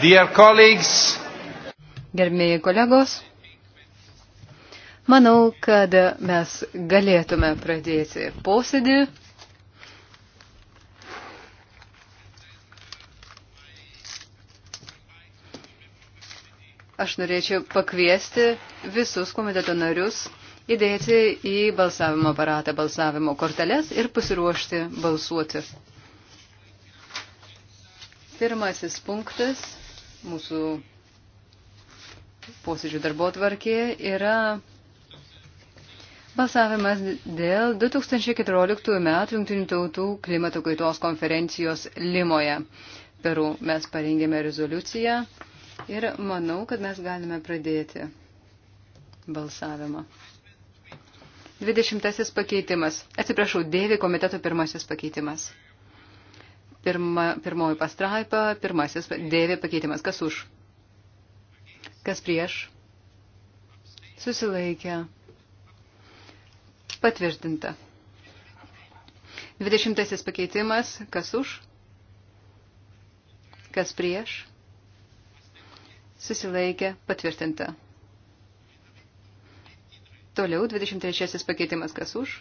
Gerbėjai kolegos, manau, kad mes galėtume pradėti posėdį. Aš norėčiau pakviesti visus komiteto narius įdėti į balsavimo aparatą balsavimo korteles ir pasiruošti balsuoti. Pirmasis punktas mūsų posėdžių darbo tvarkė yra balsavimas dėl 2014 metų Junktinių tautų klimato kaitos konferencijos Limoje. Peru mes parengėme rezoliuciją ir manau, kad mes galime pradėti balsavimą. 20 pakeitimas. Atsiprašau, dėvi komiteto pirmasis pakeitimas. Pirma, pirmoji pastraipa, pirmasis dėvė pakeitimas. Kas už? Kas prieš? Susilaikė. Patvirtinta. Dvidešimtasis pakeitimas. Kas už? Kas prieš? Susilaikė. Patvirtinta. Toliau 23 pakeitimas. Kas už?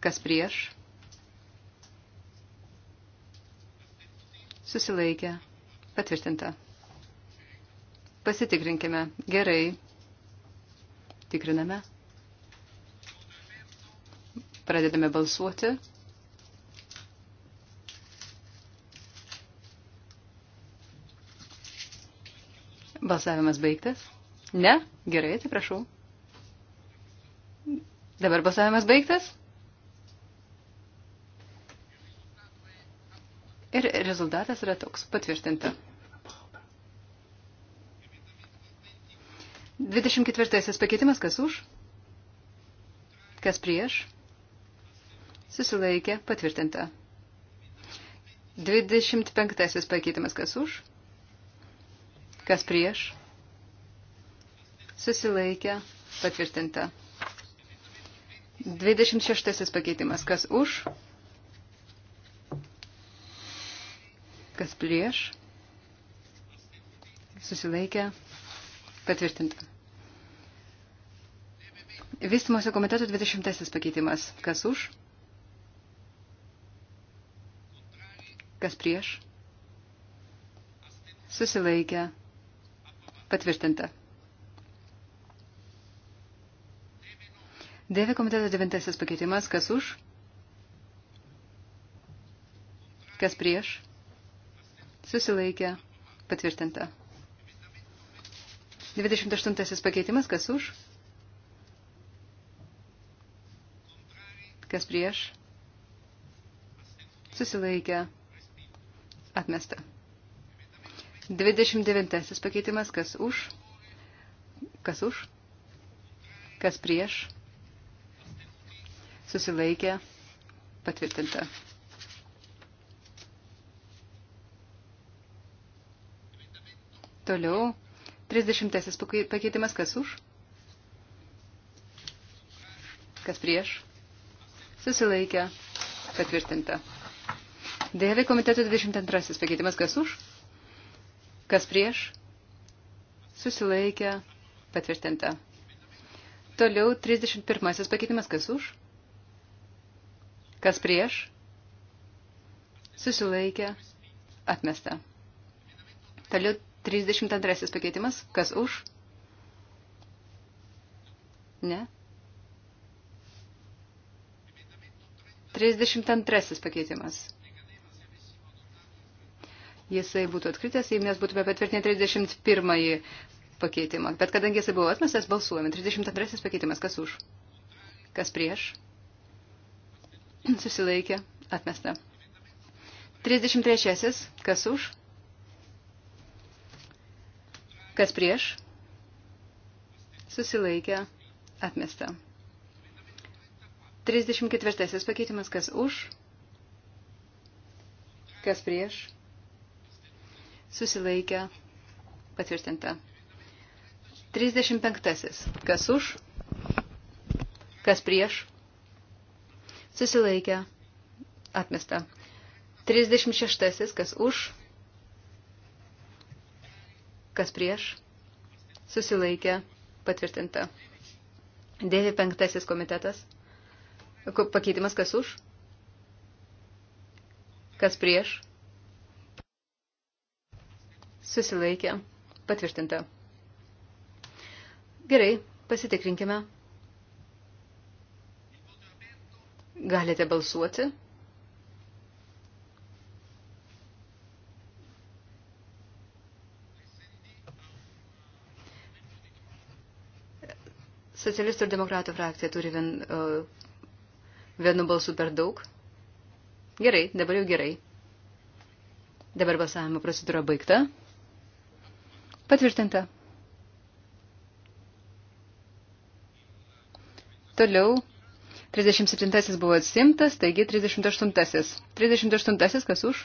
Kas prieš? Susilaikė. Patvirtinta. Pasitikrinkime. Gerai. Tikriname. Pradedame balsuoti. Balsavimas baigtas? Ne? Gerai, atsiprašau. Dabar balsavimas baigtas? Ir rezultatas yra toks patvirtinta. 24 pakeitimas kas už, kas prieš, susilaikė patvirtinta. 25 pakeitimas kas už, kas prieš, susilaikė patvirtinta. 26 pakeitimas kas už, kas prieš Kas prieš? Susilaikę. Patvirtinta. Vystymosi komiteto 20 pakeitimas. Kas už? Kas prieš? Susilaikę. Patvirtinta. Dėvi komiteto devintasis pakeitimas. Kas už? Kas prieš? Susilaikė. Patvirtinta. 28 pakeitimas. Kas už? Kas prieš? Susilaikė. Atmesta. 29 pakeitimas. Kas už? Kas už? Kas prieš? Susilaikė. Patvirtinta. Toliau. 30 pakeitimas kas už? Kas prieš? Susilaikė. Patvirtinta. Dėlė komiteto 22 pakeitimas kas už? Kas prieš? Susilaikė. Patvirtinta. Toliau 31 pakeitimas kas už? Kas prieš? Susilaikė. Atmesta. Toliau 32 pakeitimas. Kas už? Ne. 32 pakeitimas. Jisai būtų atkritęs, jei mes būtume patvirtinę 31 pakeitimą. Bet kadangi jisai buvo atmestas, balsuojame. 32 pakeitimas. Kas už? Kas prieš? Susilaikė. Atmesta. 33. Kas už? Kas prieš? Susilaikė. Atmesta. 34 pakeitimas. Kas už? Kas prieš? Susilaikė. Patvirtinta. 35. Kas už? Kas prieš? Susilaikė. Atmesta. 36. Kas už? Kas prieš? Susilaikė. Patvirtinta. Dėvi penktasis komitetas. Pakeitimas kas už? Kas prieš? Susilaikė. Patvirtinta. Gerai, pasitikrinkime. Galite balsuoti. Socialistų ir demokratų frakcija turi vien, uh, vienu balsu per daug. Gerai, dabar jau gerai. Dabar balsavimo procedūra baigta. Patvirtinta. Toliau 37 buvo atsimtas, taigi 38. 38 kas už?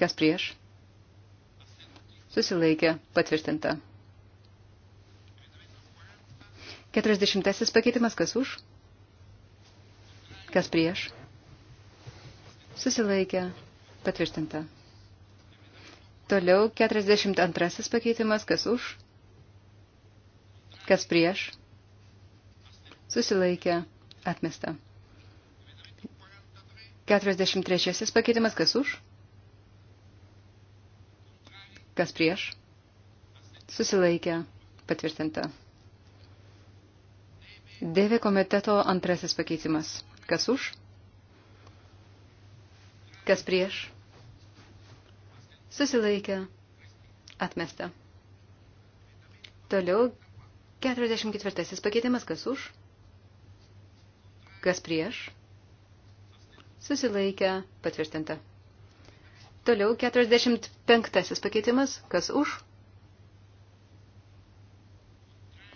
Kas prieš? Susilaikė patvirtinta. Keturiasdešimtasis pakeitimas kas už? Kas prieš? Susilaikė. Patvirtinta. Toliau 42 pakeitimas kas už? Kas prieš? Susilaikė. Atmesta. 43 pakeitimas kas už? Kas prieš? Susilaikė. Patvirtinta. Dėvė komiteto antrasis pakeitimas. Kas už? Kas prieš? Susilaikė. Atmesta. Toliau 44 pakeitimas. Kas už? Kas prieš? Susilaikė. Patvirtinta. Toliau 45 pakeitimas. Kas už?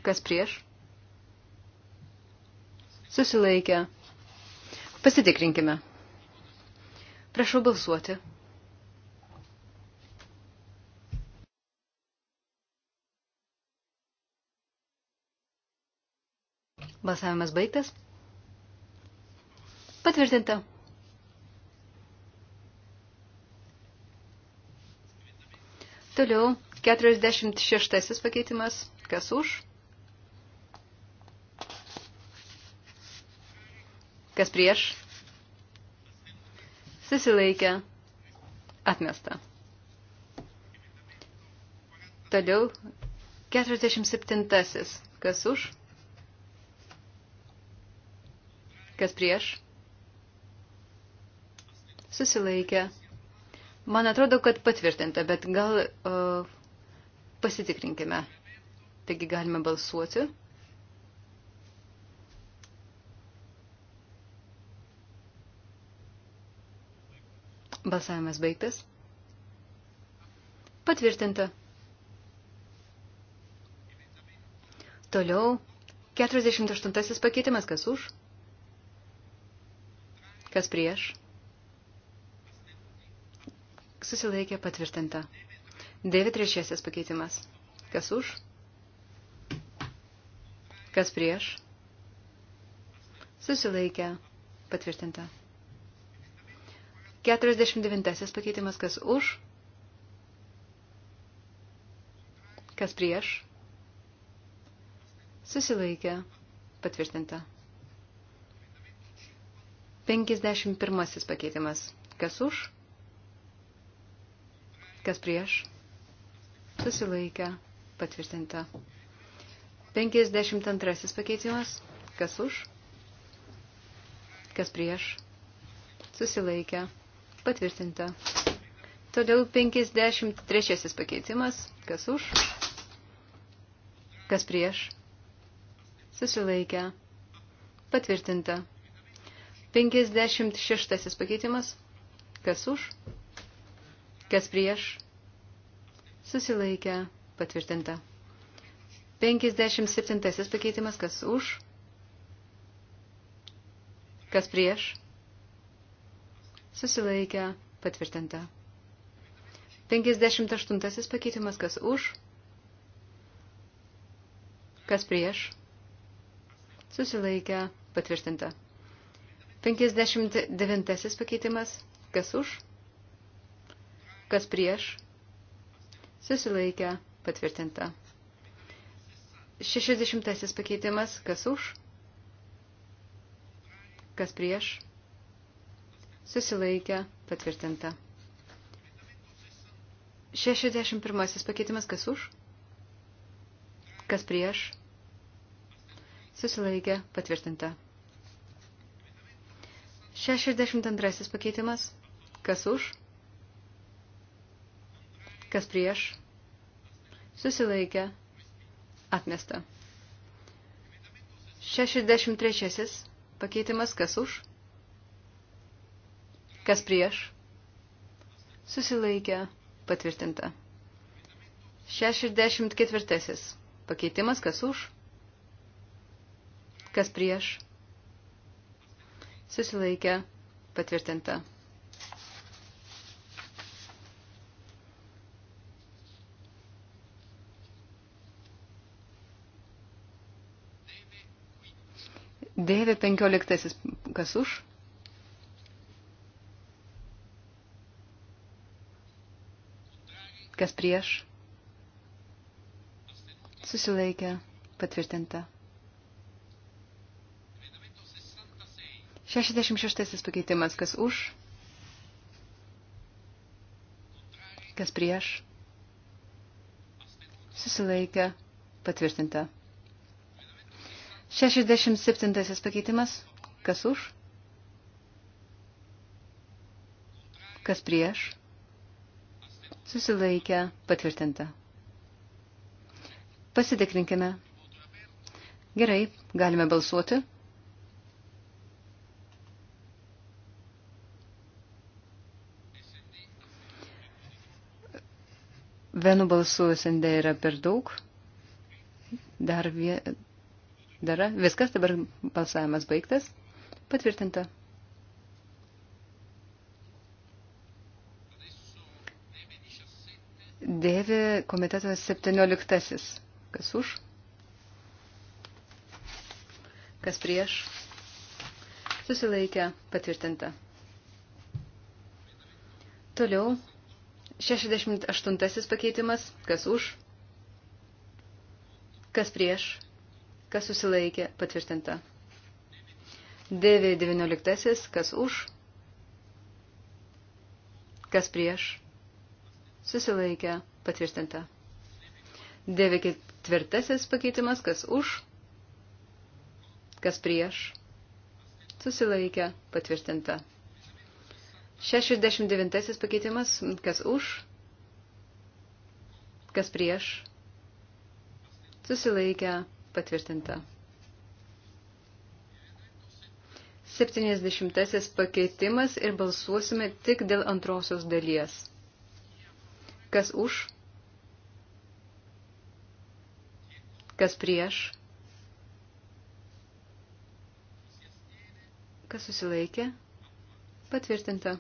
Kas prieš? susilaikę. Pasitikrinkime. Prašau balsuoti. Balsavimas baigtas. Patvirtinta. Toliau 46 pakeitimas. Kas už? Kas prieš? Susilaikė. Atmesta. Toliau 47. Kas už? Kas prieš? Susilaikė. Man atrodo, kad patvirtinta, bet gal uh, pasitikrinkime. Taigi galime balsuoti. Balsavimas baigtas. Patvirtinta. Toliau 48 pakeitimas kas už, kas prieš. Susilaikė patvirtinta. 93 pakeitimas. Kas už, kas prieš. Susilaikė patvirtinta. 49 pakeitimas kas už, kas prieš, susilaikė, patvirtinta. 51 pakeitimas kas už, kas prieš, susilaikė, patvirtinta. 52 pakeitimas kas už, kas prieš, susilaikė, patvirtinta Patvirtinta. Toliau 53 pakeitimas. Kas už? Kas prieš? Susilaikę. Patvirtinta. 56 pakeitimas. Kas už? Kas prieš? Susilaikę. Patvirtinta. 57 pakeitimas. Kas už? Kas prieš? susilaikę, patvirtinta. 58 pakeitimas, kas už, kas prieš, susilaikę, patvirtinta. 59 pakeitimas, kas už, kas prieš, susilaikę, patvirtinta. 60 pakeitimas, kas už, kas prieš, susilaikę, patvirtinta. 61 pakeitimas kas už, kas prieš, susilaikę, patvirtinta. 62 pakeitimas kas už, kas prieš, susilaikę, atmesta. 63 pakeitimas kas už, Kas prieš? Susilaikė. Patvirtinta. 64. Pakeitimas kas už? Kas prieš? Susilaikė. Patvirtinta. Dėvė 15. Kas už? Kas prieš? Susilaikė. Patvirtinta. 66 pakeitimas. Kas už? Kas prieš? Susilaikė. Patvirtinta. 67 pakeitimas. Kas už? Kas prieš? susilaikę, patvirtinta. Pasitikrinkime. Gerai, galime balsuoti. Vienu balsu SND yra per daug. Dar, vie, dar viskas, dabar balsavimas baigtas. Patvirtinta. Dėvė komitetas 17. Kas už? Kas prieš? Susilaikė patvirtinta. Toliau 68 pakeitimas. Kas už? Kas prieš? Kas susilaikė patvirtinta. DV19. Kas už? Kas prieš? susilaikė, patvirtinta. 94 pakeitimas, kas už, kas prieš, susilaikė, patvirtinta. 69 pakeitimas, kas už, kas prieš, susilaikė, patvirtinta. 70 pakeitimas ir balsuosime tik dėl antrosios dalies. Kas už? Kas prieš? Kas susilaikė? Patvirtinta.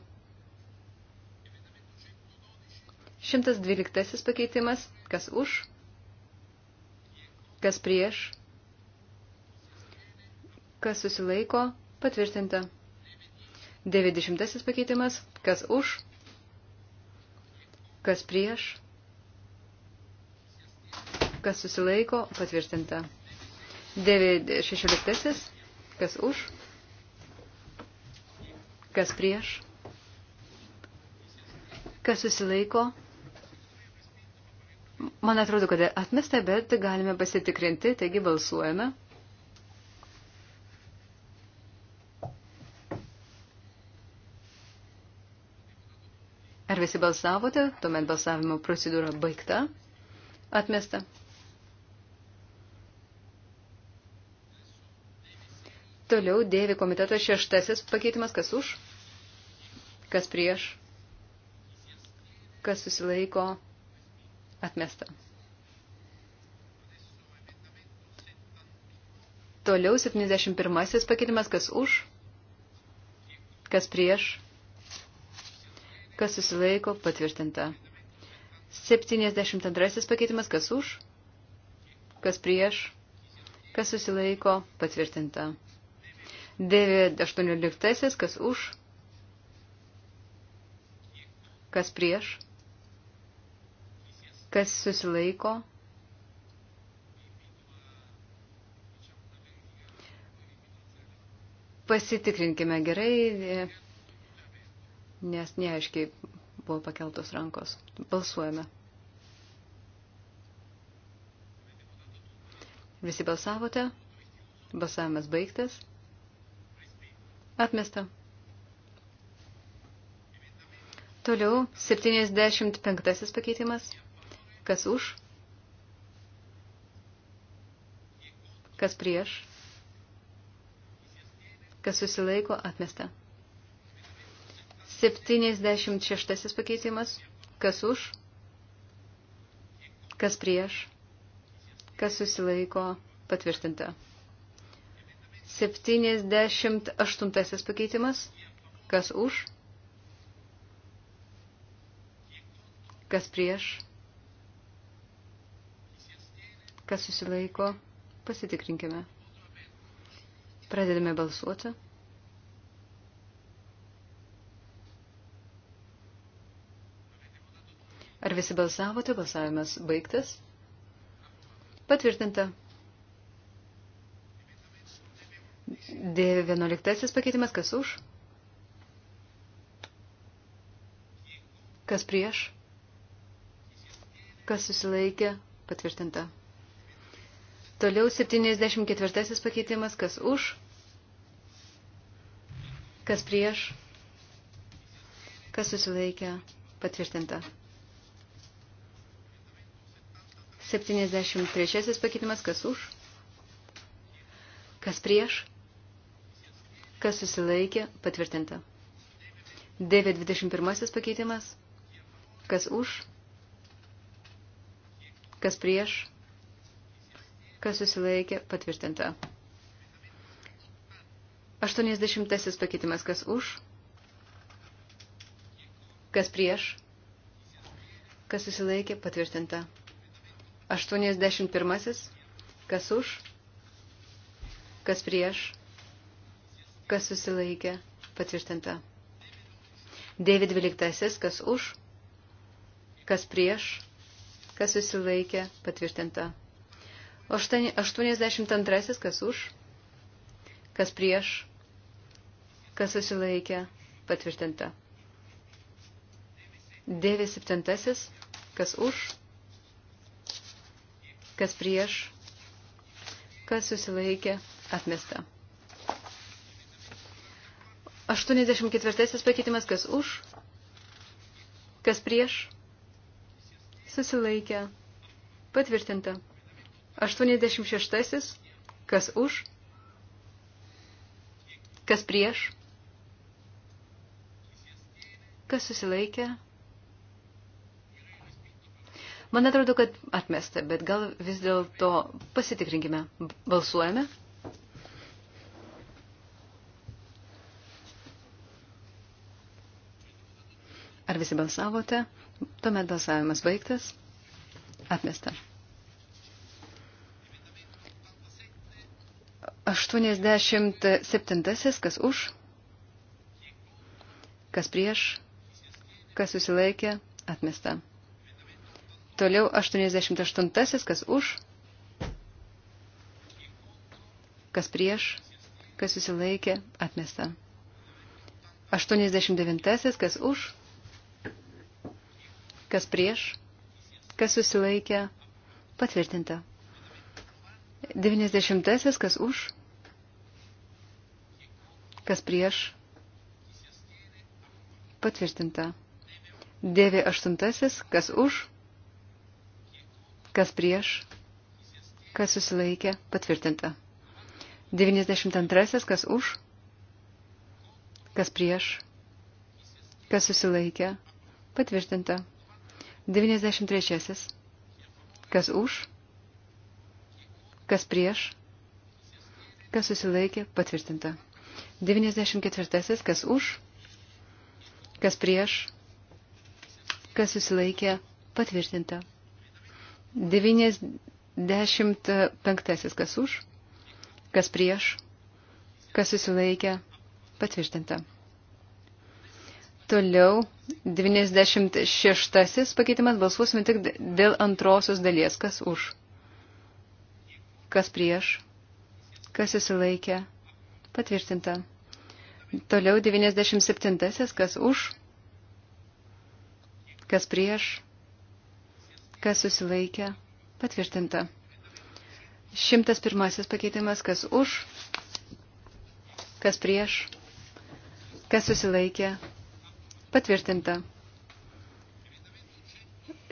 112 pakeitimas. Kas už? Kas prieš? Kas susilaiko? Patvirtinta. 90 pakeitimas. Kas už? Kas prieš? Kas susilaiko? Patvirtinta. 16. Kas už? Kas prieš? Kas susilaiko? Man atrodo, kad atmesta, bet galime pasitikrinti, taigi balsuojame. visi balsavote, tuomet balsavimo procedūra baigta. Atmesta. Toliau dėvi komiteto šeštasis pakeitimas, kas už, kas prieš, kas susilaiko, atmesta. Toliau 71 pakeitimas, kas už, kas prieš, kas susilaiko, patvirtinta. 72 pakeitimas, kas už, kas prieš, kas susilaiko, patvirtinta. 918, kas už, kas prieš, kas susilaiko. Pasitikrinkime gerai nes neaiškiai buvo pakeltos rankos. Balsuojame. Visi balsavote? Balsavimas baigtas? Atmesta. Toliau 75 pakeitimas. Kas už? Kas prieš? Kas susilaiko? Atmesta. 76 pakeitimas. Kas už? Kas prieš? Kas susilaiko? Patvirtinta. 78 pakeitimas. Kas už? Kas prieš? Kas susilaiko? Pasitikrinkime. Pradedame balsuoti. Ar visi balsavote? Balsavimas baigtas. Patvirtinta. D11 pakeitimas kas už? Kas prieš? Kas susilaikė? Patvirtinta. Toliau 74 pakeitimas, kas už, kas prieš, kas susilaikė, patvirtinta. 73 pakeitimas, kas už, kas prieš, kas susilaikė, patvirtinta. 921 pakeitimas, kas už, kas prieš, kas susilaikė, patvirtinta. 80 pakeitimas, kas už, kas prieš, kas susilaikė, patvirtinta. 81. Kas už, kas prieš, kas susilaikė, patvirtinta. 9.12. Kas už, kas prieš, kas susilaikė, patvirtinta. 82. Kas už, kas prieš, kas susilaikė, patvirtinta. 9.7. Kas už, kas prieš, kas susilaikė, atmesta. 84 pakeitimas, kas už, kas prieš, susilaikė, patvirtinta. 86 kas už, kas prieš, kas susilaikė, Man atrodo, kad atmesta, bet gal vis dėlto pasitikrinkime. Balsuojame. Ar visi balsavote? Tuomet balsavimas baigtas. Atmesta. 87. Kas už? Kas prieš? Kas susilaikė? Atmesta. Toliau 88, kas už, kas prieš, kas susilaikė, atmesta. 89, kas už, kas prieš, kas susilaikė, patvirtinta. 90, kas už, kas prieš, patvirtinta. 98, kas už, Kas prieš? Kas susilaikė? Patvirtinta. 92. Kas už? Kas prieš? Kas susilaikė? Patvirtinta. 93. Kas už? Kas prieš? Kas susilaikė? Patvirtinta. 94. Kas už? Kas prieš? Kas susilaikė? Patvirtinta. 95. Kas už, kas prieš, kas susilaikė, patvirtinta. Toliau 96 pakeitimas balsuosime tik dėl antrosios dalies. Kas už? Kas prieš? Kas susilaikė? Patvirtinta. Toliau 97 kas už? Kas prieš? kas susilaikė, patvirtinta. 101 pakeitimas, kas už, kas prieš, kas susilaikė, patvirtinta.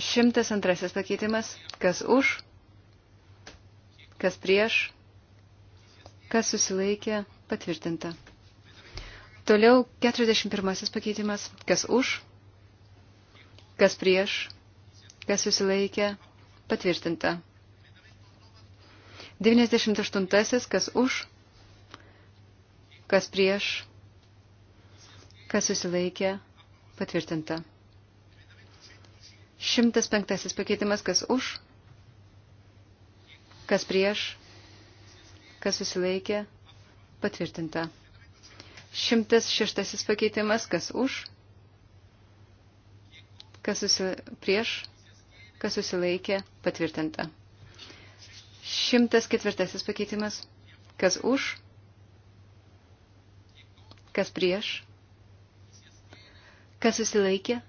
102 pakeitimas, kas už, kas prieš, kas susilaikė, patvirtinta. Toliau 41 pakeitimas, kas už, kas prieš, kas susilaikė, patvirtinta. 98. kas už, kas prieš, kas susilaikė, patvirtinta. 105. pakeitimas, kas už, kas prieš, kas susilaikė, patvirtinta. 106. pakeitimas, kas už, kas susi... prieš, kas susilaikė, patvirtinta. 104 pakeitimas, kas už, kas prieš, kas susilaikė,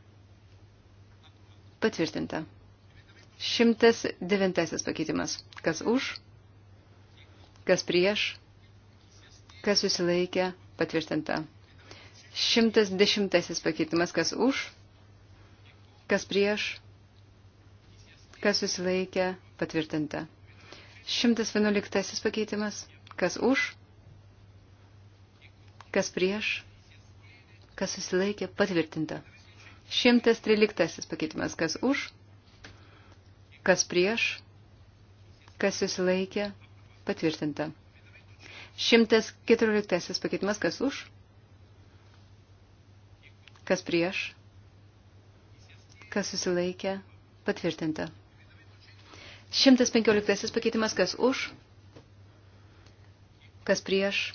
patvirtinta. 109 pakeitimas, kas už, kas prieš, kas susilaikė, patvirtinta. 110 pakeitimas, kas už, kas prieš, kas susilaikė, patvirtinta. 111 pakeitimas, kas už, kas prieš, kas susilaikė, patvirtinta. 113 pakeitimas, kas už, kas prieš, kas susilaikė, patvirtinta. 114 pakeitimas, kas už, kas prieš, kas susilaikė, patvirtinta. 115 pakeitimas, kas už, kas prieš,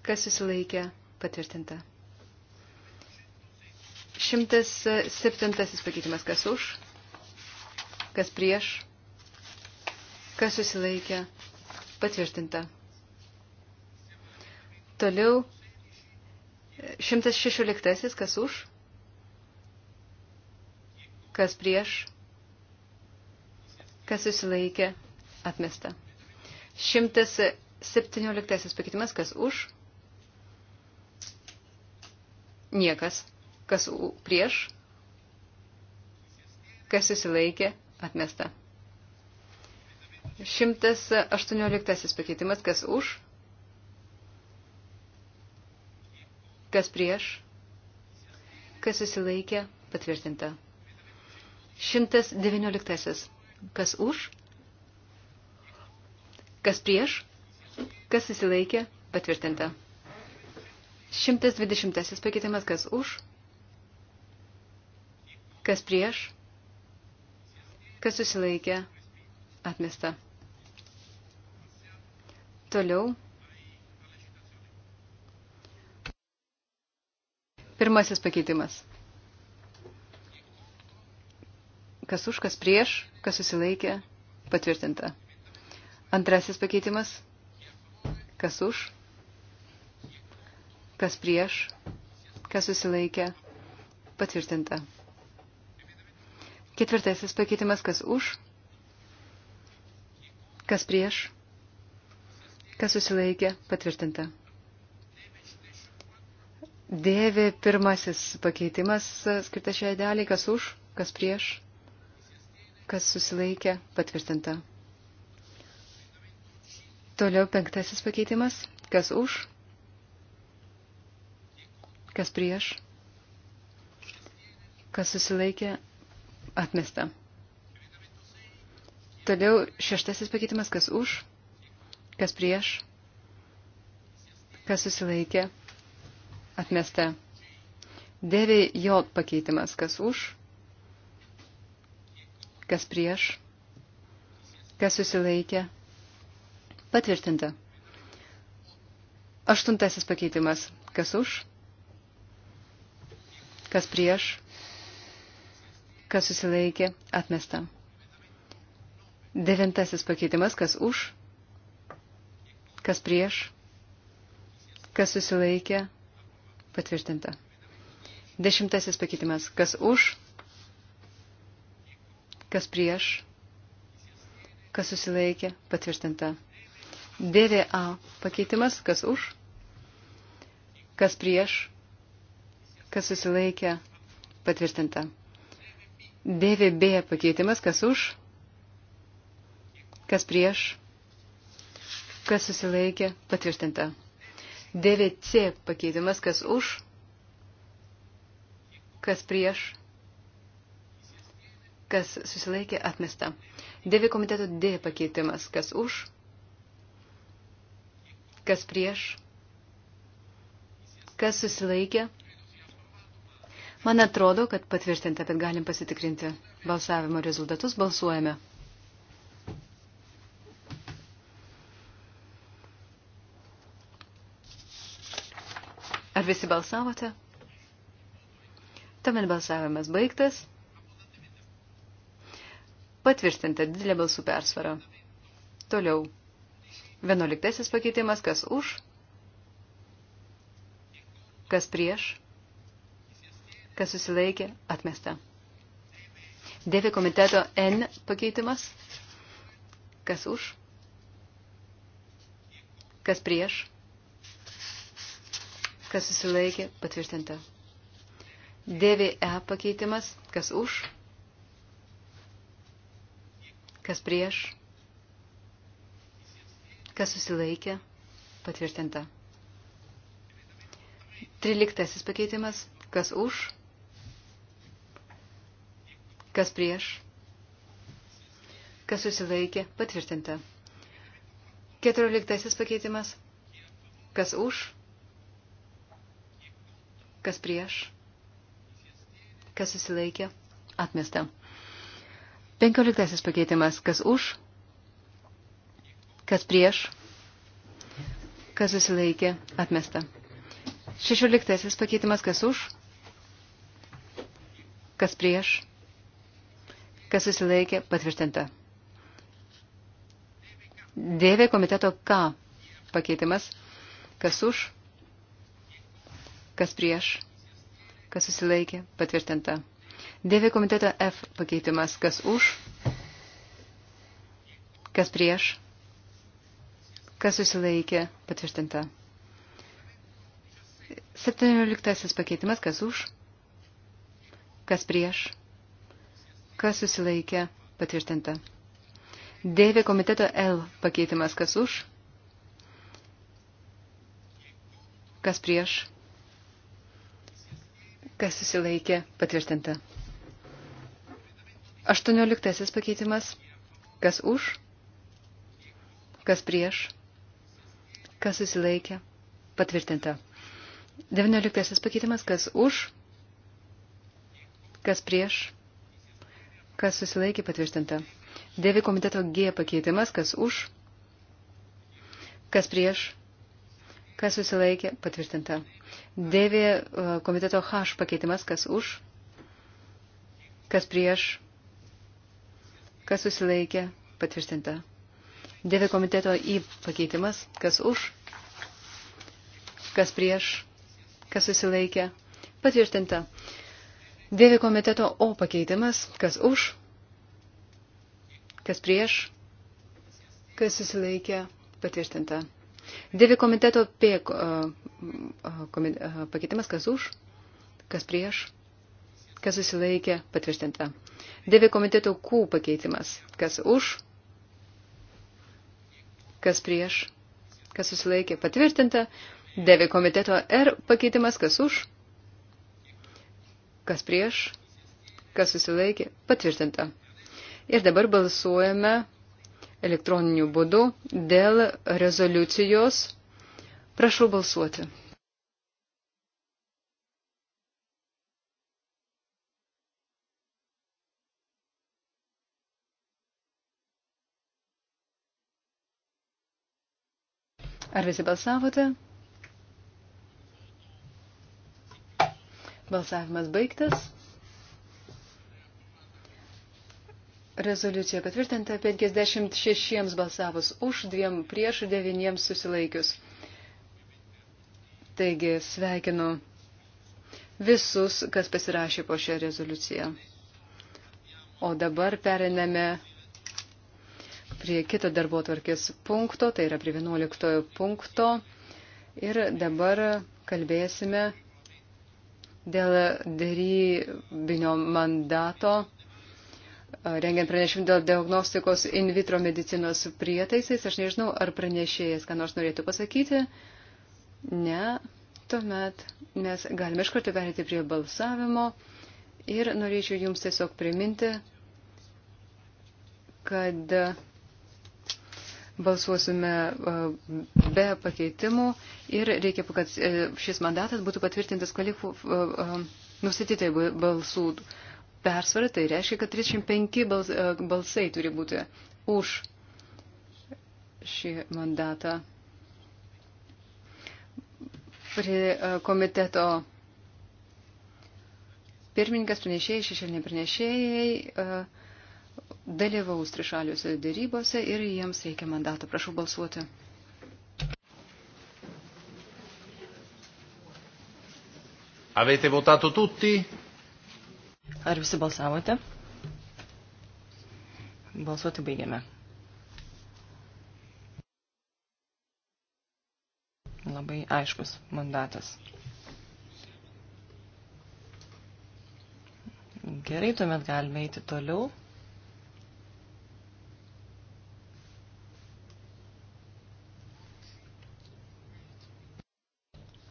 kas susilaikė, patvirtinta. 107 pakeitimas, kas už, kas prieš, kas susilaikė, patvirtinta. Toliau 116, kas už, kas prieš, kas susilaikė, atmesta. 117 pakeitimas, kas už, niekas, kas prieš, kas susilaikė, atmesta. 118 pakeitimas, kas už, kas prieš, kas susilaikė, patvirtinta. 119. Kas už? Kas prieš? Kas susilaikė? Patvirtinta. 120 pakeitimas. Kas už? Kas prieš? Kas susilaikė? Atmesta. Toliau. Pirmasis pakeitimas. Kas už, kas prieš, kas susilaikė, patvirtinta. Antrasis pakeitimas. Kas už, kas prieš, kas susilaikė, patvirtinta. Ketvirtasis pakeitimas, kas už, kas prieš, kas susilaikė, patvirtinta. Dėvi pirmasis pakeitimas skirtas šiai daliai, kas už, kas prieš, kas susilaikė, patvirtinta. Toliau penktasis pakeitimas, kas už, kas prieš, kas susilaikė, atmesta. Toliau šeštasis pakeitimas, kas už, kas prieš, kas susilaikė, atmesta. Devė jo pakeitimas, kas už, kas prieš, kas susilaikė, patvirtinta. Aštuntasis pakeitimas, kas už, kas prieš, kas susilaikė, atmesta. Devintasis pakeitimas, kas už, kas prieš, kas susilaikė, patvirtinta. Dešimtasis pakeitimas, kas už, Kas prieš? Kas susilaikė? Patvirtinta. DVA pakeitimas. Kas už? Kas prieš? Kas susilaikė? Patvirtinta. DVB pakeitimas. Kas už? Kas prieš? Kas susilaikė? Patvirtinta. DVC pakeitimas. Kas už? Kas prieš? kas susilaikė atmesta. Dėvi komiteto D pakeitimas, kas už, kas prieš, kas susilaikė. Man atrodo, kad patvirtinta, bet galim pasitikrinti balsavimo rezultatus, balsuojame. Ar visi balsavote? Tuomet balsavimas baigtas. Patvirtinta didelė balsų persvara. Toliau. Vienuoliktasis pakeitimas, kas už, kas prieš, kas susilaikė, atmesta. Dėvi komiteto N pakeitimas, kas už, kas prieš, kas susilaikė, patvirtinta. Dėvi E pakeitimas, kas už, Kas prieš? Kas susilaikė? Patvirtinta. Triliktasis pakeitimas. Kas už? Kas prieš? Kas susilaikė? Patvirtinta. Keturioliktasis pakeitimas. Kas už? Kas prieš? Kas susilaikė? Atmesta. Penkioliktasis pakeitimas. Kas už? Kas prieš? Kas susilaikė? Atmesta. Šešioliktasis pakeitimas. Kas už? Kas prieš? Kas susilaikė? Patvirtinta. Dėvė komiteto K pakeitimas. Kas už? Kas prieš? Kas susilaikė? Patvirtinta. Dėvė komiteto F pakeitimas. Kas už? Kas prieš? Kas susilaikė? Patvirtinta. 17 pakeitimas. Kas už? Kas prieš? Kas susilaikė? Patvirtinta. Dėvė komiteto L pakeitimas. Kas už? Kas prieš? Kas susilaikė? Patvirtinta. 18 pakeitimas. Kas už? Kas prieš? Kas susilaikė? Patvirtinta. 19 pakeitimas. Kas už? Kas prieš? Kas susilaikė? Patvirtinta. 9 komiteto G pakeitimas. Kas už? Kas prieš? Kas susilaikė? Patvirtinta. Dėvė uh, komiteto H pakeitimas, kas už, kas prieš, kas susilaikė, patvirtinta. Dėvi komiteto į pakeitimas, kas už, kas prieš, kas susilaikė, patvirtinta. Dėvi komiteto O pakeitimas, kas už, kas prieš, kas susilaikė, patvirtinta. Dėvi komiteto P pakeitimas, kas už, kas prieš, kas susilaikė, patvirtinta. Dėvi komiteto Q pakeitimas, kas už, kas prieš, kas susilaikė, patvirtinta. Dėvi komiteto R pakeitimas, kas už, kas prieš, kas susilaikė, patvirtinta. Ir dabar balsuojame elektroniniu būdu dėl rezoliucijos. Prašau balsuoti. Ar visi balsavote? Balsavimas baigtas. Rezoliucija patvirtinta 56 balsavus už, dviem prieš ir devyniems susilaikius. Taigi sveikinu visus, kas pasirašė po šią rezoliuciją. O dabar periname prie kito darbo tvarkės punkto, tai yra prie 11 punkto. Ir dabar kalbėsime dėl dėrybinio mandato, rengiant pranešimą dėl diagnostikos in vitro medicinos prietaisais. Aš nežinau, ar pranešėjas ką nors norėtų pasakyti. Ne, tuomet mes galime iš karto perėti prie balsavimo. Ir norėčiau Jums tiesiog priminti, kad balsuosime e, be pakeitimų ir reikia, kad e, šis mandatas būtų patvirtintas kvalifų e, nustatytai balsų persvarą. Tai reiškia, kad 35 balsai turi būti už šį mandatą. Prie komiteto pirmininkas pranešėjai, šešėlinė pranešėjai. Uh, dalyvaus trišaliuose dėrybose ir jiems reikia mandato. Prašau balsuoti. Avete votato tutti? Ar visi balsavote? Balsuoti baigiame. Labai aiškus mandatas. Gerai, tuomet galime eiti toliau.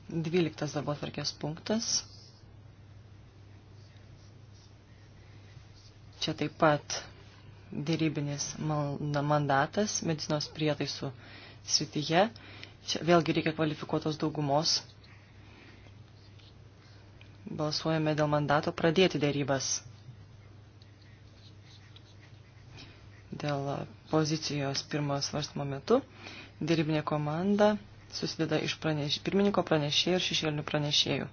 12 darbo atvarkės punktas. Čia taip pat dėrybinis mandatas medicinos prietaisų srityje. Čia vėlgi reikia kvalifikuotos daugumos. Balsuojame dėl mandato pradėti dėrybas. Dėl pozicijos pirmojo svarstymo metu dėrybinė komanda susideda iš praneš... pirmininko pranešėjų ir šešėlinių pranešėjų.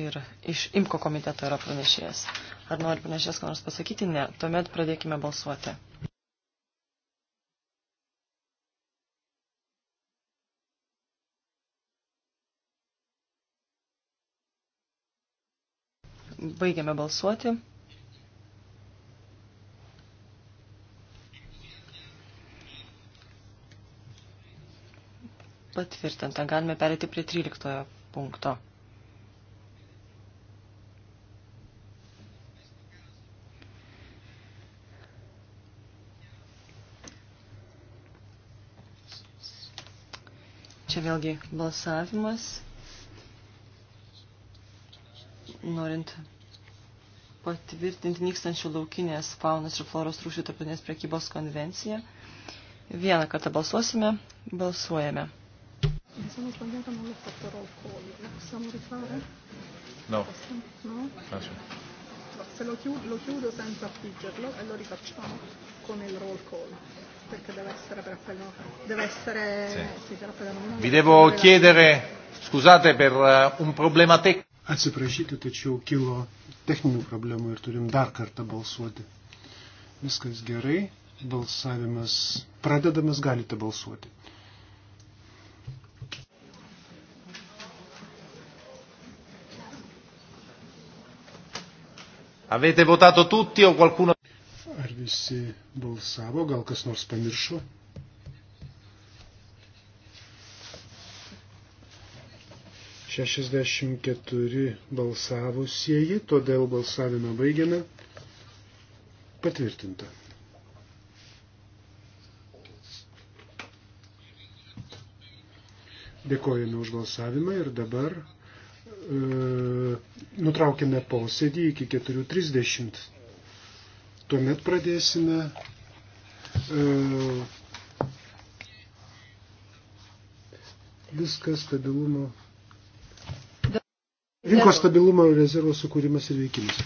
Ir iš IMKO komiteto yra pranešėjas. Ar nori pranešėjas ką nors pasakyti? Ne. Tuomet pradėkime balsuoti. Baigiame balsuoti. patvirtinta. Galime perėti prie 13 punkto. Čia vėlgi balsavimas, norint patvirtinti nykstančių laukinės faunos ir floros rūšių tarptautinės prekybos konvenciją. Vieną kartą balsuosime, balsuojame. Mi sono sbagliata, non l'ho fatto roll call. La possiamo rifare? No. Possiamo? No? Ah, sì. no se lo chiudo, lo chiudo senza affiggerlo e lo rifacciamo con il roll call. Perché deve essere per appello. Deve essere. Sì. Sì, per appello nominale. Vi devo chiedere, scusate per uh, un problema tecnico. Atsiprašyti, tačiau kilo techninių problemų ir turim dar kartą balsuoti. Viskas gerai, balsavimas pradedamas, galite balsuoti. Avete votato tutti o qualcuno? Ar visi balsavo, gal kas nors pamiršo? Šešiasdešimt keturi balsavusieji, todėl balsavimą baigiame. Patvirtinta. Dėkojame už balsavimą ir dabar E, nutraukime posėdį iki 4.30. Tuomet pradėsime e, viskas stabilumo. Rinkos stabilumo rezervo sukūrimas ir veikimas.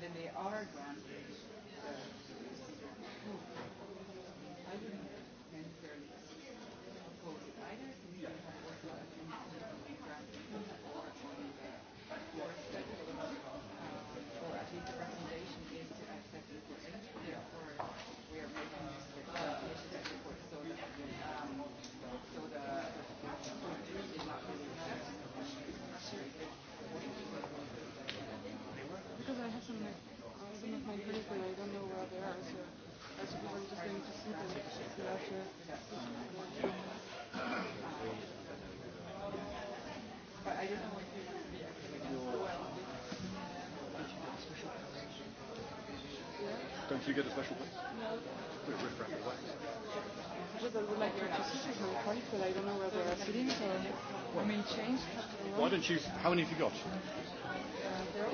than they are some of, uh, some of my colleagues, and I don't know where they are, so I suppose I'm just going to see them after But I don't know what people will be acting against the well. Don't you get a special place? No. Put a riff around the wax. Because I would like to sit with my colleagues, but I don't know where they are sitting, so I mean, change. Why don't you, how many have you got? Uh, there are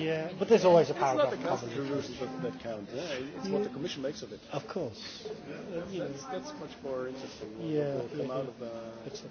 Yeah, but there's always a paragraph. It's not the council rules that, that count. Yeah, it's yeah. what the commission makes of it. Of course. Yeah, that's, yeah. that's, that's much more interesting. Yeah, what will yeah, come yeah. out of the. Exactly.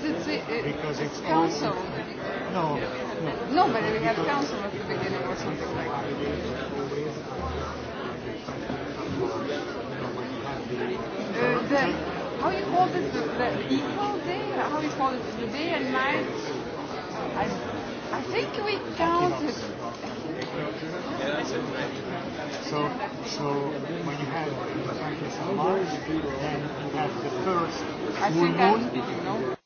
because it's, it, because it's, it's council. No, no. No, but we had council at the beginning or something like that. Uh, the, how you call this the, the equal day? How you call it the day and night? I, I think we counted. So, so when you have the 20th of March, then you have the first I full moon. I think I'm speaking, no?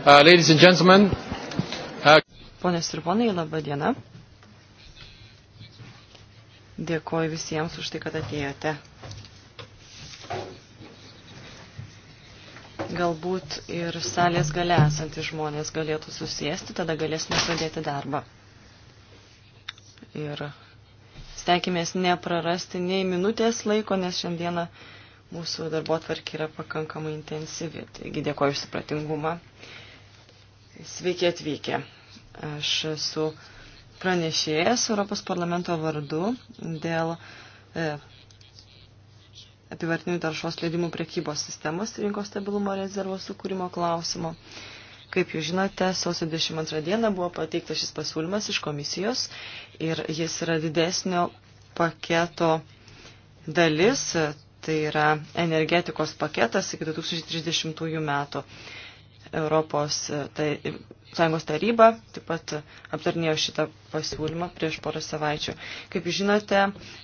Uh, ladies and gentlemen. Uh... Ponės ir ponai, laba diena. Dėkoju visiems už tai, kad atėjote. Galbūt ir salės gale esantys žmonės galėtų susėsti, tada galėsime pradėti darbą. Ir stengiamės neprarasti nei minutės laiko, nes šiandieną mūsų darbo tvarkė yra pakankamai intensyvi. Taigi dėkoju už supratingumą. Uh, Sveiki atvykę. Aš esu pranešėjas Europos parlamento vardu dėl e, apivartinių taršos leidimų priekybos sistemos rinkos stabilumo rezervo sukūrimo klausimo. Kaip jūs žinote, sausio 22 dieną buvo pateiktas šis pasiūlymas iš komisijos ir jis yra didesnio paketo dalis, tai yra energetikos paketas iki 2030 metų. Europos e, tai, Sąjungos taryba taip pat aptarnėjo šitą pasiūlymą prieš porą savaičių. Kaip žinote,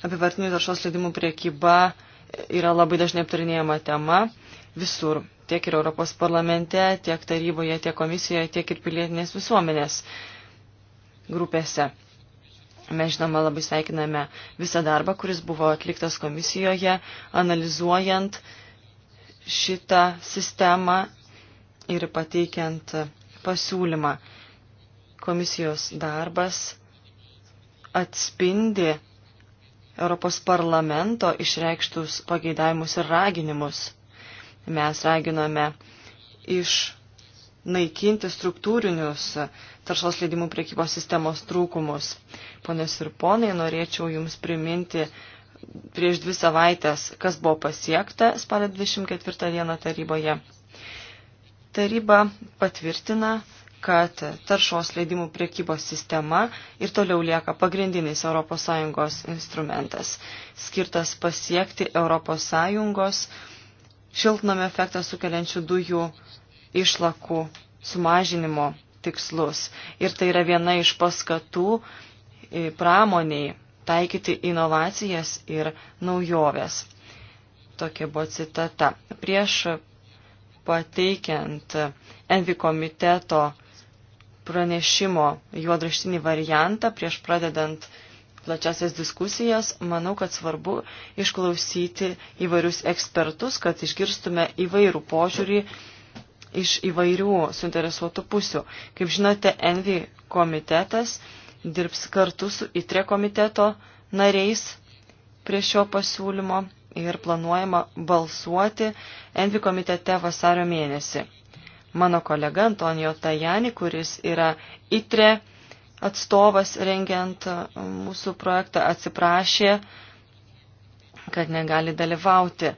apivartinių taršos leidimų priekyba yra labai dažnai aptarinėjama tema visur, tiek ir Europos parlamente, tiek taryboje, tiek komisijoje, tiek ir pilietinės visuomenės grupėse. Mes žinoma labai sveikiname visą darbą, kuris buvo atliktas komisijoje, analizuojant šitą sistemą ir pateikiant pasiūlymą. Komisijos darbas atspindi Europos parlamento išreikštus pageidavimus ir raginimus. Mes raginame iš naikinti struktūrinius taršos leidimų priekybos sistemos trūkumus. Ponios ir ponai, norėčiau Jums priminti prieš dvi savaitės, kas buvo pasiekta spalio 24 dieną taryboje. Taryba patvirtina, kad taršos leidimų priekybos sistema ir toliau lieka pagrindinis ES instrumentas, skirtas pasiekti ES šiltnamio efektą sukeliančių dujų išlakų sumažinimo tikslus. Ir tai yra viena iš paskatų e, pramoniai taikyti inovacijas ir naujoves. Tokia buvo citata. Prieš pateikiant Envi komiteto pranešimo juodraštinį variantą prieš pradedant plačiasias diskusijas, manau, kad svarbu išklausyti įvairius ekspertus, kad išgirstume įvairių požiūrį iš įvairių suinteresuotų pusių. Kaip žinote, Envi komitetas dirbs kartu su ITRE komiteto nariais prie šio pasiūlymo ir planuojama balsuoti Envi komitete vasario mėnesį. Mano kolega Antonijo Tajani, kuris yra ITRE atstovas rengiant e, mūsų projektą, atsiprašė, kad negali dalyvauti.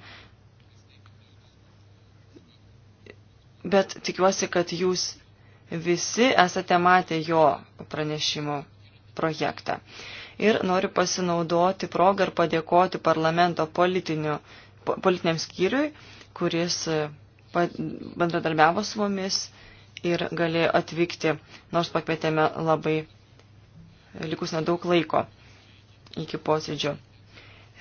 Bet tikiuosi, kad jūs visi esate matę jo pranešimo projektą ir noriu pasinaudoti progą ir padėkoti parlamento politiniam skyriui, kuris e, bendradarbiavo su mumis ir galėjo atvykti, nors pakvietėme labai e, likus nedaug laiko iki posėdžio.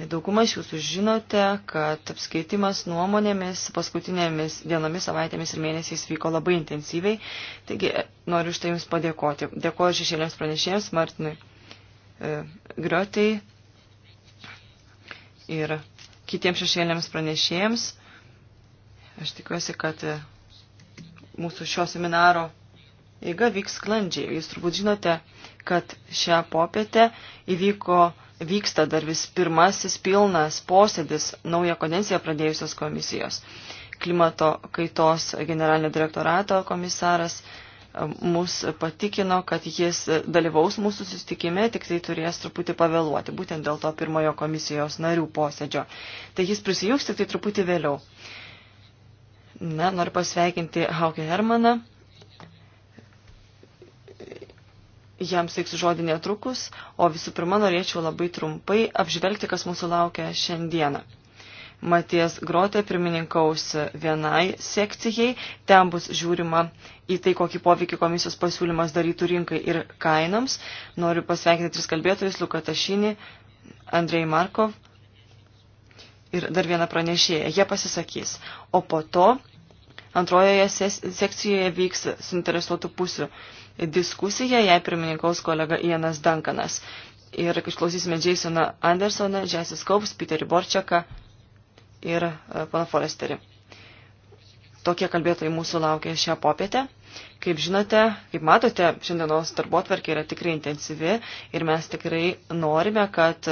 Daugumas jūsų žinote, kad apskaitimas nuomonėmis paskutinėmis dienomis, savaitėmis ir mėnesiais vyko labai intensyviai, taigi e, noriu už tai Jums padėkoti. Dėkoju šešėliams pranešėjams Martinui E, Grotai ir kitiems šešėliams pranešėjams. Aš tikiuosi, kad e, mūsų šio seminaro eiga vyks sklandžiai. Jūs turbūt žinote, kad šią popietę įvyko, vyksta dar vis pirmasis pilnas posėdis naują kadenciją pradėjusios komisijos. Klimato kaitos generalinio direktorato komisaras mus patikino, kad jis dalyvaus mūsų susitikime, tik tai turės truputį pavėluoti, būtent dėl to pirmojo komisijos narių posėdžio. Tai jis prisijungs tik tai truputį vėliau. Na, noriu pasveikinti Hauke Hermaną. Jam sėksiu žodį netrukus, o visų pirma norėčiau labai trumpai apžvelgti, kas mūsų laukia šiandieną. Matijas Grotė pirmininkaus vienai sekcijai. Ten bus žiūrima į tai, kokį poveikį komisijos pasiūlymas darytų rinkai ir kainoms. Noriu pasveikinti tris kalbėtojus - Luka Tašinį, Andrei Markov ir dar vieną pranešėją. Jie pasisakys. O po to antrojoje sekcijoje vyks suinteresuotų pusių diskusija, jai pirmininkaus kolega Ianas Dankanas. Ir išklausysime Jasoną Andersoną, Jessis Kaups, Peterį Borčiaką ir e, pana Foresterį. Tokie kalbėtojai mūsų laukia šią popietę. Kaip žinote, kaip matote, šiandienos darbotvarkė yra tikrai intensyvi ir mes tikrai norime, kad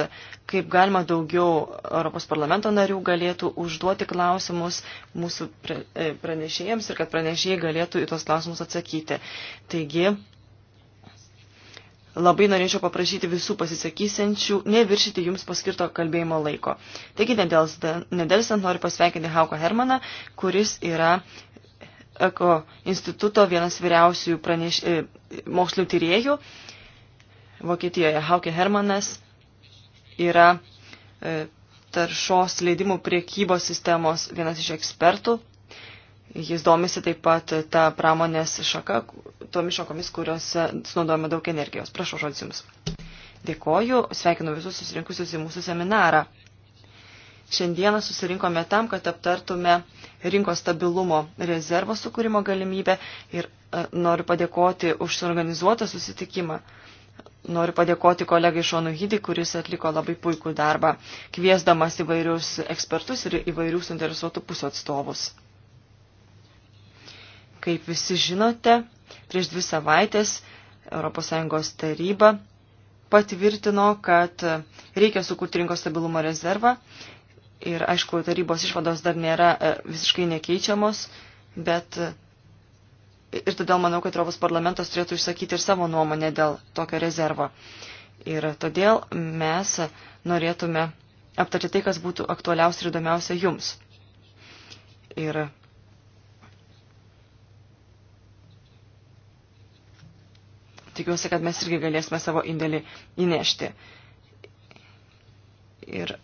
kaip galima daugiau Europos parlamento narių galėtų užduoti klausimus mūsų e, pranešėjams ir kad pranešėjai galėtų į tos klausimus atsakyti. Taigi, Labai norėčiau paprašyti visų pasisakysiančių neviršyti jums paskirto kalbėjimo laiko. Taigi, nedelsant noriu pasveikinti Hauką Hermaną, kuris yra Eko instituto vienas vyriausių praneš, e, mokslių tyriejų Vokietijoje. Hauke Hermanas yra e, taršos leidimų priekybos sistemos vienas iš ekspertų Jis domisi taip pat tą pramonės šaką, tomis šakomis, kuriuose sunaudojama daug energijos. Prašau žodis Jums. Dėkoju, sveikinu visus susirinkusius į mūsų seminarą. Šiandieną susirinkome tam, kad aptartume rinkos stabilumo rezervo sukūrimo galimybę ir e, noriu padėkoti už suorganizuotą susitikimą. Noriu padėkoti kolegai Šonu Hidį, kuris atliko labai puikų darbą, kviesdamas įvairius ekspertus ir įvairių suinteresuotų pusių atstovus. Kaip visi žinote, prieš dvi savaitės ES taryba patvirtino, kad reikia sukurti rinkos stabilumo rezervą ir, aišku, tarybos išvados dar nėra e, visiškai nekeičiamos, bet ir todėl manau, kad Europos parlamentas turėtų išsakyti ir savo nuomonę dėl tokio rezervo. Ir todėl mes norėtume aptarti tai, kas būtų aktualiausia ir įdomiausia jums. Ir tikiuosi, kad mes irgi galėsime savo indėlį įnešti. Ir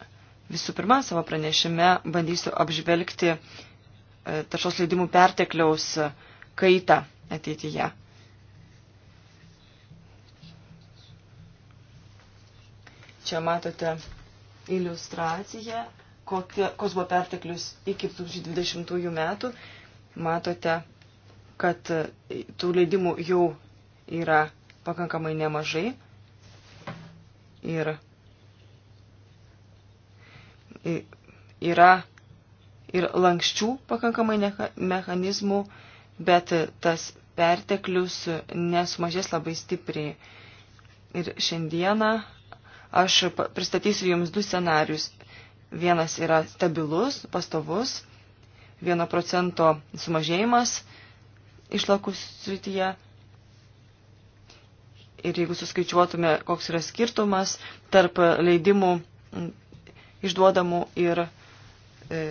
visų pirma, savo pranešime bandysiu apžvelgti e, taršos leidimų pertekliaus e, kaitą ateityje. Čia matote iliustraciją, koks buvo perteklius iki 2020 metų. Matote, kad e, tų leidimų jau yra pakankamai nemažai. Ir yra ir lankščių pakankamai mechanizmų, bet tas perteklius nesumažės labai stipriai. Ir šiandieną aš pristatysiu Jums du scenarius. Vienas yra stabilus, pastovus, vieno procento sumažėjimas išlakus srityje Ir jeigu suskaičiuotume, koks yra skirtumas tarp leidimų išduodamų ir e,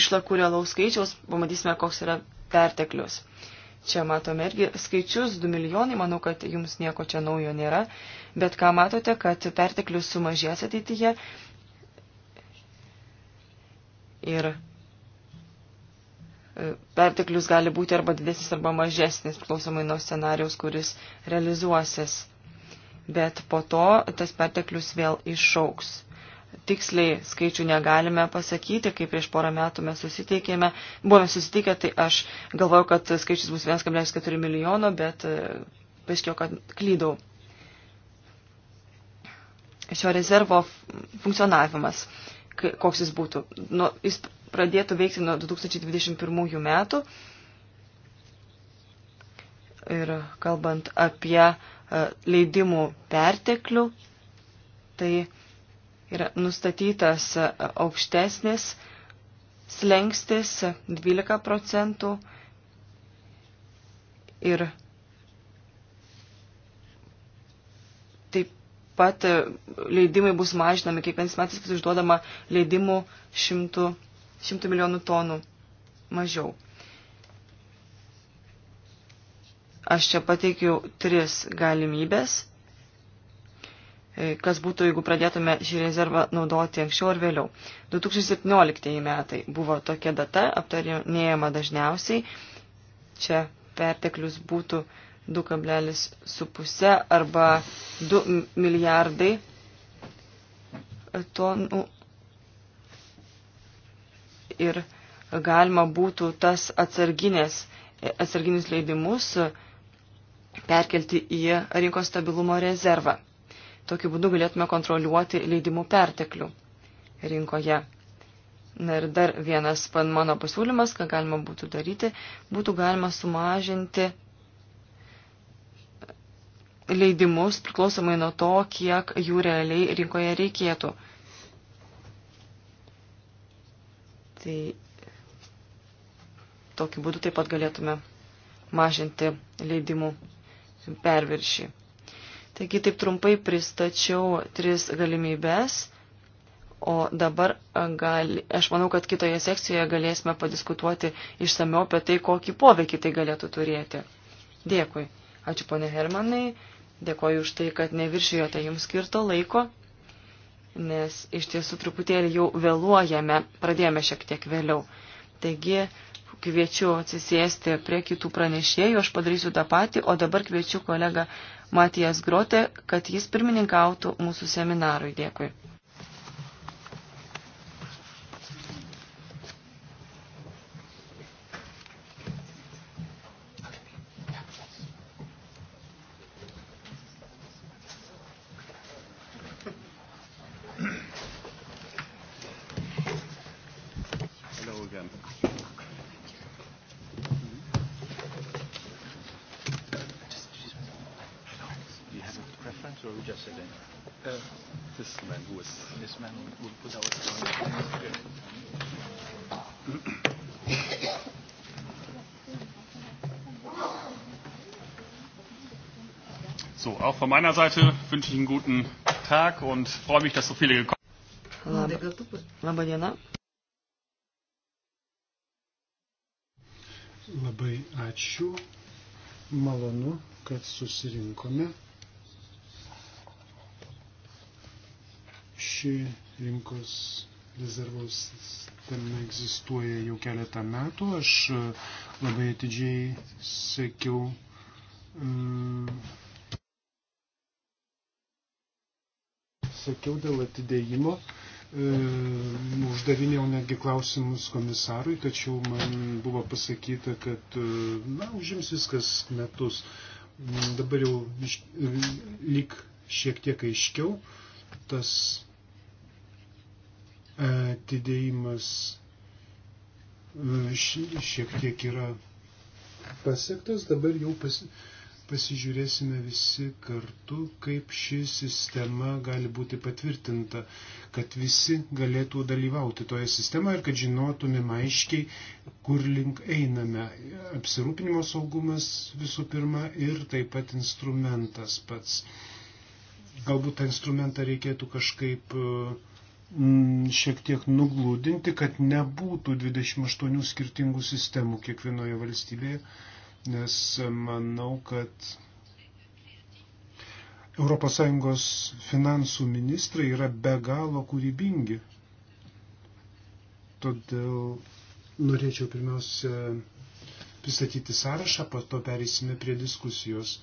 išlakų realaus skaičiaus, pamatysime, koks yra perteklius. Čia matome irgi skaičius 2 milijonai, manau, kad jums nieko čia naujo nėra, bet ką matote, kad perteklius sumažės ateityje ir perteklius gali būti arba didesnis, arba mažesnis, priklausomai nuo scenarius, kuris realizuosis. Bet po to tas perteklius vėl išauks. Tiksliai skaičių negalime pasakyti, kaip prieš porą metų mes susiteikėme, buvome susitikę, tai aš galvojau, kad skaičius bus 1,4 milijono, bet e, paaiškėjo, kad klydau. Šio rezervo funkcionavimas koks jis būtų. Nu, jis pradėtų veikti nuo 2021 metų. Ir kalbant apie e, leidimų perteklių, tai yra nustatytas e, aukštesnis slengstis 12 procentų ir taip pat e, leidimai bus mažinami, kiekvienais metais bus išduodama leidimų 100 100 milijonų tonų mažiau. Aš čia pateikiau tris galimybės, e, kas būtų, jeigu pradėtume šį rezervą naudoti anksčiau ar vėliau. 2017 metai buvo tokia data, aptarinėjama dažniausiai. Čia perteklius būtų 2,5 arba 2 milijardai tonų ir galima būtų tas atsarginės, atsarginius leidimus perkelti į rinkos stabilumo rezervą. Tokiu būdu galėtume kontroliuoti leidimų perteklių rinkoje. Na ir dar vienas mano pasiūlymas, ką galima būtų daryti, būtų galima sumažinti leidimus priklausomai nuo to, kiek jų realiai rinkoje reikėtų. Tai tokiu būdu taip pat galėtume mažinti leidimų perviršį. Taigi taip trumpai pristačiau tris galimybės, o dabar gali, aš manau, kad kitoje sekcijoje galėsime padiskutuoti išsameu apie tai, kokį poveikį tai galėtų turėti. Dėkui. Ačiū, ponė Hermanai. Dėkoju už tai, kad neviršijote jums skirto laiko nes iš tiesų truputėlį jau vėluojame, pradėjome šiek tiek vėliau. Taigi kviečiu atsisėsti prie kitų pranešėjų, aš padarysiu tą patį, o dabar kviečiu kolegą Matijas Grotę, kad jis pirmininkautų mūsų seminarui. Dėkui. Auch von meiner Seite wünsche ich einen guten Tag und freue mich, dass so viele gekommen sind. Labą dieną. Labai ačiū. Malonu, kad susirinkome. Ši rinkos rezervaus sistema egzistuoja jau keletą metų. Aš e, labai atidžiai sekiau. Um, pasisakiau dėl atidėjimo. E, uždavinėjau netgi klausimus komisarui, tačiau man buvo pasakyta, kad e, na, užims viskas metus. Mm, dabar jau iš, e, lyg šiek tiek aiškiau tas atidėjimas e, šiek tiek yra pasiektas, dabar jau pasiektas pasižiūrėsime visi kartu, kaip ši sistema gali būti patvirtinta, kad visi galėtų dalyvauti toje sistemoje ir kad žinotumėm aiškiai, kur link einame. Apsirūpinimo saugumas visų pirma ir taip pat instrumentas pats. Galbūt tą instrumentą reikėtų kažkaip mm, šiek tiek nuglūdinti, kad nebūtų 28 skirtingų sistemų kiekvienoje valstybėje nes manau, kad ES finansų ministrai yra be galo kūrybingi. Todėl norėčiau pirmiausia pristatyti sąrašą, po to pereisime prie diskusijos.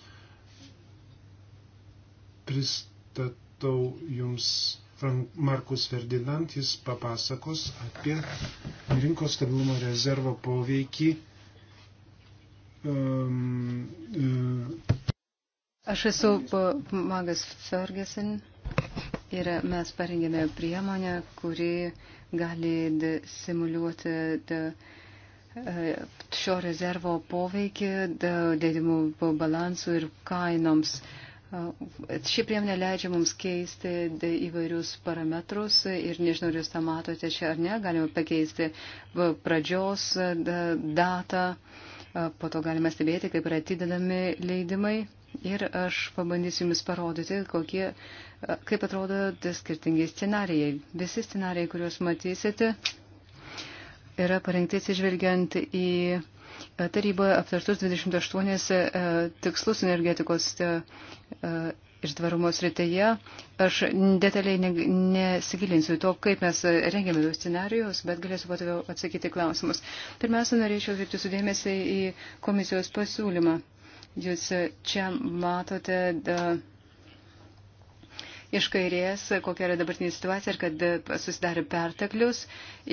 Pristatau jums Frank Markus Ferdinand, jis papasakos apie rinkos stabilumo rezervo poveikį um, uh, Aš esu Magas Ferguson ir mes parengėme priemonę, kuri gali simuliuoti e- šio rezervo poveikį dėdimų balansų ir kainoms. E, ši priemonė leidžia mums keisti įvairius parametrus ir nežinau, ar jūs tą matote čia ar ne, galime pakeisti pradžios datą. Da, po to galime stebėti, kaip yra atidedami leidimai. Ir aš pabandysiu Jums parodyti, kokie, kaip atrodo skirtingi scenarijai. Visi scenarijai, kuriuos matysite, yra parengti atsižvelgiant į e, taryboje aptartus 28 e, tikslus energetikos e, ir tvarumo srityje. Aš detaliai nesigilinsiu to, kaip mes rengiame jų scenarijus, bet galėsiu pat atsakyti klausimus. Pirmiausia, norėčiau kreipti sudėmėsi į komisijos pasiūlymą. Jūs čia matote. Da, iš kairės, kokia yra dabartinė situacija ir kad e, susidarė perteklius.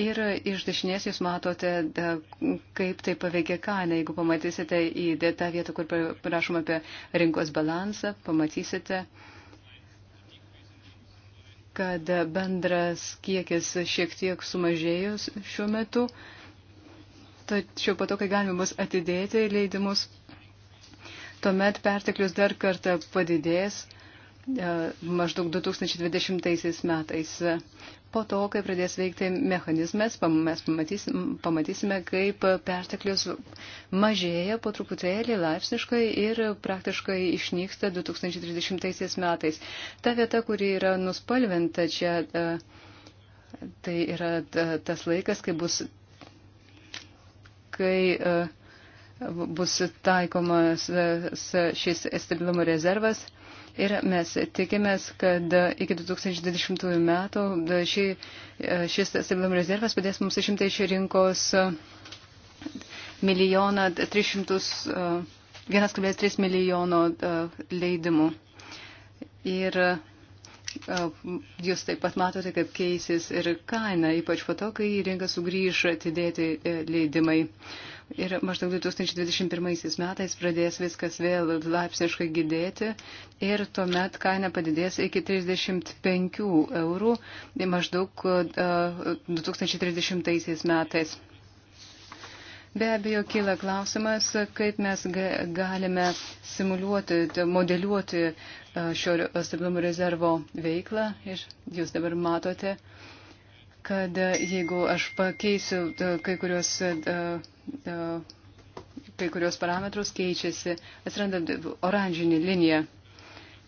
Ir iš dešinės jūs matote, da, kaip tai paveikia kainą. Jeigu pamatysite į tą vietą, kur rašoma apie rinkos balansą, pamatysite kad bendras kiekis šiek tiek sumažėjus šiuo metu, tačiau po to, kai galima bus atidėti leidimus, tuomet perteklius dar kartą padidės E, maždaug 2020 metais. Po to, kai pradės veikti mechanizmas, mes pamatysime, pamatysime kaip perteklius mažėja po truputėlį laipsniškai ir praktiškai išnyksta 2030 metais. Ta vieta, kuri yra nuspalvinta čia, e, tai yra tas laikas, kai bus, kai e, bus taikomas šis stabilumo rezervas Ir mes tikimės, kad iki 2020 metų ši, e, šis stabilumo rezervas padės mums išimti iš rinkos e, milijoną 300, 1,3 e, milijono leidimų. Ir jūs taip pat matote, kaip keisis ir kaina, ypač po to, kai į rinką sugrįž atidėti leidimai. Ir maždaug 2021 metais pradės viskas vėl laipsniškai gydėti ir tuomet kaina padidės iki 35 eurų tai maždaug 2030 e, metais. Be abejo, kyla klausimas, kaip mes galime simuliuoti, modeliuoti e, šio stabilumo rezervo veiklą. Ir jūs dabar matote, kad jeigu aš pakeisiu kai kurios e, E, kai kurios parametrus keičiasi, atsiranda oranžinė linija.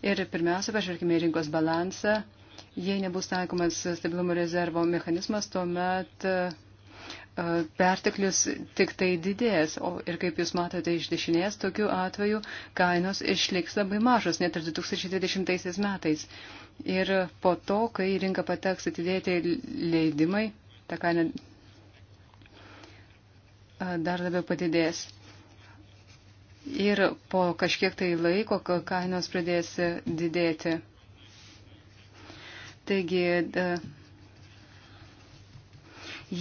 Ir pirmiausia, pažvelkime rinkos balansą. Jei nebus taikomas stabilumo rezervo mechanizmas, tuomet e, perteklius tik tai didės. O ir kaip jūs matote iš dešinės, tokiu atveju kainos išliks labai mažos, net ir 2020 metais. Ir po to, kai rinka pateks atidėti leidimai, ta kaina dar labiau padidės. Ir po kažkiek tai laiko kainos pradės didėti. Taigi,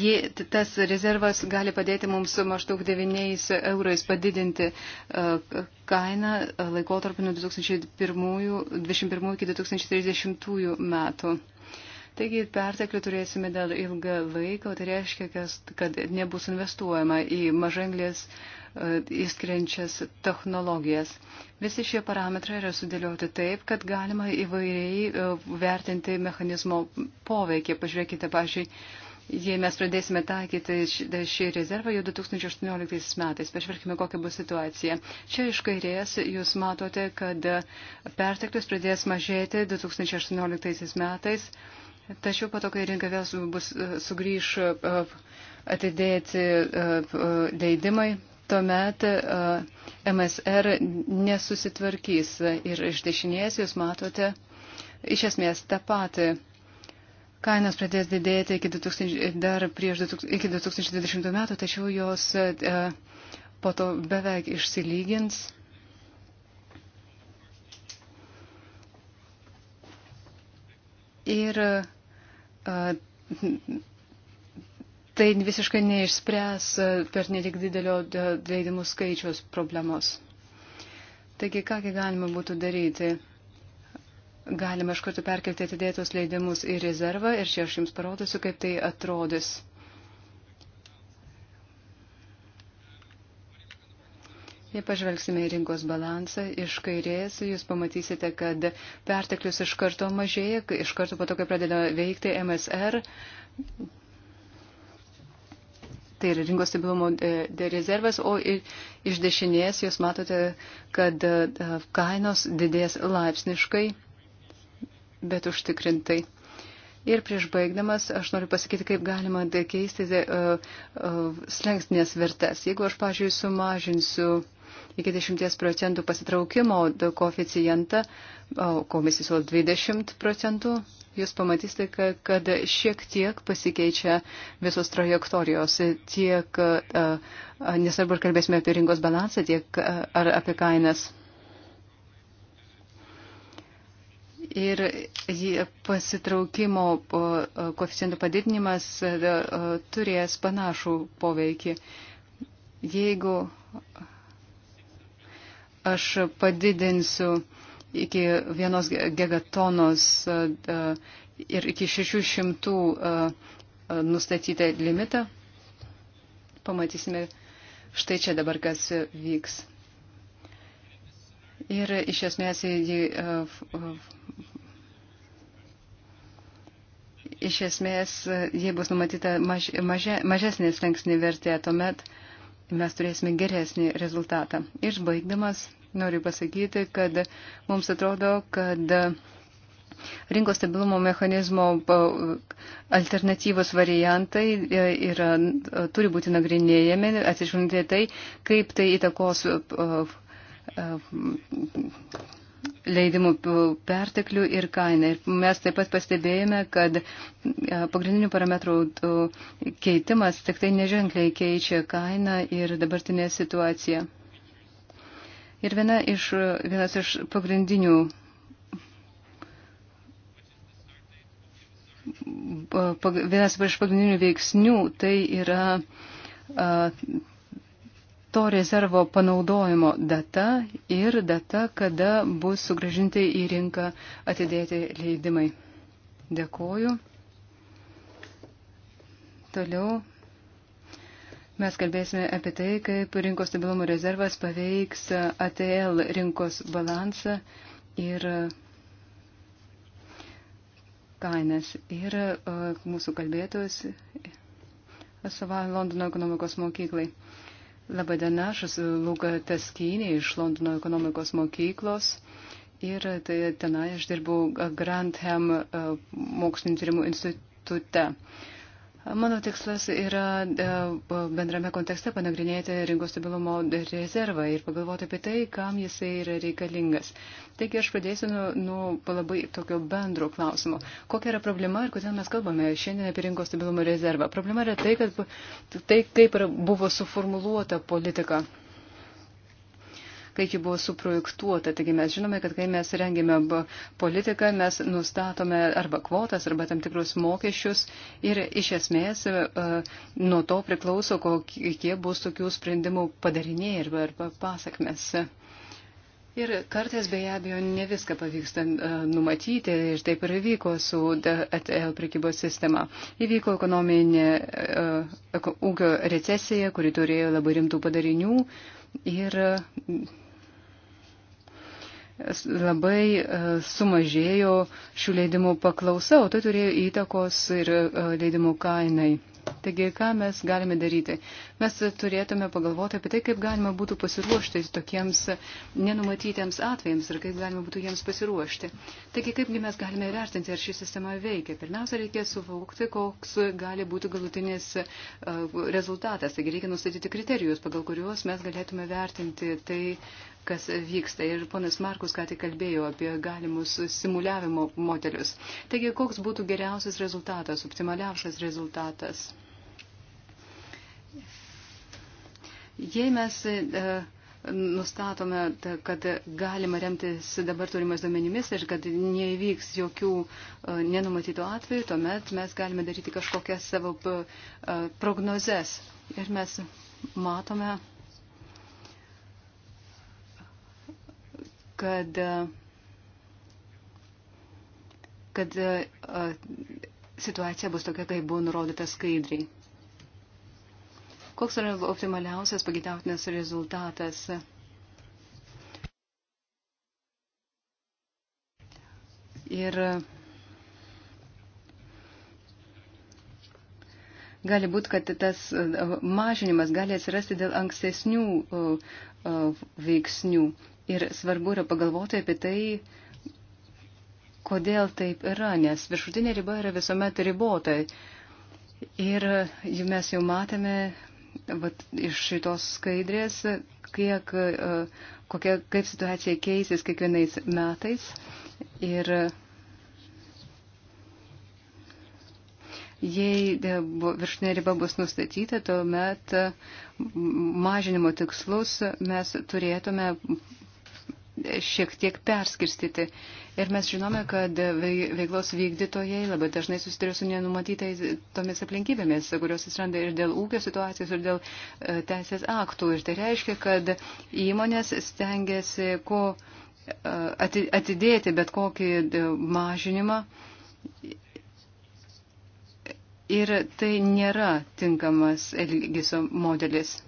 jį, tas rezervas gali padėti mums maždaug 9 eurais padidinti kainą laikotarpį nuo 2021 iki 2030 metų. Taigi perteklių turėsime dėl ilgą laiką, o tai reiškia, kad nebus investuojama į mažanglės e, įskrenčias technologijas. Visi šie parametrai yra sudėlioti taip, kad galima įvairiai e, vertinti mechanizmo poveikį. Pažiūrėkite, pažiūrėkite, jei mes pradėsime taikyti šį rezervą jau 2018 metais. Pažvelkime, kokia bus situacija. Čia iš kairės jūs matote, kad perteklius pradės mažėti 2018 metais Tačiau po to, kai rinka vėl bus e, sugrįž e, atidėti e, leidimai, tuomet MSR nesusitvarkys. Ir iš dešinės jūs matote iš esmės tą patį. Kainos pradės didėti iki 2000, dar prieš 2000, iki 2020 metų, tačiau jos e, po to beveik išsilygins. Ir e, tai visiškai neišspręs per nedik didelio leidimų skaičiaus problemos. Taigi, kągi galima būtų daryti? Galima iš karto perkelti atidėtos leidimus į rezervą ir čia aš jums parodysiu, kaip tai atrodys. Jei pažvelgsime į rinkos balansą iš kairės, jūs pamatysite, kad perteklius iš karto mažėja, iš karto po to, kai pradeda veikti MSR. Tai yra rinkos stabilumo e, rezervas, o iš dešinės jūs matote, kad e, kainos didės laipsniškai, bet užtikrintai. Ir prieš baigdamas aš noriu pasakyti, kaip galima keisti uh, uh, slengstinės vertes. Jeigu aš, pažiūrėjau, sumažinsiu uh, iki 10 procentų pasitraukimo koeficientą, komisija siūlo 20 procentų, jūs pamatysite, kad, kad šiek tiek pasikeičia visos trajektorijos, tiek, nesvarbu, ar kalbėsime apie rinkos balansą, tiek ar apie kainas. Ir pasitraukimo koeficientų padidinimas turės panašų poveikį. Jeigu aš padidinsiu iki vienos gigatonos e, e, ir iki 600 e, nustatytą limitą. Pamatysime štai čia dabar, kas vyks. Ir iš esmės jį. Iš esmės, jei bus numatyta maž, maže, mažesnė slengsnė vertė, tuomet uh, mes turėsime geresnį rezultatą. Išbaigdamas noriu pasakyti, kad mums atrodo, kad rinkos stabilumo mechanizmo alternatyvos variantai e, yra, e, turi būti nagrinėjami, atsižvelgiant į tai, kaip tai įtakos leidimų perteklių ir kainą. Ir mes taip pat pastebėjome, kad e, pagrindinių parametrų keitimas tik tai neženkliai keičia kainą ir dabartinę situaciją. Ir viena iš, vienas iš pagrindinių Vienas iš pagrindinių veiksnių tai yra to rezervo panaudojimo data ir data, kada bus sugražinti į rinką atidėti leidimai. Dėkuoju. Toliau mes kalbėsime apie tai, kaip rinkos stabilumo rezervas paveiks ATL rinkos balansą ir kainas. Ir uh, mūsų kalbėtojas atstovauja Londono ekonomikos mokyklai. Labadiena, aš esu Luka Taskynė iš Londono ekonomikos mokyklos ir tai tenai aš dirbau Grantham e, mokslinio tyrimų institute. Mano tikslas yra e, bendrame kontekste panagrinėti rinkos stabilumo rezervą ir pagalvoti apie tai, kam jisai yra reikalingas. Taigi aš pradėsiu nuo, nuo labai tokio bendro klausimo. Kokia yra problema ir kodėl mes kalbame šiandien apie rinkos stabilumo rezervą? Problema yra tai, kad tai kaip buvo suformuluota politika. Tai, kai ji buvo suprojektuota. Taigi mes žinome, kad kai mes rengėme politiką, mes nustatome arba kvotas, arba tam tikrus mokesčius ir iš esmės e, nuo to priklauso, kokie bus tokių sprendimų padariniai arba, arba pasakmes. Ir kartais be abejo ne viską pavyksta e, numatyti ir taip ir įvyko su ATL prekybos sistema. Įvyko ekonominė e, ūkio recesija, kuri turėjo labai rimtų padarinių ir labai e, sumažėjo šių leidimų paklausa, o tai turėjo įtakos ir e, leidimų kainai. Taigi, ką mes galime daryti? mes turėtume pagalvoti apie tai, kaip galima būtų pasiruošti tokiems nenumatytiems atvejams ir kaip galima būtų jiems pasiruošti. Taigi, kaipgi mes galime vertinti, ar ši sistema veikia. Pirmiausia, reikia suvokti, koks gali būti galutinis e, rezultatas. Taigi, reikia nustatyti kriterijus, pagal kuriuos mes galėtume vertinti tai, kas vyksta. Ir ponas Markus ką tik kalbėjo apie galimus simuliavimo modelius. Taigi, koks būtų geriausias rezultatas, optimaliausias rezultatas? Jei mes e, nustatome, kad galima remtis dabar turimais duomenimis ir kad neįvyks jokių e, nenumatytų atvejų, tuomet mes galime daryti kažkokias savo e, prognozes. Ir mes matome, kad, kad situacija bus tokia, kaip buvo nurodyta skaidriai koks yra optimaliausias pagėdautinas rezultatas. Ir gali būti, kad tas uh, mažinimas gali atsirasti dėl ankstesnių uh, uh, veiksnių. Ir svarbu yra pagalvoti apie tai, kodėl taip yra, nes viršutinė riba yra visuomet ribota. Ir mes jau matėme, vat, iš šitos skaidrės, kiek, e, kokia, kaip situacija keisis kiekvienais metais. Ir jei viršinė riba bus nustatyta, tuomet mažinimo tikslus mes turėtume šiek tiek perskirstyti. Ir mes žinome, kad veiklos vykdytojai labai dažnai susiduria su nenumatytais tomis aplinkybėmis, kurios atsiranda ir dėl ūkio situacijos, ir dėl e, teisės aktų. Ir tai reiškia, kad įmonės stengiasi ko e, atidėti bet kokį e, mažinimą. Ir tai nėra tinkamas elgesio modelis.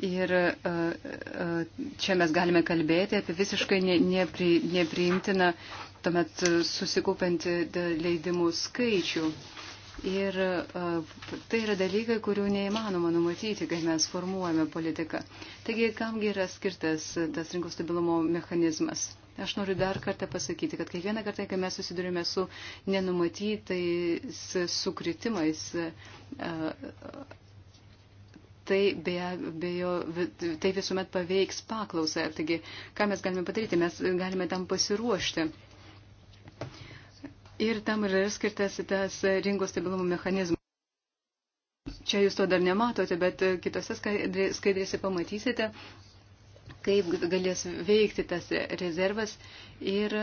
Ir e, e, čia mes galime kalbėti apie visiškai nepri, nepriimtiną tuomet susikupinti leidimų skaičių. Ir e, tai yra dalykai, kurių neįmanoma numatyti, kai mes formuojame politiką. Taigi, kamgi yra skirtas tas rinkos stabilumo mechanizmas? Aš noriu dar kartą pasakyti, kad kiekvieną kartą, kai mes susidurime su nenumatytais sukritimais, tai be abejo, tai visuomet paveiks paklausą. Taigi, ką mes galime padaryti, mes galime tam pasiruošti. Ir tam yra skirtas tas rinkos stabilumo mechanizmas. Čia jūs to dar nematote, bet kitose skaidrėse pamatysite, kaip galės veikti tas rezervas ir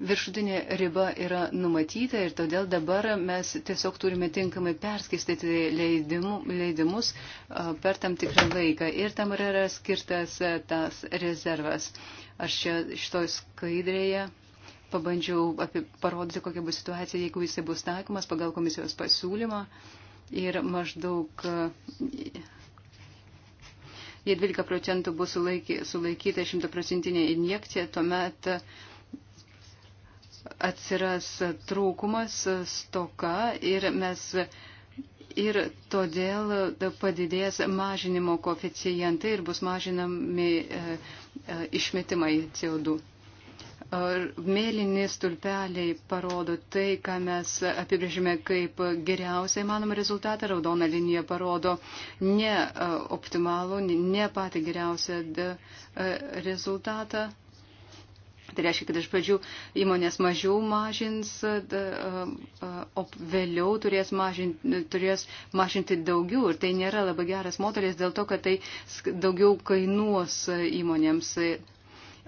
viršutinė riba yra numatyta ir todėl dabar mes tiesiog turime tinkamai perskistyti leidimu, leidimus per tam tikrą laiką ir tam yra skirtas tas rezervas. Aš šitoj skaidrėje pabandžiau apie, parodyti, kokia bus situacija, jeigu jisai bus taikomas pagal komisijos pasiūlymą ir maždaug jei 12 procentų bus sulaiky, sulaikyta 100 procentinė injekcija, tuomet uh, atsiras trūkumas, stoka ir mes ir todėl padidės mažinimo koficijantai ir bus mažinami e, e, išmetimai CO2. Mėlyni stulpeliai parodo tai, ką mes apibrėžime kaip geriausiai manomą rezultatą, raudona linija parodo ne e, optimalų, ne patį geriausią rezultatą. Tai reiškia, kad iš pradžių įmonės mažiau mažins, o vėliau turės mažinti, turės mažinti daugiau. Ir tai nėra labai geras modelis dėl to, kad tai daugiau kainuos įmonėms.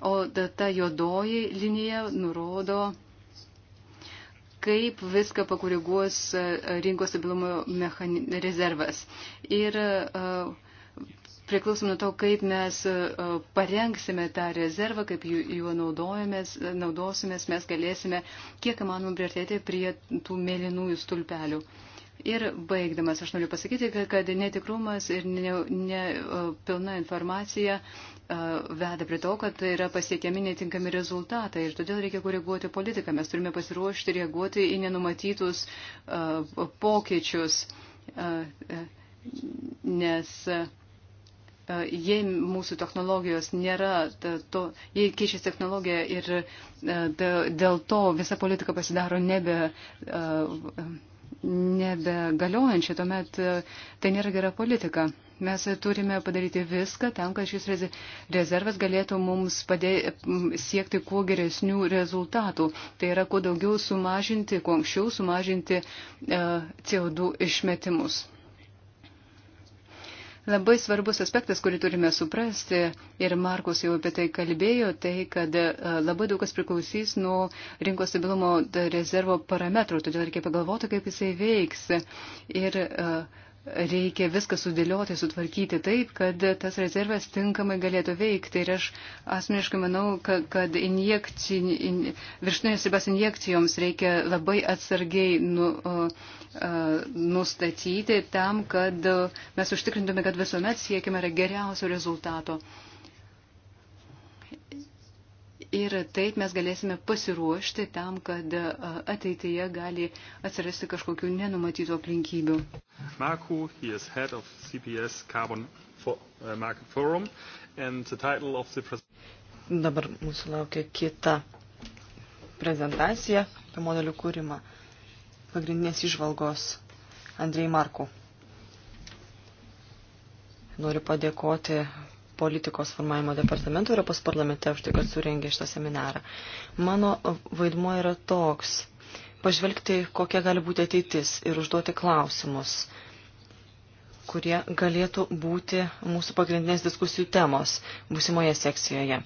O ta jodoji linija nurodo kaip viską pakoreguos rinkos stabilumo mechan... rezervas. Ir uh, priklausom nuo to, kaip mes e, parengsime tą rezervą, kaip juo e, naudosimės, mes galėsime kiek įmanoma priartėti prie tų mėlynųjų stulpelių. Ir baigdamas, aš noriu pasakyti, kad netikrumas ir nepilna ne, e, informacija veda prie to, kad yra pasiekiami netinkami rezultatai ir todėl reikia koreguoti politiką. Mes turime pasiruošti reaguoti į nenumatytus pokyčius, nes. Uh, jei mūsų technologijos nėra, to, jei keičiasi technologija ir dėl to visa politika pasidaro nebe, nebegaliojančia, tuomet tai nėra gera politika. Mes turime padaryti viską tam, kad šis rezervas galėtų mums padė, siekti kuo geresnių rezultatų. Tai yra kuo daugiau sumažinti, kuo anksčiau sumažinti CO2 išmetimus. Labai svarbus aspektas, kurį turime suprasti, ir Markus jau apie tai kalbėjo, tai kad e, labai daug kas priklausys nuo rinkos stabilumo rezervo parametrų, todėl reikia pagalvoti, kaip jisai veiks. Ir uh, reikia viską sudėlioti, sutvarkyti taip, kad tas rezervas tinkamai galėtų veikti. Ir aš asmeniškai manau, kad, kad injekci, in, viršutinės ribas injekcijoms reikia labai atsargiai nu, uh, uh, nustatyti tam, kad uh, mes užtikrintume, kad visuomet siekime geriausio rezultato. Uh, Ir taip mes galėsime pasiruošti tam, kad ateityje gali atsirasti kažkokių nenumatytų aplinkybių. Marku, he is head of CPS Carbon for, uh, Market Forum and the title of the Dabar mūsų laukia kita prezentacija apie modelių kūrimą. Pagrindinės išvalgos Andrei Marku. Noriu padėkoti politikos formavimo departamento Europos parlamente už tai, kad surengė šitą seminarą. Mano vaidmuo yra toks - pažvelgti, kokia gali būti ateitis ir užduoti klausimus kurie galėtų būti mūsų pagrindinės diskusijų temos būsimoje sekcijoje.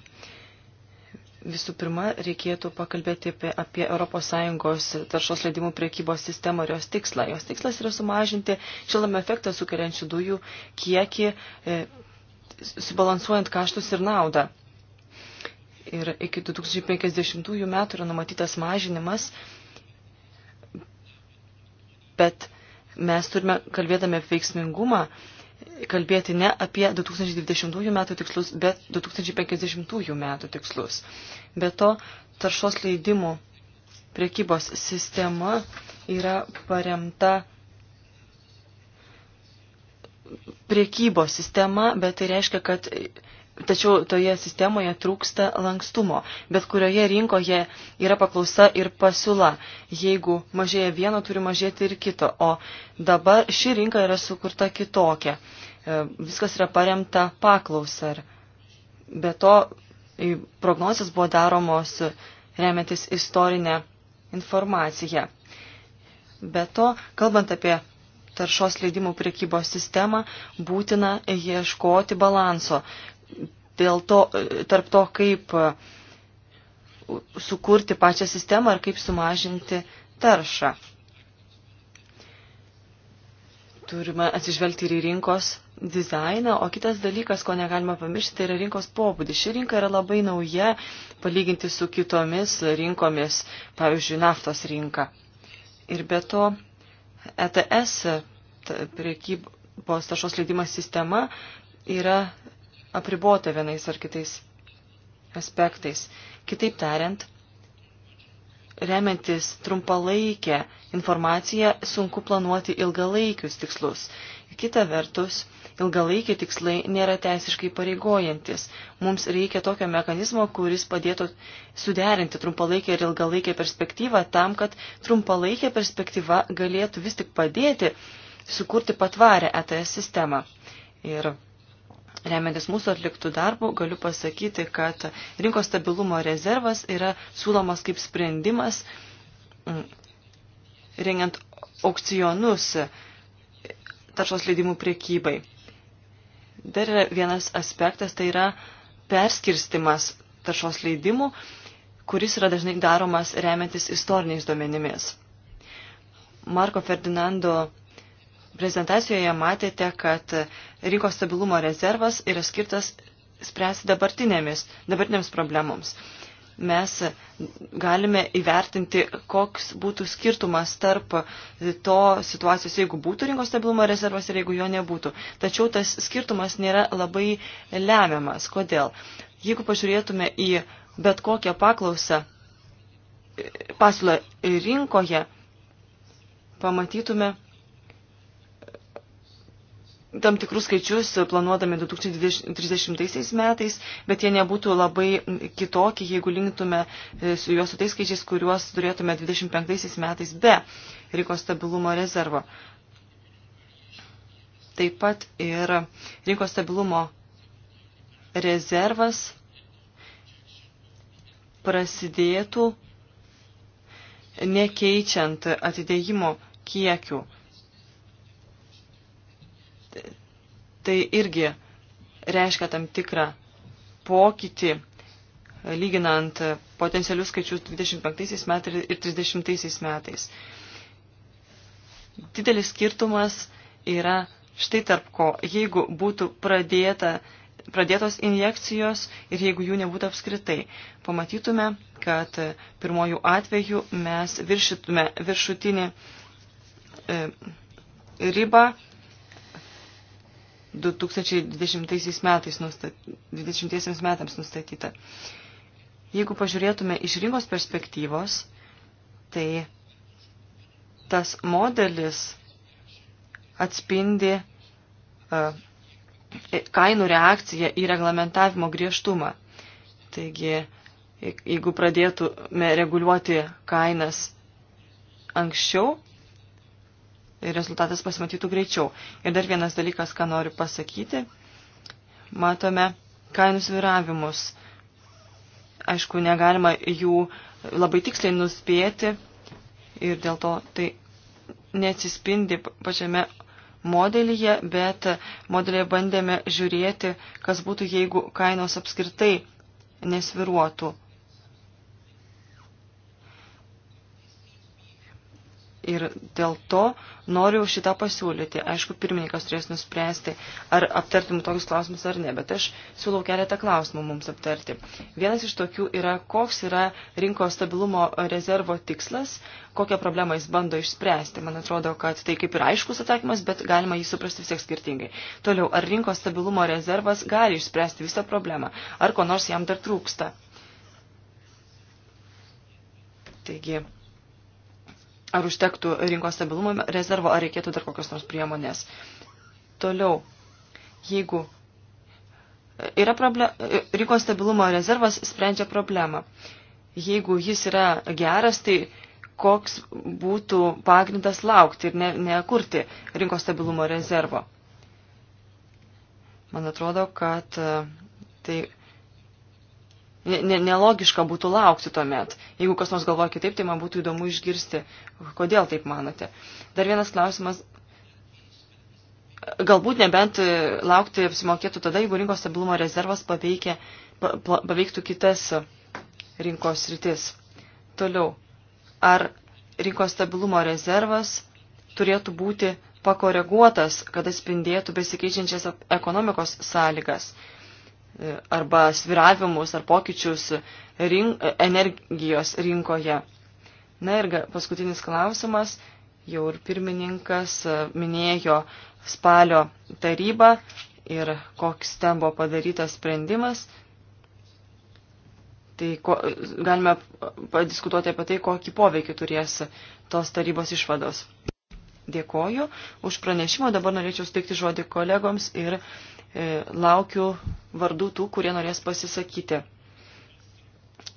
Visų pirma, reikėtų pakalbėti apie, apie ES taršos leidimų priekybos sistemą ir jos tikslą. Jos tikslas yra sumažinti šilame efektą sukeliančių dujų kiekį e, subalansuojant kaštus ir naudą. Ir iki 2050 metų yra numatytas mažinimas, bet mes turime, kalbėdami apie veiksmingumą, kalbėti ne apie 2020 metų tikslus, bet 2050 metų tikslus. Be to, taršos leidimų priekybos sistema yra paremta priekybos sistema, bet tai reiškia, kad tačiau toje sistemoje trūksta lankstumo. Bet kurioje rinkoje yra paklausa ir pasiūla. Jeigu mažėja vieno, turi mažėti ir kito. O dabar ši rinka yra sukurta kitokia. E, viskas yra paremta paklausa. Be to, prognozijas buvo daromos remiantis istorinę informaciją. Be to, kalbant apie taršos leidimų priekybos sistemą, būtina ieškoti balanso dėl to, tarp to, kaip e, sukurti pačią sistemą ar kaip sumažinti taršą. Turime atsižvelgti ir į rinkos dizainą, o kitas dalykas, ko negalima pamiršti, tai yra rinkos pobūdis. Ši rinka yra labai nauja palyginti su kitomis rinkomis, pavyzdžiui, naftos rinka. Ir be to ETS priekybos taršos leidimas sistema yra apribota vienais ar kitais aspektais. Kitaip tariant, remiantis trumpalaikę informaciją, sunku planuoti ilgalaikius tikslus. Kita vertus, ilgalaikiai tikslai nėra teisiškai pareigojantis. Mums reikia tokio mechanizmo, kuris padėtų suderinti trumpalaikę ir ilgalaikę perspektyvą tam, kad trumpalaikė perspektyva galėtų vis tik padėti sukurti patvarę ETS sistemą. Ir Remiantis mūsų atliktų darbų, galiu pasakyti, kad rinkos stabilumo rezervas yra siūlomas kaip sprendimas mm, rengiant aukcionus taršos leidimų priekybai. Dar yra vienas aspektas, tai yra perskirstimas taršos leidimų, kuris yra dažnai daromas remiantis istoriniais duomenimis. Marko Ferdinando prezentacijoje matėte, kad rinkos stabilumo rezervas yra skirtas spręsti dabartinėmis, dabartinėms problemoms mes galime įvertinti, koks būtų skirtumas tarp to situacijos, jeigu būtų rinkos stabilumo rezervas ir jeigu jo nebūtų. Tačiau tas skirtumas nėra labai lemiamas. Kodėl? Jeigu pažiūrėtume į bet kokią paklausą pasiūlą rinkoje, pamatytume, tam tikrus skaičius planuodami 2030 metais, bet jie nebūtų labai kitokie, jeigu linktume e, su juos su tais skaičiais, kuriuos turėtume 25 metais be rinkos stabilumo rezervo. Taip pat ir rinkos stabilumo rezervas prasidėtų nekeičiant atidėjimo kiekių tai irgi reiškia tam tikrą pokytį, lyginant potencialius skaičius 25 metais ir 30 metais. Didelis skirtumas yra štai tarp ko, jeigu būtų pradėta, pradėtos injekcijos ir jeigu jų nebūtų apskritai, pamatytume, kad pirmojų atveju mes viršytume viršutinį e, ribą 2020 metais nustaty, 20 metams nustatyta. Jeigu pažiūrėtume iš rinkos perspektyvos, tai tas modelis atspindi uh, kainų reakciją į reglamentavimo griežtumą. Taigi, jeigu pradėtume reguliuoti kainas anksčiau, rezultatas pasimatytų greičiau. Ir dar vienas dalykas, ką noriu pasakyti. Matome kainų sviravimus. Aišku, negalima jų labai tiksliai nuspėti ir dėl to tai neatsispindi pačiame modelyje, bet modelyje bandėme žiūrėti, kas būtų, jeigu kainos apskritai nesviruotų. ir dėl to noriu šitą pasiūlyti. Aišku, pirmininkas turės nuspręsti, ar aptartum tokius klausimus ar ne, bet aš siūlau keletą klausimų mums aptarti. Vienas iš tokių yra, koks yra rinkos stabilumo rezervo tikslas, kokią problemą jis bando išspręsti. Man atrodo, kad tai kaip ir aiškus atsakymas, bet galima jį suprasti vis tiek skirtingai. Toliau, ar rinkos stabilumo rezervas gali išspręsti visą problemą, ar ko nors jam dar trūksta. Taigi, Ar užtektų rinkos stabilumo rezervo, ar reikėtų dar kokios nors priemonės. Toliau, jeigu e, yra problem, e, rinkos stabilumo rezervas sprendžia problemą. Jeigu jis yra geras, tai koks būtų pagrindas laukti ir ne, nekurti rinkos stabilumo rezervo. Man atrodo, kad e, tai nelogiška būtų laukti tuomet. Jeigu kas nors galvoja kitaip, tai man būtų įdomu išgirsti, kodėl taip manote. Dar vienas klausimas. Galbūt nebent e, laukti apsimokėtų tada, jeigu rinkos stabilumo rezervas paveikia, paveiktų kitas rinkos rytis. Toliau. Ar rinkos stabilumo rezervas turėtų būti pakoreguotas, kad atspindėtų besikeičiančias ekonomikos sąlygas? arba sviravimus ar pokyčius rink, energijos rinkoje. Na ir paskutinis klausimas, jau ir pirmininkas minėjo spalio tarybą ir koks ten buvo padarytas sprendimas. Tai ko, galime padiskutuoti apie tai, kokį poveikį turės tos tarybos išvados. Dėkoju už pranešimą, dabar norėčiau steikti žodį kolegoms ir E, laukiu vardų tų, kurie norės pasisakyti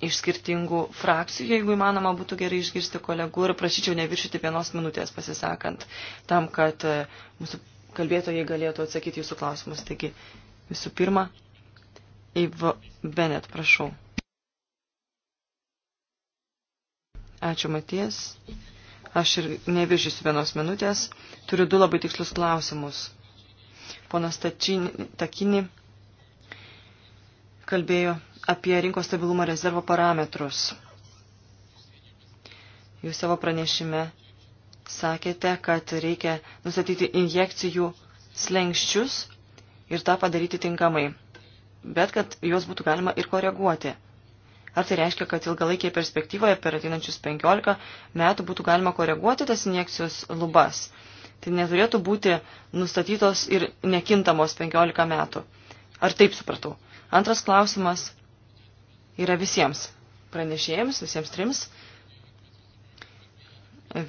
iš skirtingų frakcijų. Jeigu įmanoma, būtų gerai išgirsti kolegų ir prašyčiau neviršyti vienos minutės pasisakant, tam, kad e, mūsų kalbėtojai galėtų atsakyti jūsų klausimus. Taigi, visų pirma, Ivo Benet, prašau. Ačiū, Maties. Aš ir neviršysiu vienos minutės. Turiu du labai tikslius klausimus Ponas Takini kalbėjo apie rinkos stabilumo rezervo parametrus. Jūs savo pranešime sakėte, kad reikia nustatyti injekcijų slengščius ir tą padaryti tinkamai, bet kad juos būtų galima ir koreguoti. Ar tai reiškia, kad ilgalaikėje perspektyvoje per ateinančius 15 metų būtų galima koreguoti tas injekcijos lubas tai neturėtų būti nustatytos ir nekintamos 15 metų. Ar taip supratau? Antras klausimas yra visiems pranešėjams, visiems trims.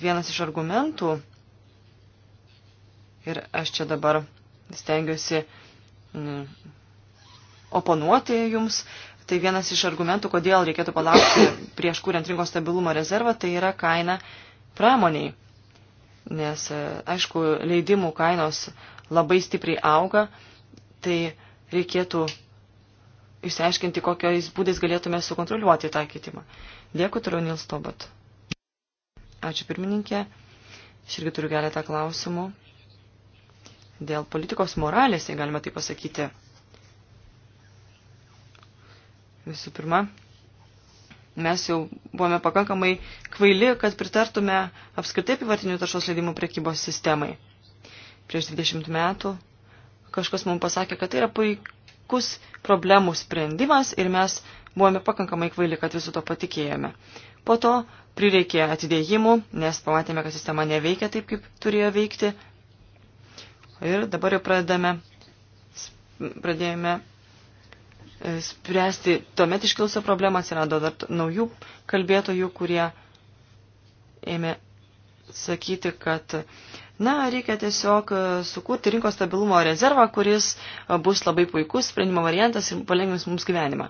Vienas iš argumentų, ir aš čia dabar stengiuosi mm, oponuoti jums, tai vienas iš argumentų, kodėl reikėtų palaukti prieš kuriant rinkos stabilumo rezervą, tai yra kaina pramoniai nes, e, aišku, leidimų kainos labai stipriai auga, tai reikėtų išsiaiškinti, kokiais būdais galėtume sukontroliuoti tą kitimą. Dėkui, turiu Nils Tobat. Ačiū pirmininkė. Aš irgi turiu keletą klausimų. Dėl politikos moralės, jei galima tai pasakyti. Visų pirma, Mes jau buvome pakankamai kvaili, kad pritartume apskritai apivartinių taršos leidimų prekybos sistemai. Prieš 20 metų kažkas mums pasakė, kad tai yra puikus problemų sprendimas ir mes buvome pakankamai kvaili, kad visų to patikėjome. Po to prireikė atidėjimų, nes pamatėme, kad sistema neveikia taip, kaip turėjo veikti. Ir dabar jau pradedame, pradėjome E, spręsti tuomet iškilusią problemą, atsirado dar naujų kalbėtojų, kurie ėmė sakyti, kad Na, reikia tiesiog e, sukurti rinkos stabilumo rezervą, kuris e, bus labai puikus sprendimo variantas ir palengvins mums gyvenimą.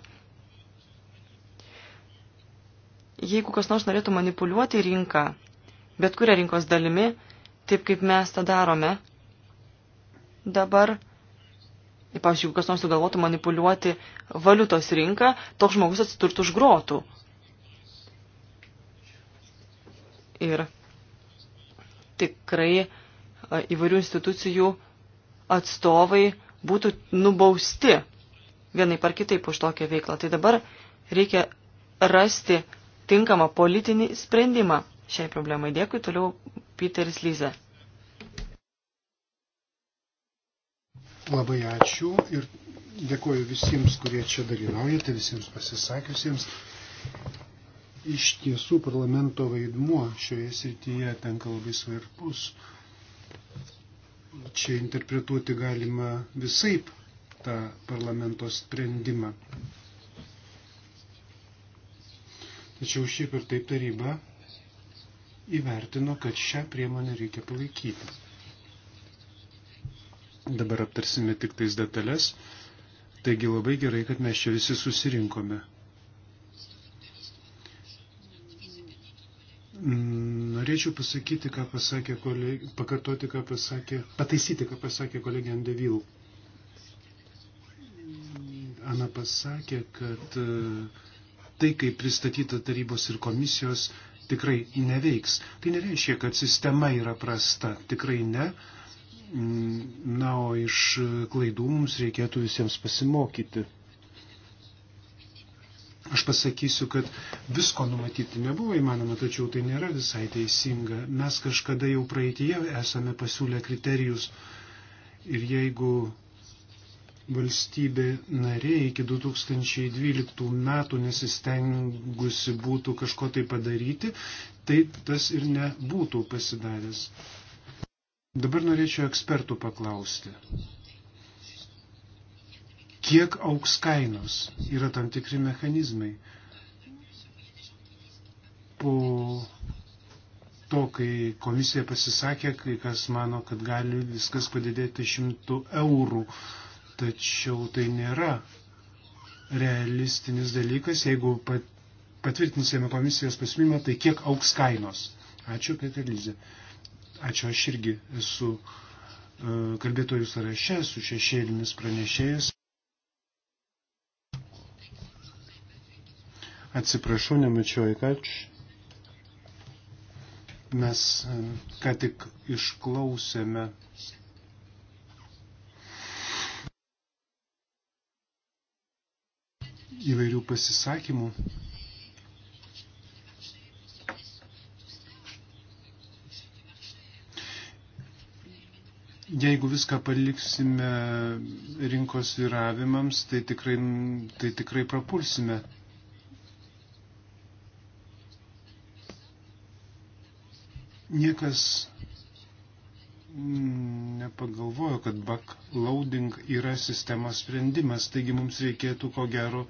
Jeigu kas nors norėtų manipuliuoti rinką, bet kuria rinkos dalimi, taip kaip mes tą darome, dabar pavyzdžiui, jeigu kas nors sugalvotų manipuliuoti valiutos rinką, toks žmogus atsidurtų už grotų. Ir tikrai įvairių institucijų atstovai būtų nubausti vienai par kitaip už tokią veiklą. Tai dabar reikia rasti tinkamą politinį sprendimą šiai problemai. Dėkui toliau Peteris Lyze. Labai ačiū ir dėkoju visiems, kurie čia dalyvaujate, visiems pasisakiusiems. Iš tiesų parlamento vaidmuo šioje srityje tenka labai svarbus. Čia interpretuoti galima visaip tą parlamento sprendimą. Tačiau šiaip ir taip taryba įvertino, kad šią priemonę reikia palaikyti. Dabar aptarsime tik tais detalės. Taigi labai gerai, kad mes čia visi susirinkome. Norėčiau pasakyti, ką pasakė kolegė, pakartoti, ką pasakė, pataisyti, ką pasakė kolegė Andevil. Ana pasakė, kad e, tai, kaip pristatyta tarybos ir komisijos, tikrai neveiks. Tai nereiškia, kad sistema yra prasta, tikrai ne. Mm, na, o iš klaidų mums reikėtų visiems pasimokyti. Aš pasakysiu, kad visko numatyti nebuvo įmanoma, tačiau tai nėra visai teisinga. Mes kažkada jau praeitie esame pasiūlę kriterijus ir jeigu valstybė narė iki 2012 metų nesistengusi būtų kažko tai padaryti, tai tas ir nebūtų pasidaręs. Dabar norėčiau ekspertų paklausti. Kiek auks kainos? Yra tam tikri mechanizmai. Po to, kai komisija pasisakė, kai kas mano, kad gali viskas padidėti šimtų eurų, tačiau tai nėra realistinis dalykas. Jeigu patvirtinsime komisijos pasiūlymą, tai kiek auks kainos? Ačiū, Peter Lyze. Uh, Ačiū, aš irgi esu e, kalbėtojų sąraše su šešėlinis pranešėjas. Atsiprašau, nemačiau įkač. Mes e, ką tik išklausėme įvairių pasisakymų. Jeigu viską paliksime rinkos viravimams, tai tikrai, tai tikrai prapulsime. Niekas nepagalvojo, kad backloading yra sistemos sprendimas, taigi mums reikėtų ko gero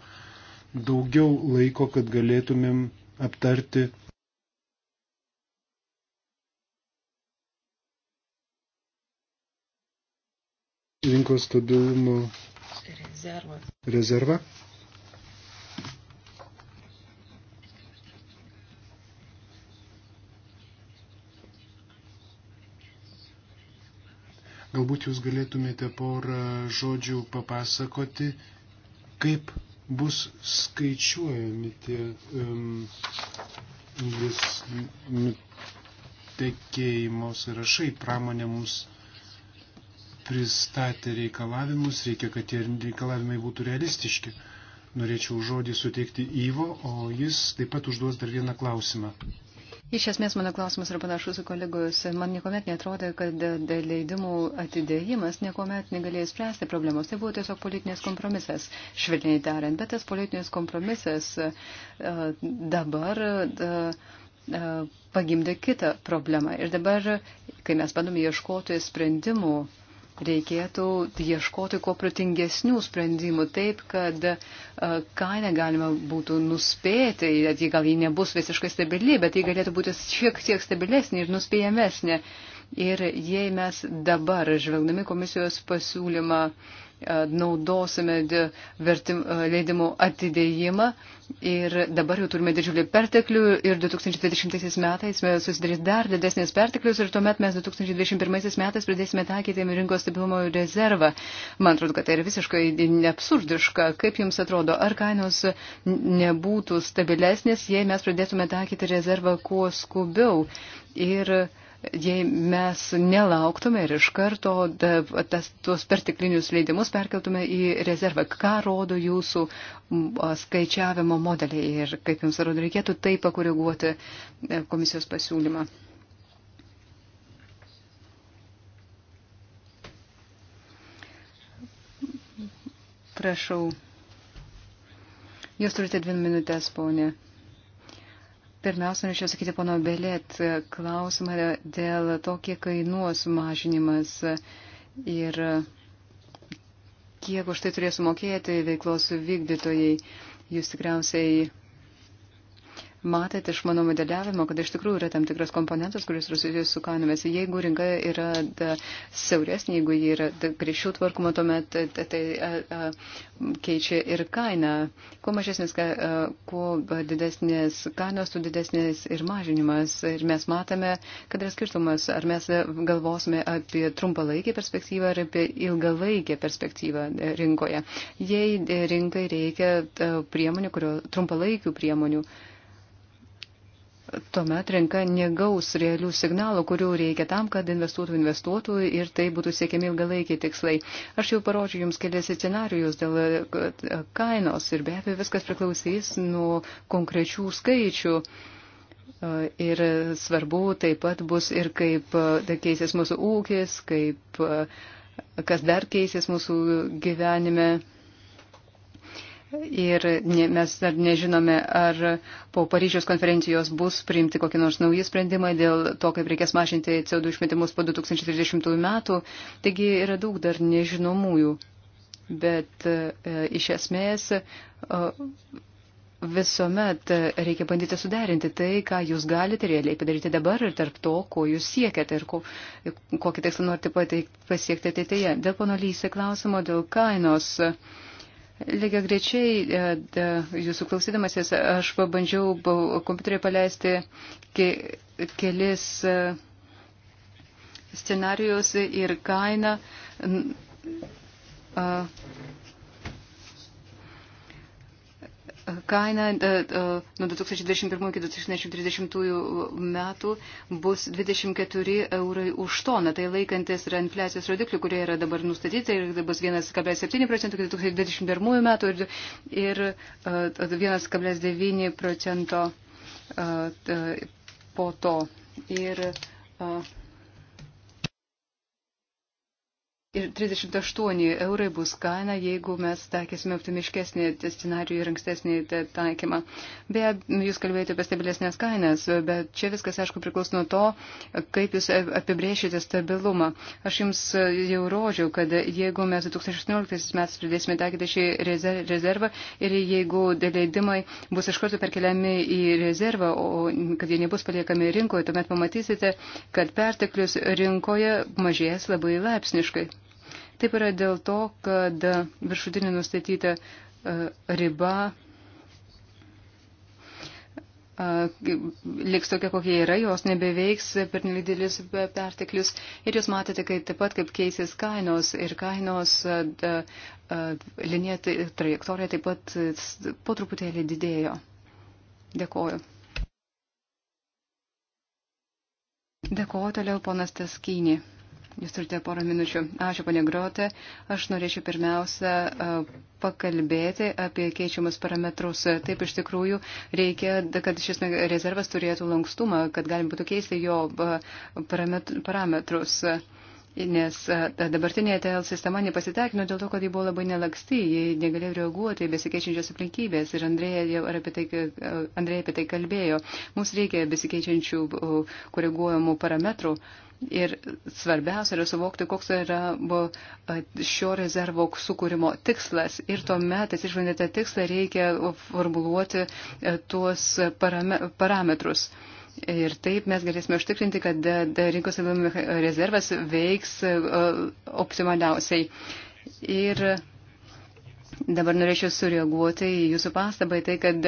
daugiau laiko, kad galėtumėm aptarti rinkos stabilumo rezervą. rezervą. Galbūt jūs galėtumėte porą žodžių papasakoti, kaip bus skaičiuojami tie um, vis tekėjimo sąrašai pramonė mums pristatė reikalavimus, reikia, kad tie reikalavimai būtų realistiški. Norėčiau žodį suteikti Ivo, o jis taip pat užduos dar vieną klausimą. Iš esmės mano klausimas yra panašus į kolegos. Man niekuomet netrodo, kad leidimų atidėjimas niekuomet negalėjo spręsti problemos. Tai buvo tiesiog politinės kompromisas, švelniai tariant. Bet tas politinės kompromisas e, dabar e, e, pagimdė kitą problemą. Ir dabar, kai mes bandome ieškoti sprendimų reikėtų ieškoti kuo pratingesnių sprendimų, taip, kad e, kainą galima būtų nuspėti, kad ji gal ji nebus visiškai stabili, bet ji galėtų būti šiek tiek stabilesnė ir nuspėjamesnė. Ir jei mes dabar, žvelgdami komisijos pasiūlymą, uh, E, naudosime vertim, e, leidimų atidėjimą ir dabar jau turime didžiulį perteklių ir 2020 metais susidarys dar didesnės perteklius ir tuomet mes 2021 metais pradėsime taikyti rinkos stabilumo rezervą. Man atrodo, kad tai yra visiškai neabsurdiška. Kaip jums atrodo, ar kainos nebūtų stabilesnės, jei mes pradėtume taikyti rezervą kuo skubiau? Ir uh, jei mes nelauktume ir iš karto tas, tuos perteklinius leidimus perkeltume į rezervą. Ką rodo jūsų skaičiavimo modeliai ir kaip jums atrodo, reikėtų tai pakoreguoti e, komisijos pasiūlymą? Prašau. Jūs turite dvi minutės, ponė. Pirmiausia, norėčiau sakyti pono Belėt klausimą dėl to, kiek kainuos mažinimas ir kiek už tai turės mokėti veiklos vykdytojai. Jūs tikriausiai Matėte iš mano modeliavimo, kad iš tikrųjų yra tam tikras komponentas, kuris yra susijęs su kainomis. Jeigu rinka yra da, siauresnė, jeigu ji yra grįžčiau tvarkoma, tuomet tai a, a, keičia ir kainą. Kuo mažesnės, ka, a, kuo didesnės kainos, tuo didesnės ir mažinimas. Ir mes matome, kad yra skirtumas, ar mes galvosime apie trumpalaikę perspektyvą ar apie ilgalaikę perspektyvą e, rinkoje. Jei e, rinkai reikia priemonių, kurio, trumpalaikių priemonių, tuomet rinka negaus realių signalų, kurių reikia tam, kad investuotų investuotų ir tai būtų siekiami ilgalaikiai tikslai. Aš jau parodžiu Jums kelias scenarius dėl e, kainos ir be abejo viskas priklausys nuo konkrečių skaičių. E, ir svarbu taip pat bus ir kaip e, keisės mūsų ūkis, kaip, kas dar keisės mūsų gyvenime. Ir ne, mes dar nežinome, ar po Paryžiaus konferencijos bus priimti kokie nors nauji sprendimai dėl to, kaip reikės mažinti CO2 išmetimus po 2030 metų. Taigi yra daug dar nežinomųjų. Bet e, iš esmės e, visuomet e, reikia bandyti suderinti tai, ką jūs galite realiai padaryti dabar ir tarp to, ko jūs siekiate ir ko, kokį tikslą norite pasiekti ateityje. Dėl pono Lysė klausimo, dėl kainos. E, Lygiai grečiai, e, jūsų klausydamasis, aš pabandžiau kompiuterį paleisti ke, kelis e, scenarijus ir kainą. A, kaina e, e, nuo 2021 iki 2030 metų bus 24 eurai už toną. Tai laikantis yra infliacijos rodiklių, kurie yra dabar nustatyti ir tai bus 1,7 procentų iki 2021 metų ir, ir 1,9 e, procento po to. Ir, uh, Ir 38 eurai bus kaina, jeigu mes taikysime optimiškesnį scenarijų ir ankstesnį taikymą. Be abejo, jūs kalbėjote apie stabilesnės kainas, bet čia viskas, aišku, priklauso nuo to, kaip jūs apibrėšite stabilumą. Aš jums jau rodžiau, kad jeigu mes 2018 metais pradėsime taikyti šį rezervą ir jeigu leidimai bus iš karto perkeliami į rezervą, o kad jie nebus paliekami rinkoje, tuomet pamatysite, kad perteklius rinkoje mažės labai laipsniškai. Taip yra dėl to, kad viršutinė nustatyta e, riba e, liks tokia, kokia yra, jos nebeveiks per nedidelis perteklius. Ir jūs matėte, kaip taip pat, kaip keisės kainos ir kainos e, linija trajektorija taip pat po truputėlį didėjo. Dėkoju. Dėkoju toliau ponas Taskynį. Jūs turite porą minučių. Ačiū, ponė Grote. Aš norėčiau pirmiausia pakalbėti apie keičiamus parametrus. Taip, iš tikrųjų, reikia, kad šis rezervas turėtų lankstumą, kad galim būtų keisti jo parametrus. Nes ta dabartinė ETL sistema nepasitekino dėl to, kad ji buvo labai nelaksti, ji negalėjo reaguoti į besikeičiančias aplinkybės ir Andrėja apie, tai, Andrėja apie tai kalbėjo. Mums reikia besikeičiančių koreguojamų parametrų. Uh, Ir svarbiausia yra suvokti, koks yra šio rezervo sukūrimo tikslas. Ir tuomet, atsižvelgiant tą tikslą, reikia formuluoti tuos parametrus. Ir taip mes galėsime užtikrinti, kad rinkos rezervas veiks optimaliausiai. Ir Dabar norėčiau sureaguoti į jūsų pastabą, tai kad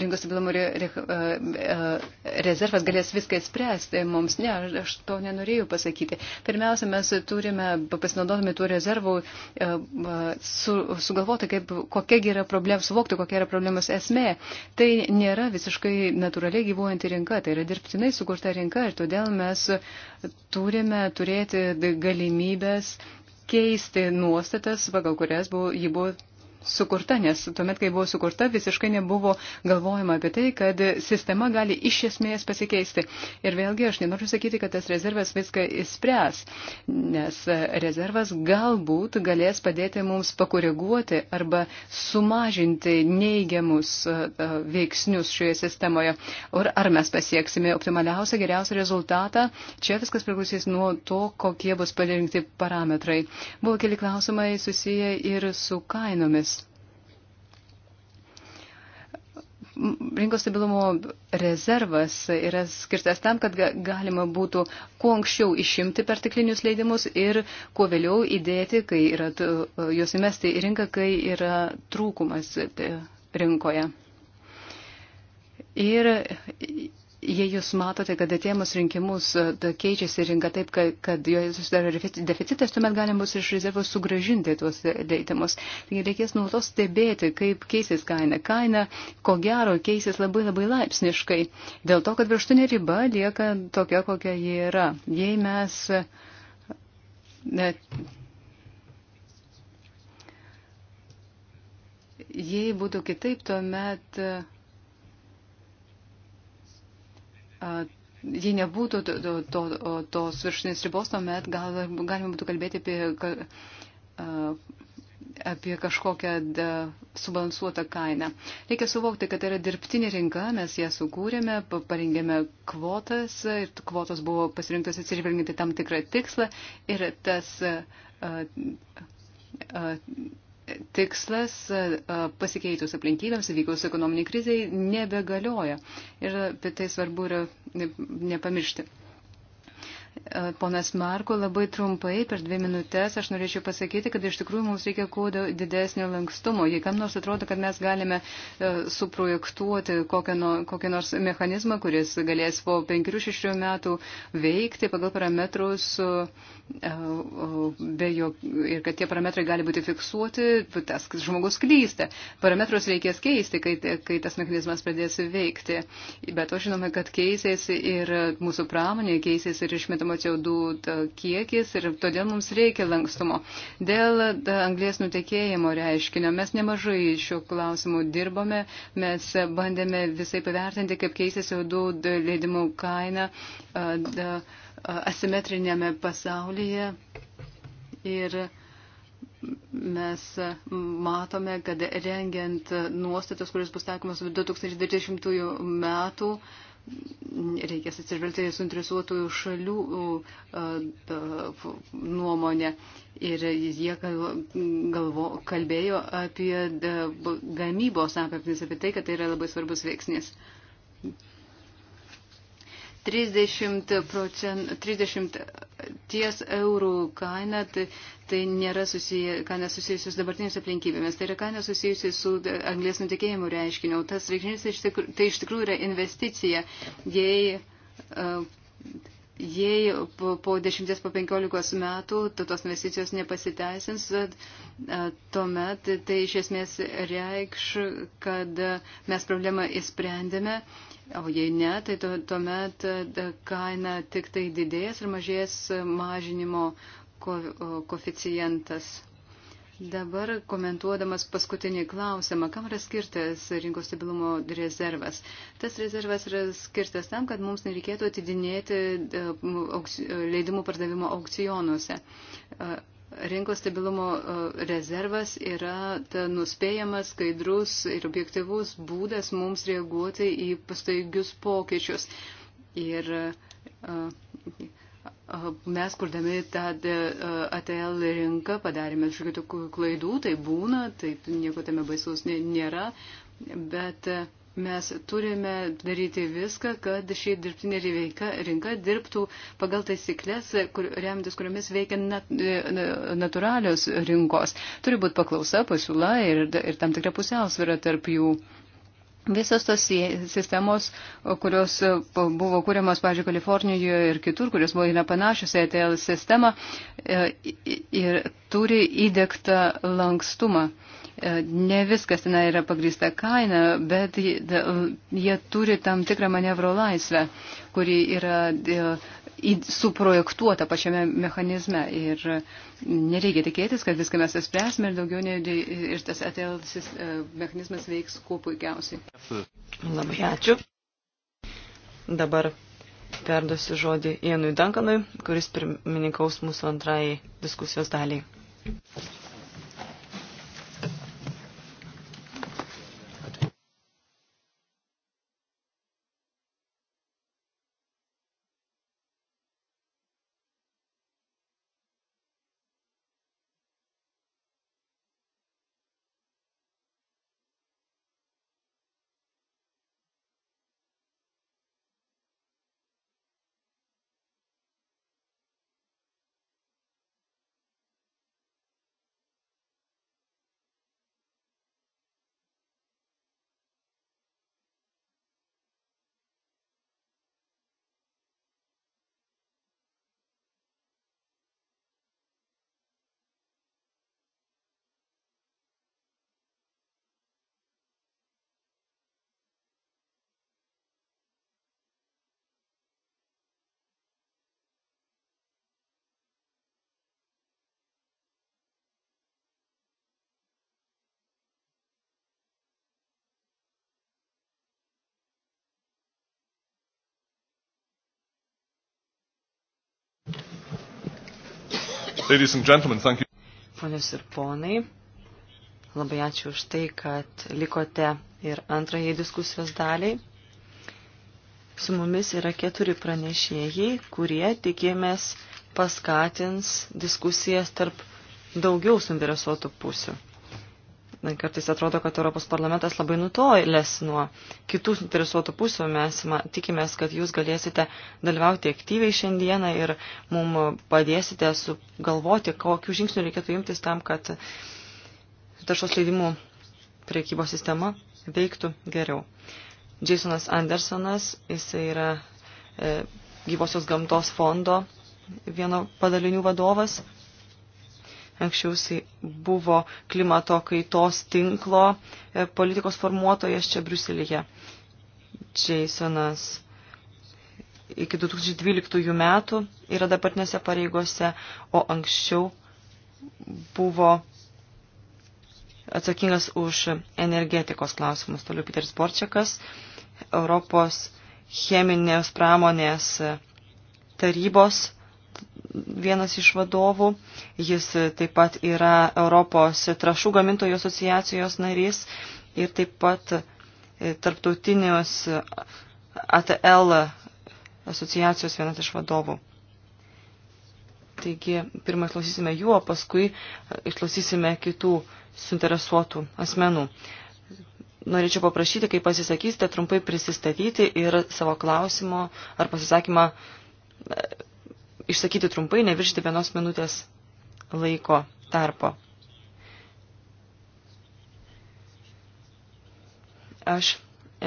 rinkos stabilumo re, re, e, e, rezervas galės viską spręsti mums. Ne, aš to nenorėjau pasakyti. Pirmiausia, mes turime, pasinaudodami tų rezervų, e, su, sugalvoti, kaip, kokia yra problema, suvokti, kokia yra problemos esmė. Tai nėra visiškai natūraliai gyvuojanti rinka, tai yra dirbtinai sukurta rinka ir todėl mes turime turėti galimybės keisti nuostatas, pagal kurias buvo, ji buvo sukurta, nes tuomet, kai buvo sukurta, visiškai nebuvo galvojama apie tai, kad sistema gali iš esmės pasikeisti. Ir vėlgi aš nenoriu sakyti, kad tas rezervas viską įspręs, nes rezervas galbūt galės padėti mums pakoreguoti arba sumažinti neigiamus e, e, veiksnius šioje sistemoje. Ar, ar mes pasieksime optimaliausią, geriausią rezultatą, čia viskas priklausys nuo to, kokie bus parinkti parametrai. Buvo keli klausimai susiję ir su kainomis rinkos stabilumo rezervas yra skirtas tam, kad galima būtų kuo anksčiau išimti perteklinius leidimus ir kuo vėliau įdėti, kai yra juos įmesti į rinką, kai yra trūkumas e, rinkoje. Ir Jei jūs matote, kad atėmus rinkimus e, keičiasi rinka taip, kad, kad joje susidaro deficitas, tuomet galima bus iš rezervų sugražinti tuos leidimus. Taigi reikės nuolatos stebėti, kaip keisis kaina. Kaina, ko gero, keisis labai labai laipsniškai, dėl to, kad virštinė riba lieka tokia, kokia jie yra. Jei mes. Net, jei būtų kitaip, tuomet. Uh, Jei nebūtų to, to, tos viršutinės ribos, tuomet gal, galima būtų kalbėti apie, apie kažkokią subalansuotą kainą. Reikia suvokti, kad tai yra dirbtinė rinka, mes ją sukūrėme, parengėme kvotas ir kvotos buvo pasirinktos atsirinkti tam tikrą tikslą ir tas. A, a, tikslas e, e, pasikeitus aplinkybėms įvykus ekonominiai kriziai nebegalioja. Ir apie tai svarbu yra nepamiršti. E, ponas Marko, labai trumpai, per dvi minutės, aš norėčiau pasakyti, kad iš tikrųjų mums reikia kuo didesnio lankstumo. Jei kam nors atrodo, kad mes galime e, suprojektuoti kokį, no, kokį nors mechanizmą, kuris galės po 5-6 metų veikti pagal parametrus e, be jo, ir kad tie parametrai gali būti fiksuoti, tas žmogus klysta. Parametrus reikės keisti, kai, kai tas mechanizmas pradės veikti. Bet to žinome, kad keisės ir mūsų pramonė, keisės ir išmetama išmetamo CO2 kiekis ir todėl mums reikia lankstumo. Dėl anglės nutekėjimo reiškinio mes nemažai šiuo klausimu dirbome, mes bandėme visai pavertinti, kaip keisės CO2 leidimų kaina asimetrinėme pasaulyje. Ir mes matome, kad rengiant nuostatas, kuris bus taikomas 2020 metų, reikės atsižvelgti suinteresuotųjų šalių nuomonę. Ir jie galvo, kalbėjo apie gamybos apimtis, apie tai, kad tai yra labai svarbus veiksnis. 30, procent, 30 ties eurų kaina, tai, tai nėra susiję, kaina susijusi su dabartinės aplinkybėmis, tai yra kaina susijusi su anglės nutekėjimu reiškiniu. Tas reiškinys tai iš tikrųjų yra investicija, jei uh, jei po 10-15 metų tos investicijos nepasiteisins, e, tuomet tai iš esmės reikš, kad mes problemą įsprendėme, o jei ne, tai tuomet e, kaina tik tai didės ir mažės mažinimo koficijantas. Dabar komentuodamas paskutinį klausimą, kam yra skirtas rinkos stabilumo rezervas? Tas rezervas yra skirtas tam, kad mums nereikėtų atidinėti e, leidimų pardavimo aukcionuose. E, rinkos stabilumo e, rezervas yra ta nuspėjamas, skaidrus ir objektivus būdas mums reaguoti į pastaigius pokyčius. Ir, uh, Mes, kurdami tą e, ATL rinką, padarėme šiokių tokių klaidų, tai būna, taip nieko tame baisaus nėra, bet e, mes turime daryti viską, kad šį dirbtinį veika, rinką dirbtų pagal taisyklės, kur, remtis kuriomis veikia nat, e, natūralios rinkos. Turi būti paklausa, pasiūla ir, ir tam tikra pusiausvėra tarp jų. Uh, Visos tos sistemos, kurios buvo kūriamos, pavyzdžiui, Kalifornijoje ir kitur, kurios buvo yra panašios į ETL sistemą, e, ir turi įdėktą lankstumą. E, ne viskas ten yra pagrįsta kaina, bet jie turi tam tikrą manevro laisvę, kuri yra e, suprojektuota pačiame mechanizme ir nereikia tikėtis, kad viską mes spręsime ir daugiau ne, ir tas ETL e, mechanizmas veiks kuo puikiausiai. Labai ačiū. Dabar perduosiu žodį Ienui Dankanui, kuris pirmininkaus mūsų antrajai diskusijos daliai. Ladies and gentlemen, thank you. Ponios ir ponai, labai ačiū už tai, kad likote ir antrajai diskusijos daliai. Su mumis yra keturi pranešėjai, kurie tikėmės paskatins diskusijas tarp daugiau suinteresuotų pusių. Na, kartais atrodo, kad Europos parlamentas labai nutolės nuo kitų interesuotų pusių. Mes tikimės, kad jūs galėsite dalyvauti aktyviai šiandieną ir mums padėsite sugalvoti, kokiu žingsniu reikėtų imtis tam, kad taršos leidimų priekybos sistema veiktų geriau. Jasonas Andersonas, jis yra e, gyvosios gamtos fondo vieno padalinių vadovas anksčiausiai buvo klimato kaitos tinklo e, politikos formuotojas čia Briuselėje. Jasonas iki 2012 metų yra dabartinėse pareigose, o anksčiau buvo atsakingas už energetikos klausimus. Toliau Piteris Borčiakas, Europos cheminės pramonės tarybos vienas iš vadovų. Jis taip pat yra Europos trašų gamintojų asociacijos narys ir taip pat e, tarptautinius ATL asociacijos vienas iš vadovų. Taigi, pirmą išklausysime jų, o paskui išklausysime kitų suinteresuotų asmenų. Norėčiau paprašyti, kai pasisakysite, trumpai prisistatyti ir savo klausimo ar pasisakymą išsakyti trumpai, neviršti vienos minutės laiko tarpo. Aš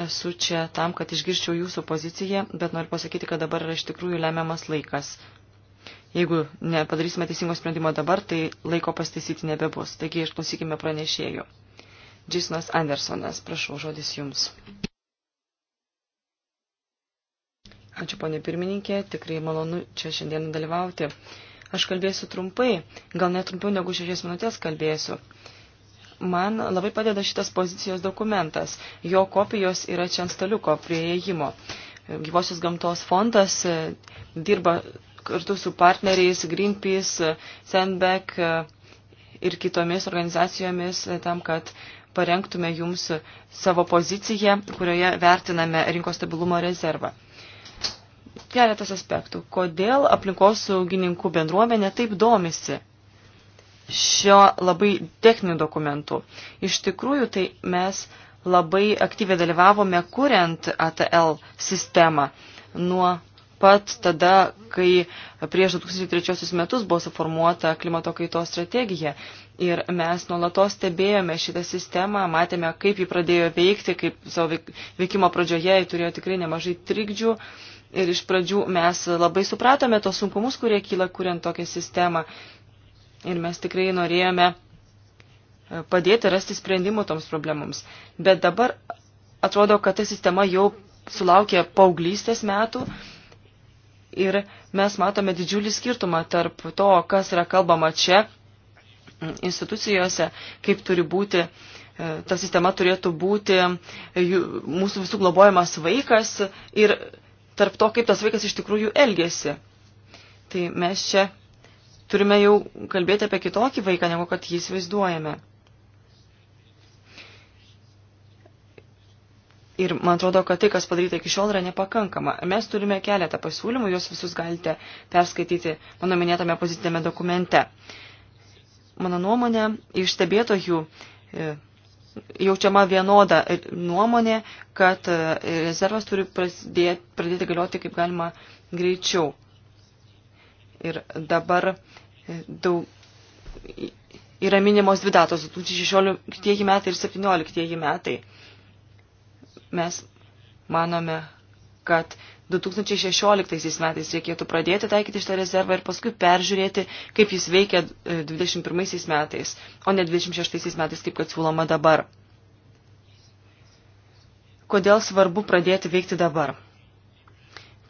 esu čia tam, kad išgirščiau jūsų poziciją, bet noriu pasakyti, kad dabar yra iš tikrųjų lemiamas laikas. Jeigu nepadarysime teisingo sprendimo dabar, tai laiko pastaisyti nebebus. Taigi išklausykime pranešėjų. Jasonas Andersonas, prašau, žodis jums. Ačiū, ponė pirmininkė, tikrai malonu čia šiandien dalyvauti. Aš kalbėsiu trumpai, gal net trumpiau negu šešias minutės kalbėsiu. Man labai padeda šitas pozicijos dokumentas. Jo kopijos yra čia ant staliuko prieėjimo. Gyvosios gamtos fondas e, dirba kartu su partneriais Greenpeace, Sandbeck ir kitomis organizacijomis e, tam, kad parengtume jums savo poziciją, kurioje vertiname rinkos stabilumo rezervą keletas aspektų. Kodėl aplinkosaugininkų bendruomenė taip domisi šio labai techninių dokumentų? Iš tikrųjų, tai mes labai aktyviai dalyvavome kuriant ATL sistemą nuo pat tada, kai prieš 2003 metus buvo suformuota klimato kaitos strategija. Ir mes nuolatos stebėjome šitą sistemą, matėme, kaip ji pradėjo veikti, kaip savo veikimo pradžioje ji turėjo tikrai nemažai trikdžių. Uh, Ir iš pradžių mes labai supratome tos sunkumus, kurie kyla kuriant tokią sistemą. Ir mes tikrai norėjome e, padėti rasti sprendimų toms problemams. Bet dabar atrodo, kad ta sistema jau sulaukė paauglystės metų ir mes matome didžiulį skirtumą tarp to, kas yra kalbama čia institucijose, kaip turi būti, e, ta sistema turėtų būti e, mūsų visų globojamas vaikas ir tarp to, kaip tas vaikas iš tikrųjų elgėsi. Tai mes čia turime jau kalbėti apie kitokį vaiką, negu kad jį įsivaizduojame. Ir man atrodo, kad tai, kas padaryta iki šiol, yra nepakankama. Mes turime keletą pasiūlymų, juos visus galite perskaityti mano minėtame pozityviame dokumente. Mano nuomonė, iš stebėtojų e, jaučiama vienoda nuomonė, kad e, rezervas turi prasidėti, pradėti galioti kaip galima greičiau. Ir dabar e, daug, yra minimos dvi datos - 2016 metai ir 2017 metai. Mes manome, kad 2016 metais reikėtų pradėti taikyti šitą rezervą ir paskui peržiūrėti, kaip jis veikia 21 e, metais, o ne 26 metais, kaip kad siūloma dabar. Kodėl svarbu pradėti veikti dabar?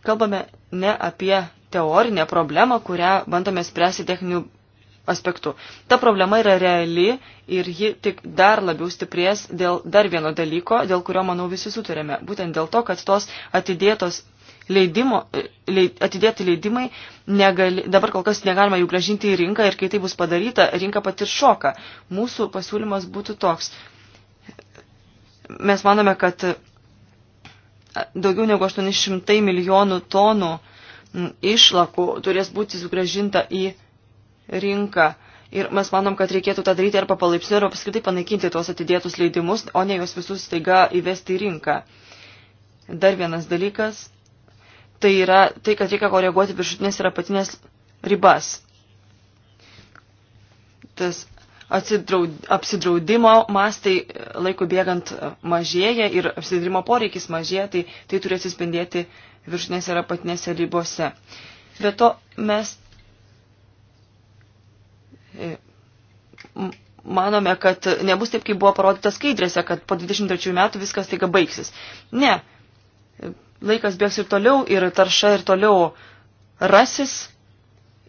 Kalbame ne apie teorinę problemą, kurią bandome spręsti techninių aspektu. Ta problema yra reali ir ji tik dar labiau stiprės dėl dar vieno dalyko, dėl kurio, manau, visi sutarėme. Būtent dėl to, kad tos atidėtos leidimo, leid, atidėti leidimai, negali, dabar kol kas negalima jų gražinti į rinką ir kai tai bus padaryta, rinka patir šoką. Mūsų pasiūlymas būtų toks. Mes manome, kad daugiau negu 800 milijonų tonų išlakų turės būti sugražinta į rinką. Ir mes manom, kad reikėtų tą daryti arba palaipsniui, arba apskritai panaikinti tuos atidėtus leidimus, o ne juos visus staiga įvesti į rinką. Dar vienas dalykas tai yra tai, kad reikia koreguoti viršutinės ir apatinės ribas. Tas apsidraudimo mastai e, laikų bėgant e, mažėja ir apsidraudimo poreikis mažėja, tai tai turi atsispindėti viršutinėse ir apatinėse ribose. Be to mes e, manome, kad nebus taip, kaip buvo parodyta skaidrėse, kad po 23 metų viskas taiga baigsis. Ne, laikas bėgs ir toliau ir tarša ir toliau rasis.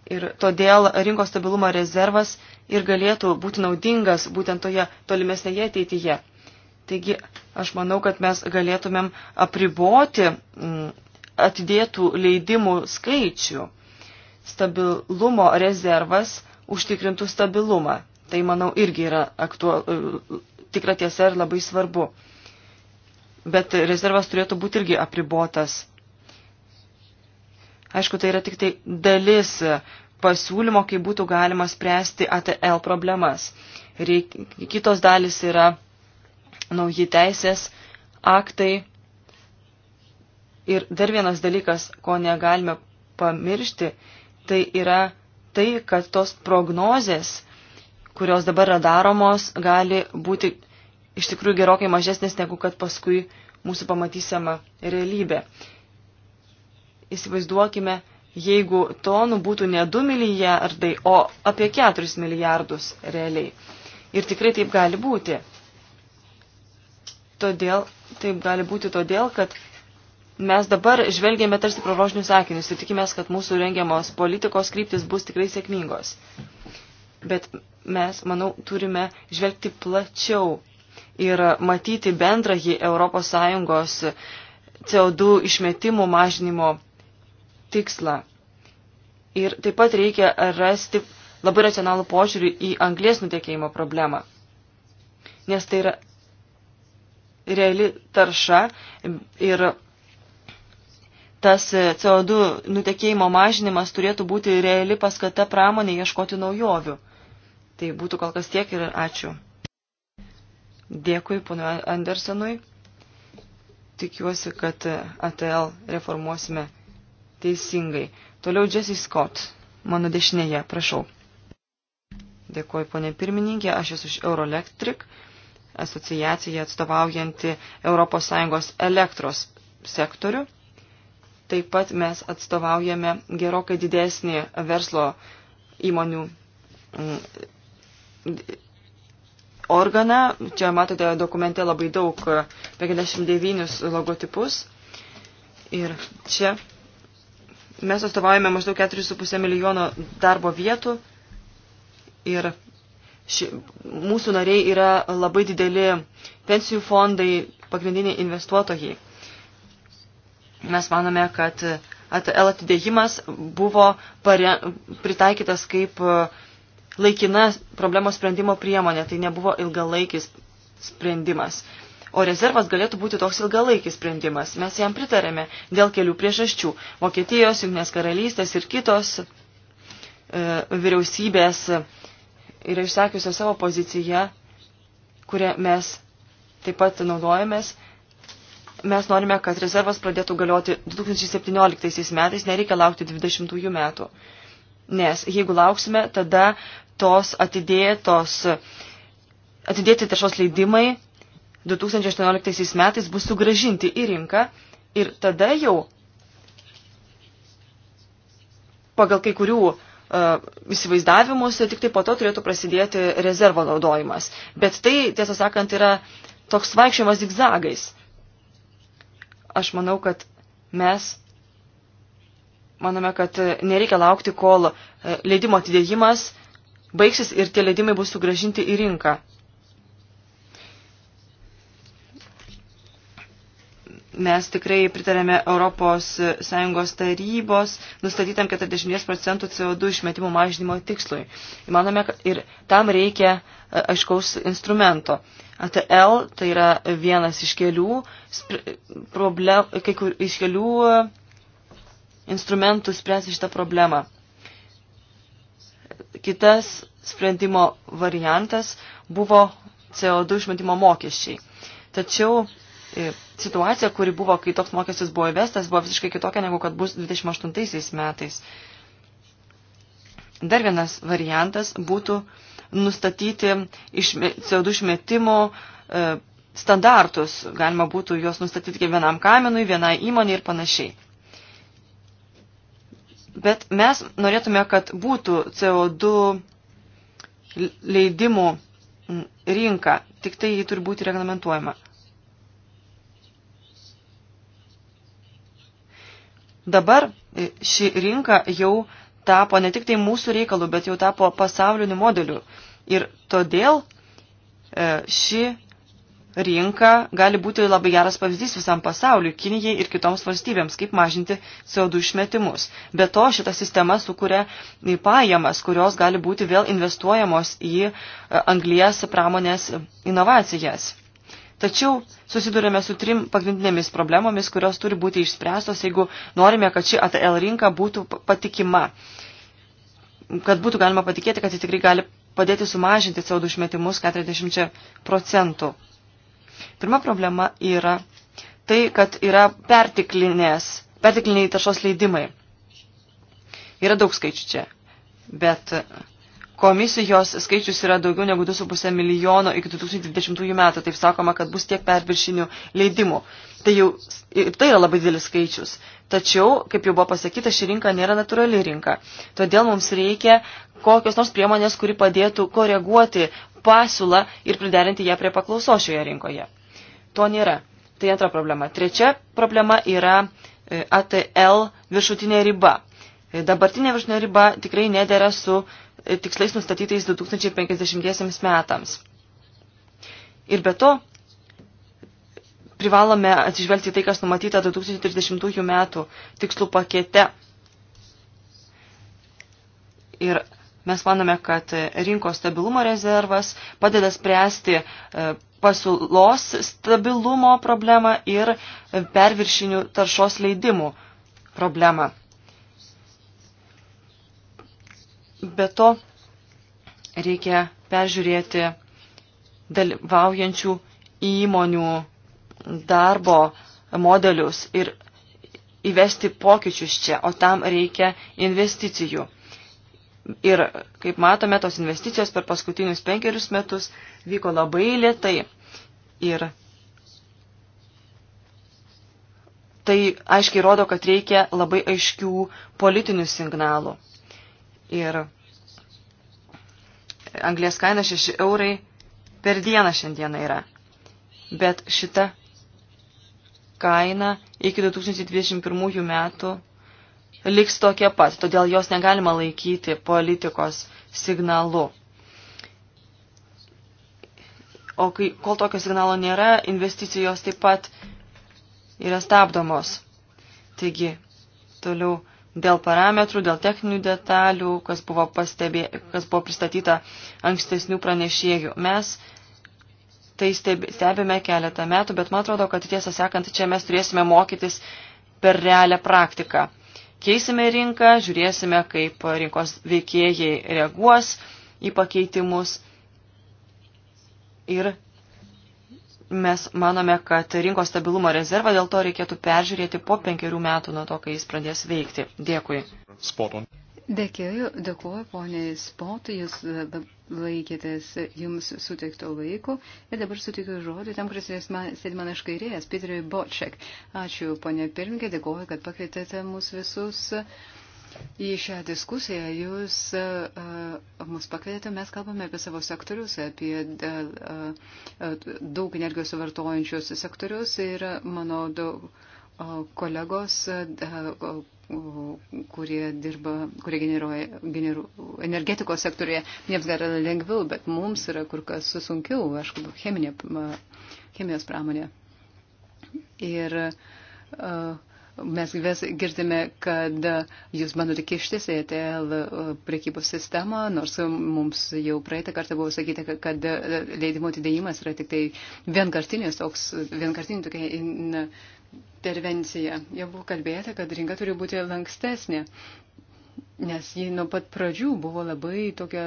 Ir todėl rinkos stabilumo rezervas ir galėtų būti naudingas būtent toje tolimesnėje ateityje. Taigi aš manau, kad mes galėtumėm apriboti mm, atidėtų leidimų skaičių. Stabilumo rezervas užtikrintų stabilumą. Tai, manau, irgi yra aktual, e, tikra tiesa ir labai svarbu bet rezervas turėtų būti irgi apribotas. Aišku, tai yra tik tai dalis pasiūlymo, kaip būtų galima spręsti ATL problemas. Reik, kitos dalis yra nauji teisės aktai. Ir dar vienas dalykas, ko negalime pamiršti, tai yra tai, kad tos prognozės, kurios dabar yra daromos, gali būti iš tikrųjų gerokai mažesnės negu kad paskui mūsų pamatysama realybė. Įsivaizduokime, jeigu tonų būtų ne 2 milijardai, o apie 4 milijardus realiai. Ir tikrai taip gali būti. Todėl, taip gali būti todėl, kad mes dabar žvelgėme tarsi prorožinius sakinius ir tikimės, kad mūsų rengiamos politikos kryptis bus tikrai sėkmingos. Bet mes, manau, turime žvelgti plačiau ir matyti bendrąjį ES CO2 išmetimų mažinimo tikslą. Ir taip pat reikia rasti labai racionalų požiūrį į anglės nutekėjimo problemą. Nes tai yra reali tarša ir tas CO2 nutekėjimo mažinimas turėtų būti reali paskata pramonė ieškoti naujovių. Tai būtų kol kas tiek ir ačiū. Dėkui, pono Andersonui. Tikiuosi, kad ATL reformuosime teisingai. Toliau Jesse Scott, mano dešinėje, prašau. Dėkuoju, ponė pirmininkė, aš esu iš Euroelectric, asociacija atstovaujanti ES elektros sektorių. Taip pat mes atstovaujame gerokai didesnį verslo įmonių mm, organą. Čia matote dokumente labai daug 59 e, logotipus. Ir čia mes atstovaujame maždaug 4,5 milijono darbo vietų. Ir ši, mūsų nariai yra labai dideli pensijų fondai, pagrindiniai investuotojai. Mes manome, kad ATL atidėjimas buvo pare, pritaikytas kaip uh, laikina problemos sprendimo priemonė, tai nebuvo ilgalaikis sprendimas. O rezervas galėtų būti toks ilgalaikis sprendimas. Mes jam pritarėme dėl kelių priežasčių. Vokietijos, Junknės karalystės ir kitos e, vyriausybės yra išsakiusios savo poziciją, kurią mes taip pat naudojamės mes norime, kad rezervas pradėtų galioti 2017 metais, nereikia laukti 20 metų. Nes jeigu lauksime, tada tos atidėtos, atidėti taršos leidimai 2018 metais bus sugražinti į rinką ir tada jau pagal kai kurių uh, e, įsivaizdavimus tik tai po to turėtų prasidėti rezervo naudojimas. Bet tai, tiesą sakant, yra toks vaikščiojimas zigzagais. Aš manau, kad mes manome, kad e, nereikia laukti, kol e, leidimo atidėjimas baigsis ir tie leidimai bus sugražinti į rinką. Mes tikrai pritarėme ES tarybos nustatytam 40 procentų CO2 išmetimų mažinimo tikslui. Manome, kad ir tam reikia e, aiškaus instrumento. ATL tai yra vienas iš kelių, problem, kai kur, iš kelių e, instrumentų spręsti šitą problemą. Kitas sprendimo variantas buvo CO2 išmetimo mokesčiai. Tačiau e, situacija, kuri buvo, kai toks mokestis buvo įvestas, buvo visiškai kitokia negu kad bus 28 metais. Dar vienas variantas būtų nustatyti CO2 išmetimo e, standartus. Galima būtų juos nustatyti kiekvienam kaminui, vienai įmonei ir panašiai. Bet mes norėtume, kad būtų CO2 leidimų rinka, tik tai jį turi būti reglamentuojama. Dabar ši rinka jau tapo ne tik tai mūsų reikalų, bet jau tapo pasauliniu modeliu. Ir todėl e, ši rinka gali būti labai geras pavyzdys visam pasauliu, Kinijai ir kitoms valstybėms, kaip mažinti CO2 išmetimus. Be to, šita sistema sukuria pajamas, kurios gali būti vėl investuojamos į e, anglijas pramonės inovacijas. Tačiau susidurėme su trim pagrindinėmis problemomis, kurios turi būti išspręstos, jeigu norime, kad ši ATL rinka būtų patikima, kad būtų galima patikėti, kad ji tikrai gali padėti sumažinti CO2 išmetimus 40 procentų. Pirma problema yra tai, kad yra pertiklinės, pertikliniai taršos leidimai. Yra daug skaičių čia, bet komisijos skaičius yra daugiau negu 2,5 milijono iki 2020 metų. Taip sakoma, kad bus tiek perviršinių leidimų. Tai jau tai yra labai didelis skaičius. Tačiau, kaip jau buvo pasakyta, ši rinka nėra natūrali rinka. Todėl mums reikia kokios nors priemonės, kuri padėtų koreguoti pasiūlą ir priderinti ją prie paklausos šioje rinkoje. To nėra. Tai antra problema. Trečia problema yra e, ATL viršutinė riba. E, dabartinė viršutinė riba tikrai nedėra su e, tikslais nustatytais 2050 metams. Ir be to, privalome atsižvelgti tai, kas numatyta 2030 metų tikslų pakete. Ir Mes manome, kad rinkos stabilumo rezervas padeda spręsti e, pasiūlos stabilumo problemą ir perviršinių taršos leidimų problemą. Be to, reikia peržiūrėti dalyvaujančių įmonių darbo modelius ir įvesti pokyčius čia, o tam reikia investicijų. Ir, kaip matome, tos investicijos per paskutinius penkerius metus vyko labai lietai. Ir tai aiškiai rodo, kad reikia labai aiškių politinių signalų. Ir anglės kaina 6 eurai per dieną šiandieną yra. Bet šita kaina iki 2021 metų liks tokie pat, todėl jos negalima laikyti politikos signalu. O kai, kol tokio signalo nėra, investicijos taip pat yra stabdomos. Taigi, toliau dėl parametrų, dėl techninių detalių, kas buvo, pastebė, kas buvo pristatyta ankstesnių pranešėjų. Mes tai stebime keletą metų, bet man atrodo, kad tiesą sekant, čia mes turėsime mokytis per realią praktiką keisime rinką, žiūrėsime, kaip rinkos veikėjai reaguos į pakeitimus. Ir mes manome, kad rinkos stabilumo rezervą dėl to reikėtų peržiūrėti po penkerių metų nuo to, kai jis pradės veikti. Dėkui. Dėkui, dėkuoju, poniai Spot, jūs laikėtės jums suteikto laiko. Ir dabar sutikiu žodį tam, kuris sėdi man iš kairės, Piteriui Bočiak. Ačiū, ponė Pirmininkė, dėkuoju, kad pakvietėte mus visus. Į šią diskusiją jūs uh, mus pakvietėte, mes kalbame apie savo sektorius, apie uh, uh, daug energijos suvartojančius sektorius ir mano daug. Uh, kolegos, e, kurie dirba, kurie generuoja generu, energetikos sektorėje, jiems gal yra lengviau, bet mums yra kur kas sunkiau, aš kalbu, cheminė, chemijos pramonė. Ir e, mes girdime, kad jūs bandote kištis į ETL e, priekybos sistemą, nors mums jau praeitą kartą buvo sakyta, kad leidimo atidėjimas yra tik tai vienkartinis toks, vienkartinė tokia intervencija. Jau buvo kalbėta, kad rinka turi būti lankstesnė, nes ji nuo pat pradžių buvo labai tokia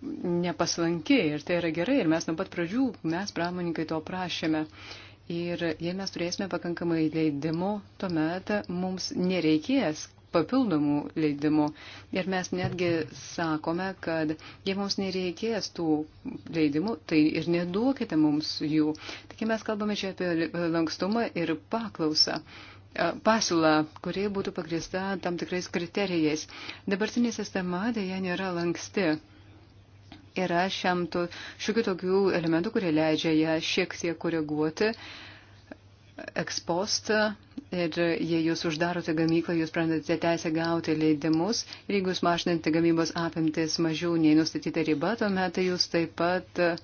nepaslanki ir tai yra gerai ir mes nuo pat pradžių, mes pramoninkai to prašėme. Ir jei mes turėsime pakankamai leidimų, tuomet mums nereikės papildomų leidimų. Ir mes netgi sakome, kad jei mums nereikės tų leidimų, tai ir neduokite mums jų. Tik mes kalbame čia apie lankstumą ir paklausą pasiūlą, kurie būtų pagrįsta tam tikrais kriterijais. Dabartinė sistema dėja nėra lanksti. Yra šiam to, šiokių tokių elementų, kurie leidžia ją šiek tiek koreguoti. Uh, ekspost ir jei jūs uždarote gamyklą, jūs pradedate teisę gauti leidimus ir jeigu jūs mažinate gamybos apimtis mažiau nei nustatyta riba, tuomet tai jūs taip pat e,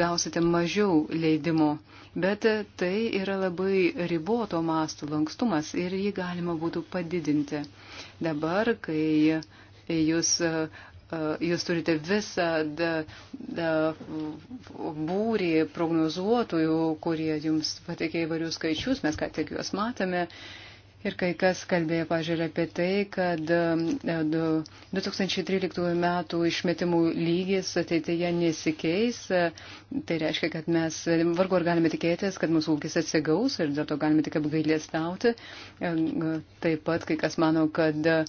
gausite mažiau leidimų. Bet tai yra labai riboto mastų lankstumas ir jį galima būtų padidinti. Dabar, kai jūs E, jūs turite visą da, da, būrį prognozuotojų, kurie jums pateikė įvairius skaičius, mes ką tik juos matome. Uh, Ir kai kas kalbėjo, pažiūrėjau, apie tai, kad 2013 um, metų išmetimų lygis ateityje nesikeis. Tai reiškia, kad mes vargu ar galime tikėtis, kad mūsų ūkis atsigaus ir dėl to galime tik apgailėstauti. Um, taip pat kai kas mano, kad uh,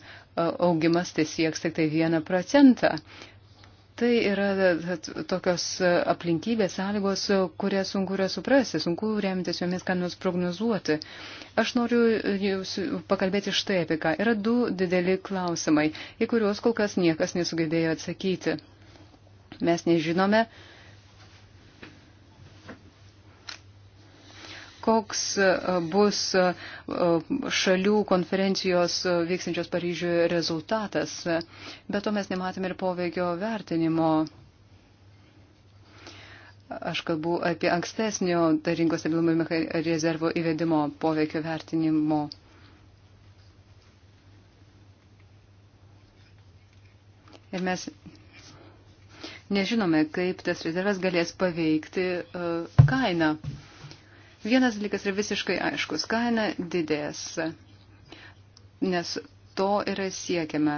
augimas tai sieks tik tai vieną procentą. Tai yra e, tokios e, aplinkybės, sąlygos, e, kurias sunku yra suprasti, sunku remtis jomis, ką nors prognozuoti. Aš noriu jūs pakalbėti štai apie ką. Yra du dideli klausimai, į kuriuos kol kas niekas nesugebėjo atsakyti. Mes nežinome, uh, koks e, bus e, šalių konferencijos e, vyksančios Paryžiuje rezultatas. Bet to mes nematome ir poveikio vertinimo. Aš kalbu apie ankstesnio rinkos stabilumo rezervo įvedimo poveikio vertinimo. Ir mes nežinome, kaip tas rezervas galės paveikti uh, kainą. Vienas dalykas yra visiškai aiškus. Kaina didės, nes to yra siekiama.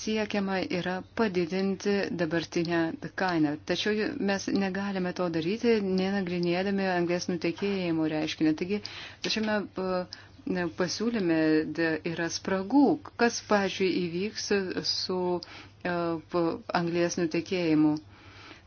Siekiama yra padidinti dabartinę kainą. Tačiau mes negalime to daryti, nenagrinėdami anglės nutekėjimo reiškinio. Taigi, šiame e, pasiūlyme yra spragų, kas, pažiūrėjau, įvyks su e, anglės nutekėjimu.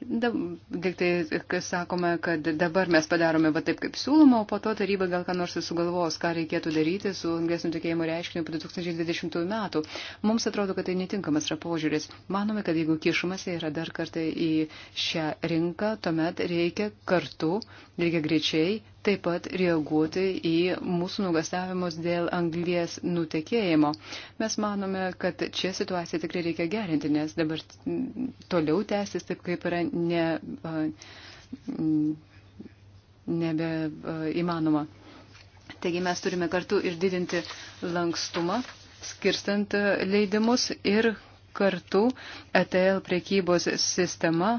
Tik tai, kas sakome, kad dabar mes padarome va taip, kaip siūloma, o po to taryba gal ką nors sugalvos, ką reikėtų daryti su anglesnių tikėjimo reiškiniu po 2020 metų. Mums atrodo, kad tai netinkamas yra požiūris. Manome, kad jeigu kišamasi yra dar kartą į šią rinką, tuomet reikia kartu, reikia greičiai taip pat reaguoti į mūsų nugastavimus dėl anglies nutekėjimo. Mes manome, kad čia situaciją tikrai reikia gerinti, nes dabar toliau tęsis taip, kaip yra ne, nebeįmanoma. Taigi mes turime kartu ir didinti lankstumą, skirstant leidimus ir kartu ETL priekybos sistema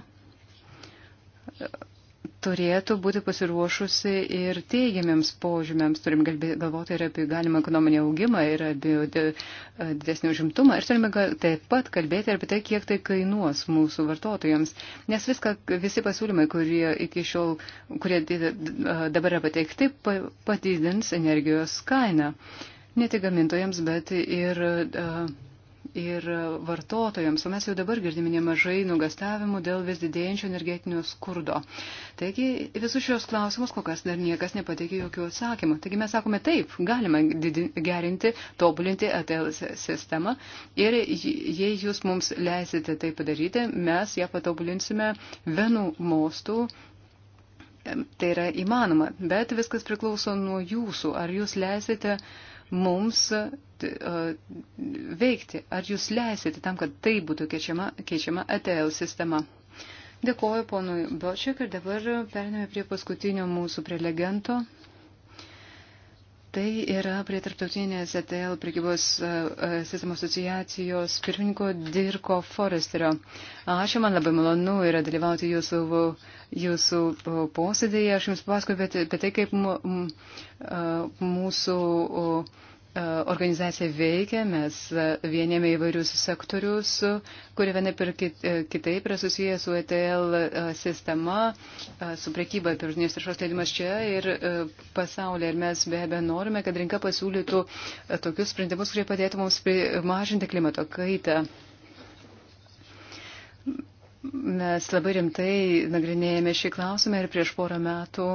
turėtų būti pasiruošusi ir teigiamiams požymiams. Turim galvoti ir apie galimą ekonominį augimą, ir apie e, didesnį užimtumą. Ir turime taip pat kalbėti ir apie tai, kiek tai kainuos mūsų vartotojams. Nes viską, visi pasiūlymai, kurie iki šiol, kurie dabar yra pateikti, padidins energijos kainą. Ne tik gamintojams, bet ir. Uh, ir vartotojams, o mes jau dabar girdime nemažai nugastavimų dėl vis didėjančio energetinio skurdo. Taigi visus šios klausimus kol kas dar niekas nepateikė jokių atsakymų. Taigi mes sakome taip, galima gerinti, tobulinti ATL sistemą ir jei jūs mums leisite tai padaryti, mes ją patobulinsime vienu mostu tai yra įmanoma, bet viskas priklauso nuo jūsų. Ar jūs leisite uh, mums veikti? Ar jūs leisite tam, kad tai būtų keičiama, keičiama ETL sistema? Dėkuoju ponui Bočiak ir dabar perėmėme prie paskutinio mūsų prelegento. Tai yra prie tarptautinės ETL prekybos e, e, sistemų asociacijos pirmininko Dirko Foresterio. Ačiū, man labai malonu yra dalyvauti jūsų, jūsų posėdėje. Aš jums pasakoju tai, apie tai, kaip e, mūsų. Uh, organizacija veikia, mes e, vienėme įvairius sektorius, kurie viena per e, kitaip yra susijęs su ETL e, sistema, su prekyba pirminės taršos leidimas čia ir pasaulyje. Ir mes be abejo norime, kad rinka pasiūlytų tokius sprendimus, kurie padėtų mums mažinti klimato kaitą. Mes labai rimtai nagrinėjame šį klausimą ir prieš porą metų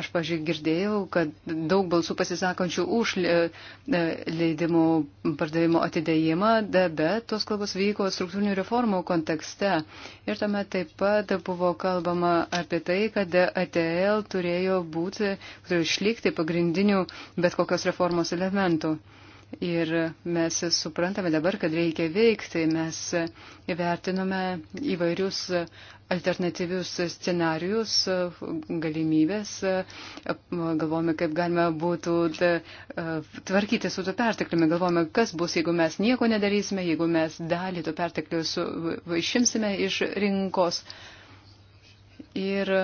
Aš, pažiūrėjau, girdėjau, kad daug balsų pasisakančių už e, leidimų pardavimo atidėjimą, bet tos kalbos vyko struktūrinių reformų kontekste. Ir tuomet taip pat buvo kalbama apie tai, kad ATL turėjo būti, turėjo išlikti pagrindinių bet kokios reformos elementų. Ir mes suprantame dabar, kad reikia veikti. Mes įvertinome įvairius alternatyvius scenarius, galimybės, galvojame, kaip galima būtų e, tvarkyti su to pertekliumi, galvojame, kas bus, jeigu mes nieko nedarysime, jeigu mes dalį to perteklių išimsime iš rinkos. Ir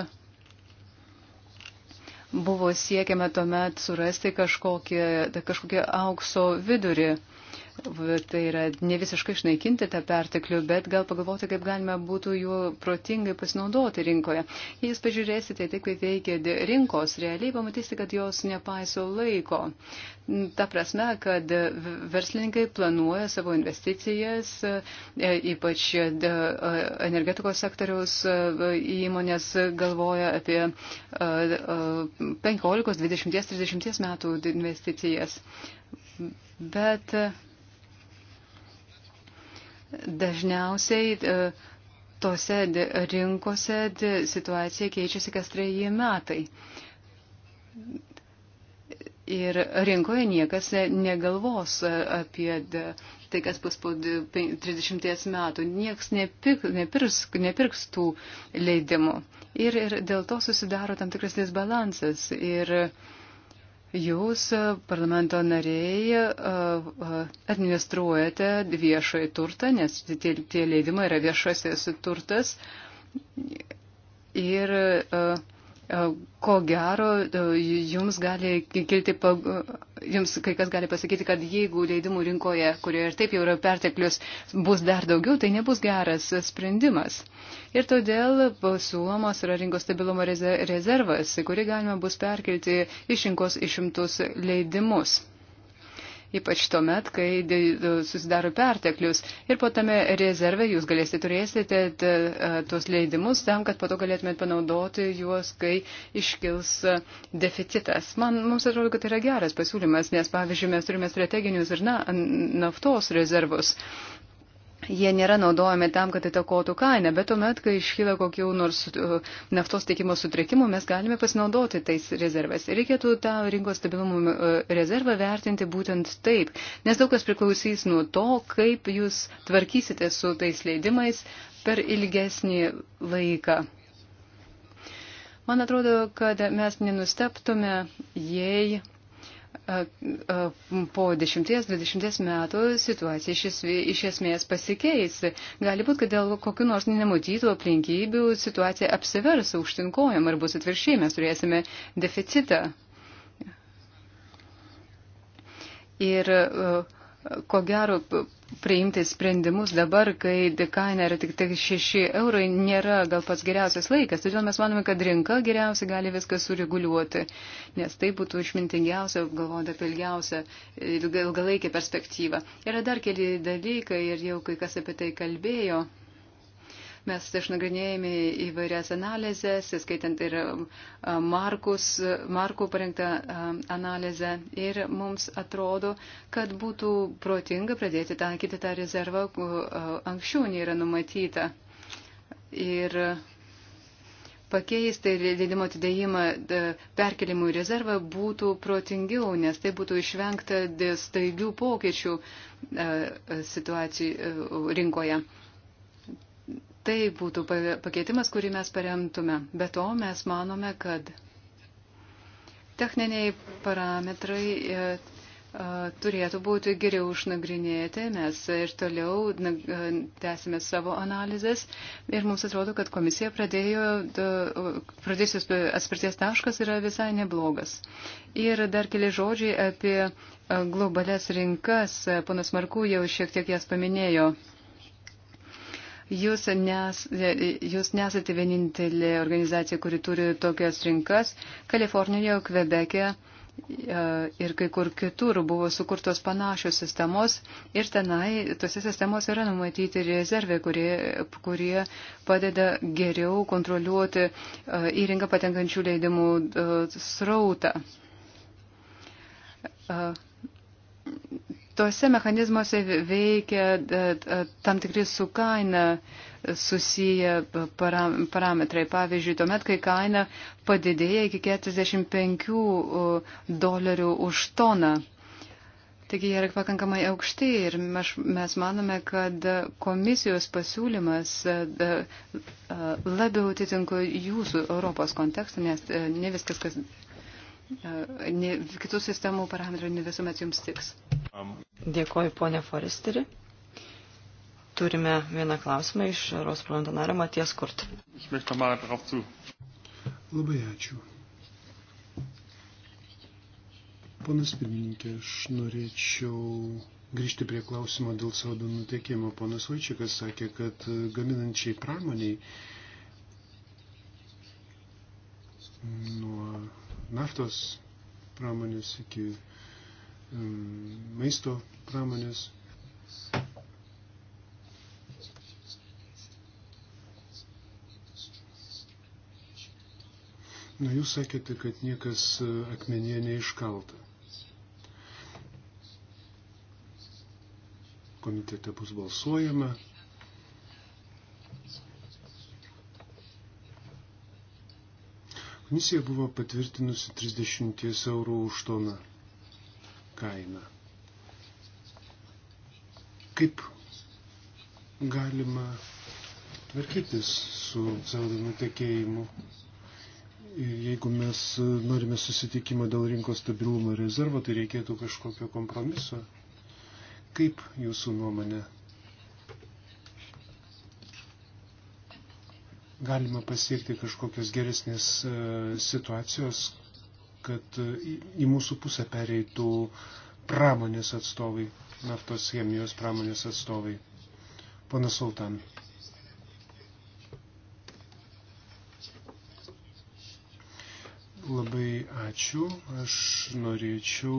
buvo siekiama tuomet surasti kažkokį, kažkokį aukso vidurį tai yra ne visiškai išnaikinti tą perteklių, bet gal pagalvoti, kaip galima būtų juo protingai pasinaudoti rinkoje. Jei jūs pažiūrėsite, tai kaip veikia rinkos, realiai pamatysite, kad jos nepaiso laiko. Ta prasme, kad verslininkai planuoja savo investicijas, e, ypač e, e, energetikos sektoriaus įmonės galvoja apie 15, 20, 30 metų investicijas. Bet Dažniausiai e, tose rinkose situacija keičiasi kas treji metai. Ir rinkoje niekas negalvos e, apie tai, kas bus po 30 metų. Niekas nepirks, nepirks, nepirks tų leidimų. Ir, ir dėl to susidaro tam tikras disbalansas. Ir uh, Jūs, e, parlamento nariai, e, e, administruojate viešai turtą, nes tie, tie leidimai yra viešasis turtas. Ir uh, E, ko gero e, jums gali kilti, jums kai kas gali pasakyti, kad jeigu leidimų rinkoje, kurioje ir taip jau yra perteklius, bus dar daugiau, tai nebus geras sprendimas. Ir todėl suomos yra rinkos stabilumo rezervas, kurį galima bus perkelti iš rinkos išimtus leidimus ypač tuomet, kai susidaro perteklius. Ir po tame rezerve jūs galėsite turėsite tuos leidimus tam, kad po to galėtumėte panaudoti juos, kai iškils deficitas. Man mums atrodo, kad tai yra geras pasiūlymas, nes pavyzdžiui, mes turime strateginius ir na, naftos rezervus. Uh, jie nėra naudojami tam, kad įtakotų kainą, bet tuomet, kai iškyla kokių nors e, naftos tiekimo sutrikimų, mes galime pasinaudoti tais rezervais. Reikėtų tą rinkos stabilumo e, rezervą vertinti būtent taip, nes daug kas priklausys nuo to, kaip jūs tvarkysite su tais leidimais per ilgesnį laiką. Man atrodo, kad mes nenusteptume, jei po 10-20 metų situacija iš, iš esmės pasikeis. Gali būti, kad dėl kokiu nors nematytų aplinkybių situacija apsivers aukštinkojam ar bus atviršiai, mes turėsime deficitą. Ir e, ko gero priimti sprendimus dabar, kai kaina yra tik, tik 6 eurai, nėra gal pats geriausias laikas. Todėl mes manome, kad rinka geriausiai gali viską sureguliuoti, nes tai būtų išmintingiausia, galvojant apie ilgiausią, ilgalaikę perspektyvą. Yra dar keli dalykai ir jau kai kas apie tai kalbėjo. Mes išnagrinėjame įvairias analizės, skaitant ir um, Markus, Marko parengtą um, analizę. Ir mums atrodo, kad būtų protinga pradėti taikyti tą rezervą uh, anksčiau nei yra numatyta. Ir pakeisti leidimo atidėjimą perkelimų į rezervą būtų protingiau, nes tai būtų išvengta staigių pokyčių uh, situacijų uh, rinkoje. Tai būtų pakeitimas, kurį mes paremtume. Be to, mes manome, kad techniniai parametrai e, e, turėtų būti geriau išnagrinėti, mes ir toliau e, tęsime savo analizės ir mums atrodo, kad komisija pradėjo, pradėsios atspirties taškas yra visai neblogas. Ir dar keli žodžiai apie globales rinkas, ponas Markų jau šiek tiek jas paminėjo. Jūs, nes, jūs nesate vienintelė organizacija, kuri turi tokias rinkas. Kalifornijoje, Kvebeke e, ir kai kur kitur buvo sukurtos panašios sistemos ir tenai tose sistemos yra numatyti rezervai, kurie, kurie padeda geriau kontroliuoti e, į rinką patenkančių leidimų e, srautą Tuose mechanizmuose veikia e, e, tam tikri su kaina susiję parametrai. Pavyzdžiui, tuomet, kai kaina padidėja iki 45 dolerių už toną. Taigi jie yra pakankamai aukšti ir mes, mes manome, kad komisijos pasiūlymas e, labiau atitinka jūsų Europos kontekstą, nes ne viskas, kas ne, kitų sistemų parametrų ne visuomet jums tiks. Dėkoju, ponė Foresteri. Turime vieną klausimą iš Rosprando nario Maties Kurt. Labai ačiū. Ponas pirmininkė, aš norėčiau grįžti prie klausimo dėl sodo nutekėjimo. Ponas Vaičiakas sakė, kad gaminančiai pramoniai nuo naftos pramonės iki maisto pramonės. Nu, jūs sakėte, kad niekas e, akmenyje neiškalta. Komitete bus balsuojama, Komisija buvo patvirtinusi 30 eurų už toną kainą. Kaip galima tvarkytis su CO2 nutekėjimu? Ir jeigu mes norime susitikimo dėl rinkos stabilumo rezervo, tai reikėtų kažkokio kompromiso. Kaip jūsų nuomonė galima pasiekti kažkokios geresnės e, situacijos, kad e, į mūsų pusę pereitų pramonės atstovai, naftos chemijos pramonės atstovai. Pana Sultan. Labai ačiū. Aš norėčiau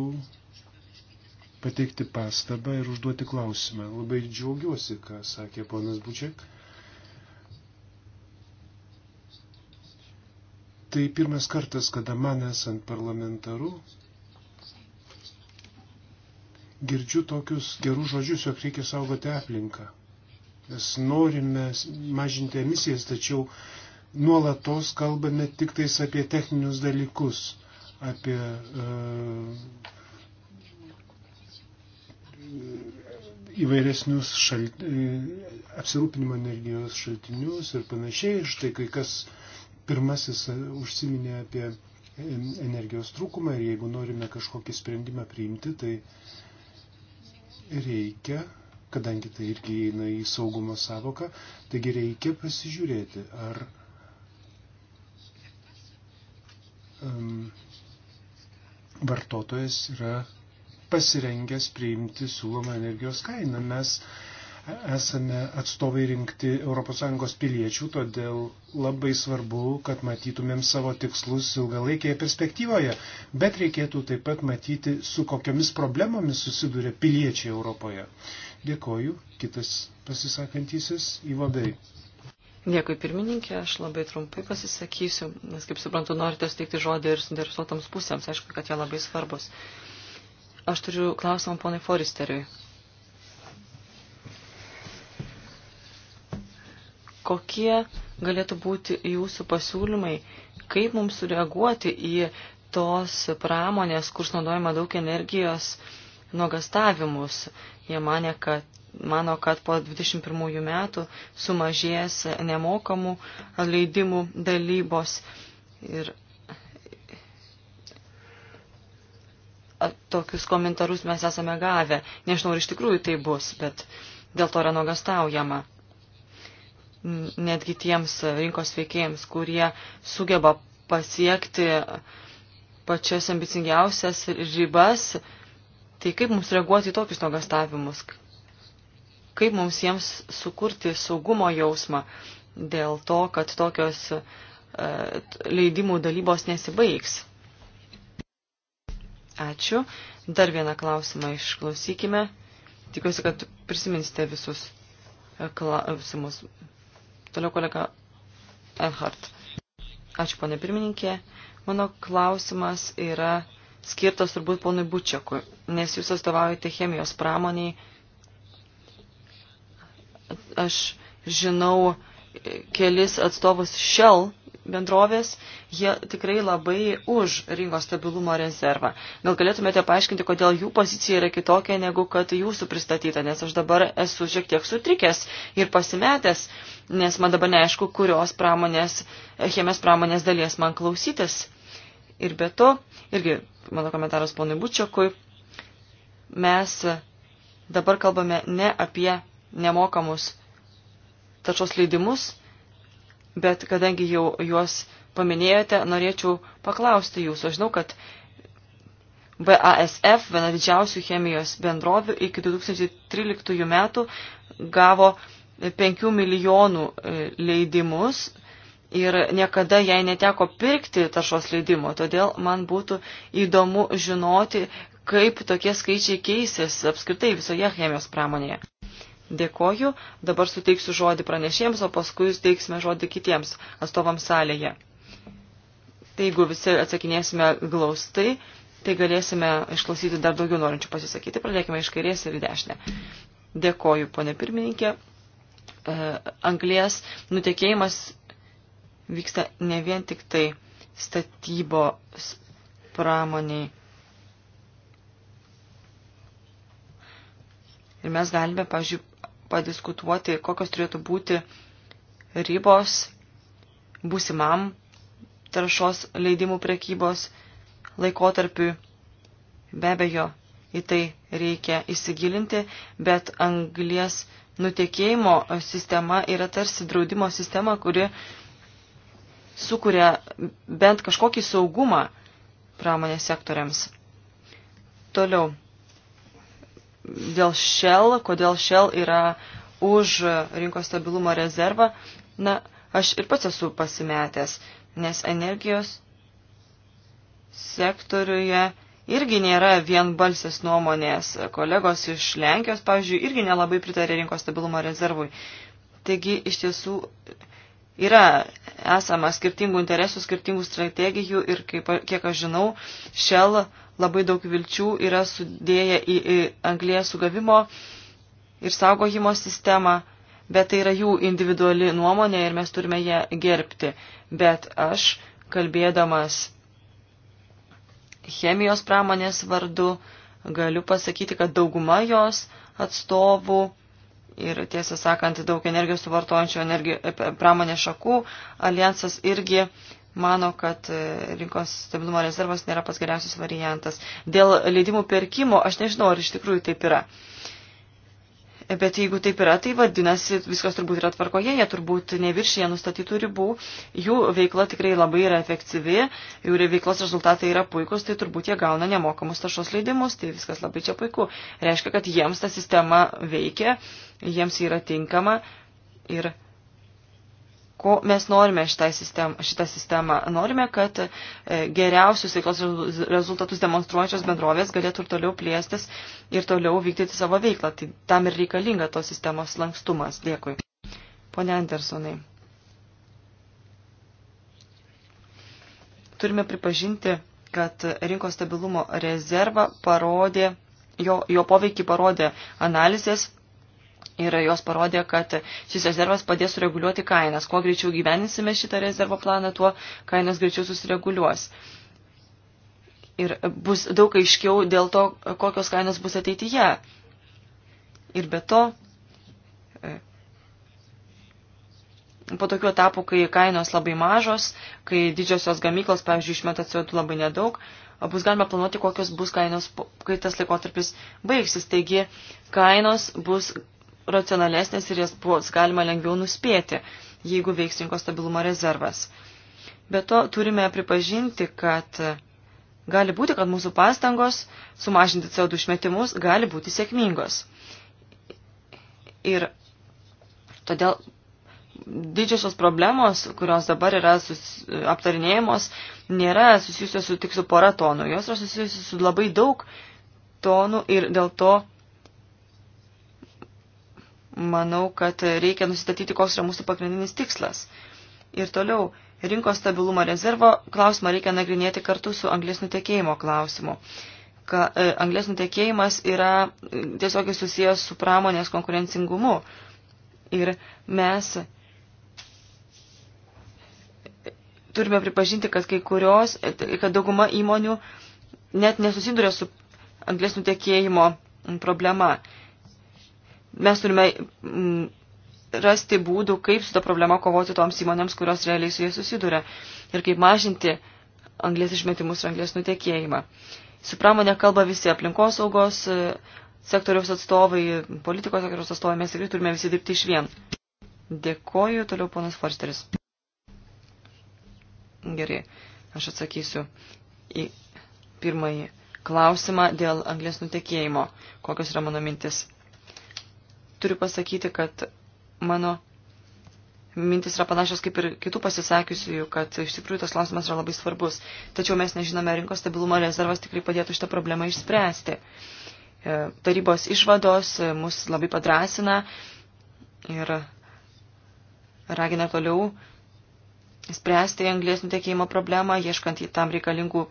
pateikti pastabą ir užduoti klausimą. Labai džiaugiuosi, ką sakė ponas Bučiak. Tai pirmas kartas, kada man esant parlamentaru, girdžiu tokius gerus žodžius, jog reikia saugoti aplinką. Mes norime mažinti emisijas, tačiau nuolatos kalbame tik tais apie techninius dalykus, apie uh, įvairesnius šalt, e, apsirūpinimo energijos šaltinius ir panašiai. Štai kai kas uh, pirmasis e, užsiminė apie energijos trūkumą ir jeigu norime kažkokį sprendimą priimti, tai reikia, kadangi tai irgi įeina į saugumo savoką, taigi reikia pasižiūrėti, ar um, vartotojas yra pasirengęs priimti siūlomą energijos kainą. Mes uh, esame atstovai rinkti ES piliečių, todėl labai svarbu, kad matytumėm savo tikslus ilgalaikėje perspektyvoje, bet reikėtų taip pat matyti, su kokiomis problemomis susiduria piliečiai Europoje. Dėkoju, kitas pasisakantysis įvadai. Dėkui pirmininkė, aš labai trumpai pasisakysiu, nes kaip suprantu, norite suteikti žodį ir suinteresuotams pusėms, aišku, kad jie labai svarbus. Aš turiu klausimą ponai Foristeriui. kokie galėtų būti jūsų pasiūlymai, kaip mums sureaguoti į tos pramonės, kur naudojama daug energijos nuogastavimus. Jie mane, kad, mano, kad po 21 metų sumažės nemokamų leidimų dalybos. Ir tokius komentarus mes esame gavę. Nežinau, ar iš tikrųjų tai bus, bet dėl to yra nuogastaujama netgi tiems rinkos veikėjams, kurie sugeba pasiekti pačias ambicingiausias ribas, tai kaip mums reaguoti į tokius nuogastavimus? Kaip mums jiems sukurti saugumo jausmą dėl to, kad tokios e, leidimų dalybos nesibaigs? Ačiū. Dar vieną klausimą išklausykime. Tikiuosi, kad prisiminsite visus e, klausimus. E, Toliau kolega Enhart. Ačiū, ponė pirmininkė. Mano klausimas yra skirtas turbūt ponui Bučiakui, nes jūs atstovaujate chemijos pramoniai. Aš žinau kelis atstovus Shell bendrovės, jie tikrai labai už rinkos stabilumo rezervą. Gal galėtumėte paaiškinti, kodėl jų pozicija yra kitokia negu kad jūsų pristatyta, nes aš dabar esu šiek tiek sutrikęs ir pasimetęs, nes man dabar neaišku, kurios pramonės, chemės pramonės dalies man klausytis. Ir be to, irgi mano komentaras ponui Bučiakui, mes dabar kalbame ne apie nemokamus tačios leidimus, bet kadangi jau juos paminėjote, norėčiau paklausti jūsų. Aš žinau, kad BASF, viena didžiausių chemijos bendrovių, iki 2013 metų gavo 5 milijonų e, leidimus ir niekada jai neteko pirkti taršos leidimo. Todėl man būtų įdomu žinoti, kaip tokie skaičiai keisės apskritai visoje chemijos pramonėje. Dėkoju, dabar suteiksiu žodį pranešėjams, o paskui suteiksime žodį kitiems atstovams salėje. Tai jeigu visi atsakinėsime glaustai, tai galėsime išklausyti dar daugiau norinčių pasisakyti. Pradėkime iš kairės ir į dešinę. Dėkoju, ponė pirmininkė. E, Anglės nutekėjimas vyksta ne vien tik tai statybos pramoniai. Ir mes galime, pažiūrėjau, padiskutuoti, kokios turėtų būti ribos būsimam taršos leidimų prekybos laikotarpiui. Be abejo, į tai reikia įsigilinti, bet anglies nutekėjimo sistema yra tarsi draudimo sistema, kuri sukuria bent kažkokį saugumą pramonės sektoriams. Toliau, dėl Shell, kodėl Shell yra už rinkos stabilumo rezervą, na, aš ir pats esu pasimetęs, nes energijos sektoriuje irgi nėra vienbalsės nuomonės. Kolegos iš Lenkijos, pavyzdžiui, irgi nelabai pritarė rinkos stabilumo rezervui. Taigi, iš tiesų, yra esama skirtingų interesų, skirtingų strategijų ir, kaip, kiek aš žinau, Shell labai daug vilčių yra sudėję į, į anglės sugavimo ir saugojimo sistemą, bet tai yra jų individuali nuomonė ir mes turime ją gerbti. Bet aš, kalbėdamas chemijos pramonės vardu, galiu pasakyti, kad dauguma jos atstovų ir tiesą sakant daug energijos suvartojančių pramonės šakų alijansas irgi mano, kad e, rinkos stabilumo rezervas nėra pats geriausias variantas. Dėl leidimų pirkimo aš nežinau, ar iš tikrųjų taip yra. Bet jeigu taip yra, tai vadinasi, viskas turbūt yra tvarkoje, jie turbūt neviršyje nustatytų ribų, jų veikla tikrai labai yra efektyvi, jų veiklos rezultatai yra puikus, tai turbūt jie gauna nemokamus taršos leidimus, tai viskas labai čia puiku. Reiškia, kad jiems ta sistema veikia, jiems yra tinkama ir ko mes norime šitą sistemą. Šitą sistemą. Norime, kad e, geriausius veiklos rezultatus demonstruojančios bendrovės galėtų ir toliau plėstis ir toliau vykdyti savo veiklą. Tai tam ir reikalinga tos sistemos lankstumas. Dėkui. Pone Andersonai. Turime pripažinti, kad rinkos stabilumo rezervą parodė, jo, jo poveikį parodė analizės Ir jos parodė, kad šis rezervas padės sureguliuoti kainas. Kuo greičiau gyveninsime šitą rezervo planą, tuo kainos greičiau susireguliuos. Ir bus daug aiškiau dėl to, kokios kainos bus ateityje. Ir be to, po tokių etapų, kai kainos labai mažos, kai didžiosios gamyklos, pavyzdžiui, išmeta CO2 labai nedaug, bus galima planuoti, kokios bus kainos, kai tas laikotarpis baigsis. Taigi, kainos bus racionalesnės ir jas buvo galima lengviau nuspėti, jeigu veiks rinkos stabilumo rezervas. Be to turime pripažinti, kad gali būti, kad mūsų pastangos sumažinti CO2 išmetimus gali būti sėkmingos. Ir todėl didžiosios problemos, kurios dabar yra sus, aptarinėjamos, nėra susijusios su tik su pora tonų, jos yra susijusios su labai daug tonų ir dėl to manau, kad reikia nusistatyti, koks yra mūsų pagrindinis tikslas. Ir toliau, rinkos stabilumo rezervo klausimą reikia nagrinėti kartu su anglės nutekėjimo klausimu. Ka, e, anglės nutekėjimas yra e, tiesiogiai susijęs su pramonės konkurencingumu. Ir mes e, turime pripažinti, kad kai kurios, e, kad dauguma įmonių net nesusiduria su anglės nutekėjimo problema mes turime mm, rasti būdų, kaip su ta problema kovoti toms įmonėms, kurios realiai su jie susiduria ir kaip mažinti anglės išmetimus ir anglės nutekėjimą. Su pramonė kalba visi aplinkosaugos e, sektoriaus atstovai, politikos sektoriaus atstovai, mes tikrai turime visi dirbti iš vien. Dėkoju, toliau ponas Forsteris. Gerai, aš atsakysiu į pirmąjį klausimą dėl anglės nutekėjimo. Kokios yra mano mintis? turiu pasakyti, kad mano mintis yra panašios kaip ir kitų pasisakiusiųjų, kad iš tikrųjų tas klausimas yra labai svarbus. Tačiau mes nežinome, rinkos stabilumo rezervas tikrai padėtų šitą problemą išspręsti. E, tarybos išvados e, mus labai padrasina ir ragina toliau spręsti anglės nutekėjimo problemą, ieškant į tam reikalingų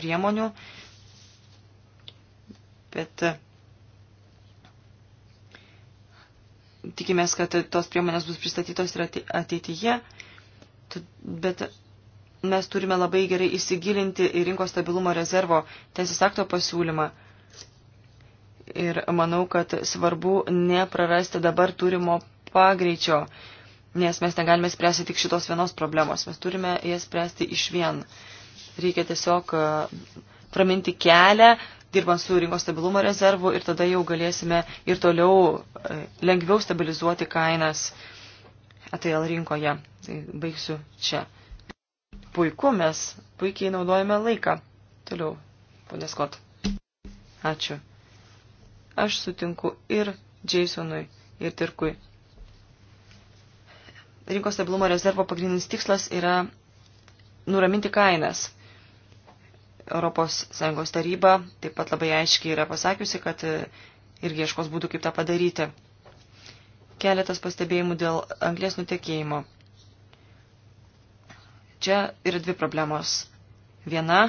priemonių. Bet e, tikimės, kad tos priemonės bus pristatytos ir ateityje, bet mes turime labai gerai įsigilinti į rinkos stabilumo rezervo teisės akto pasiūlymą. Ir manau, kad svarbu neprarasti dabar turimo pagreičio, nes mes negalime spręsti tik šitos vienos problemos, mes turime jas spręsti iš vien. Reikia tiesiog e, praminti kelią dirbant su rinkos stabilumo rezervu ir tada jau galėsime ir toliau e, lengviau stabilizuoti kainas ATL rinkoje. Tai baigsiu čia. Puiku, mes puikiai naudojame laiką. Toliau, ponė Skot. Ačiū. Aš sutinku ir Jasonui, ir Tirkui. Rinkos stabilumo rezervo pagrindinis tikslas yra nuraminti kainas ES taryba taip pat labai aiškiai yra pasakiusi, kad e, irgi ieškos būdų, kaip tą padaryti. Keletas pastebėjimų dėl anglės nutekėjimo. Čia yra dvi problemos. Viena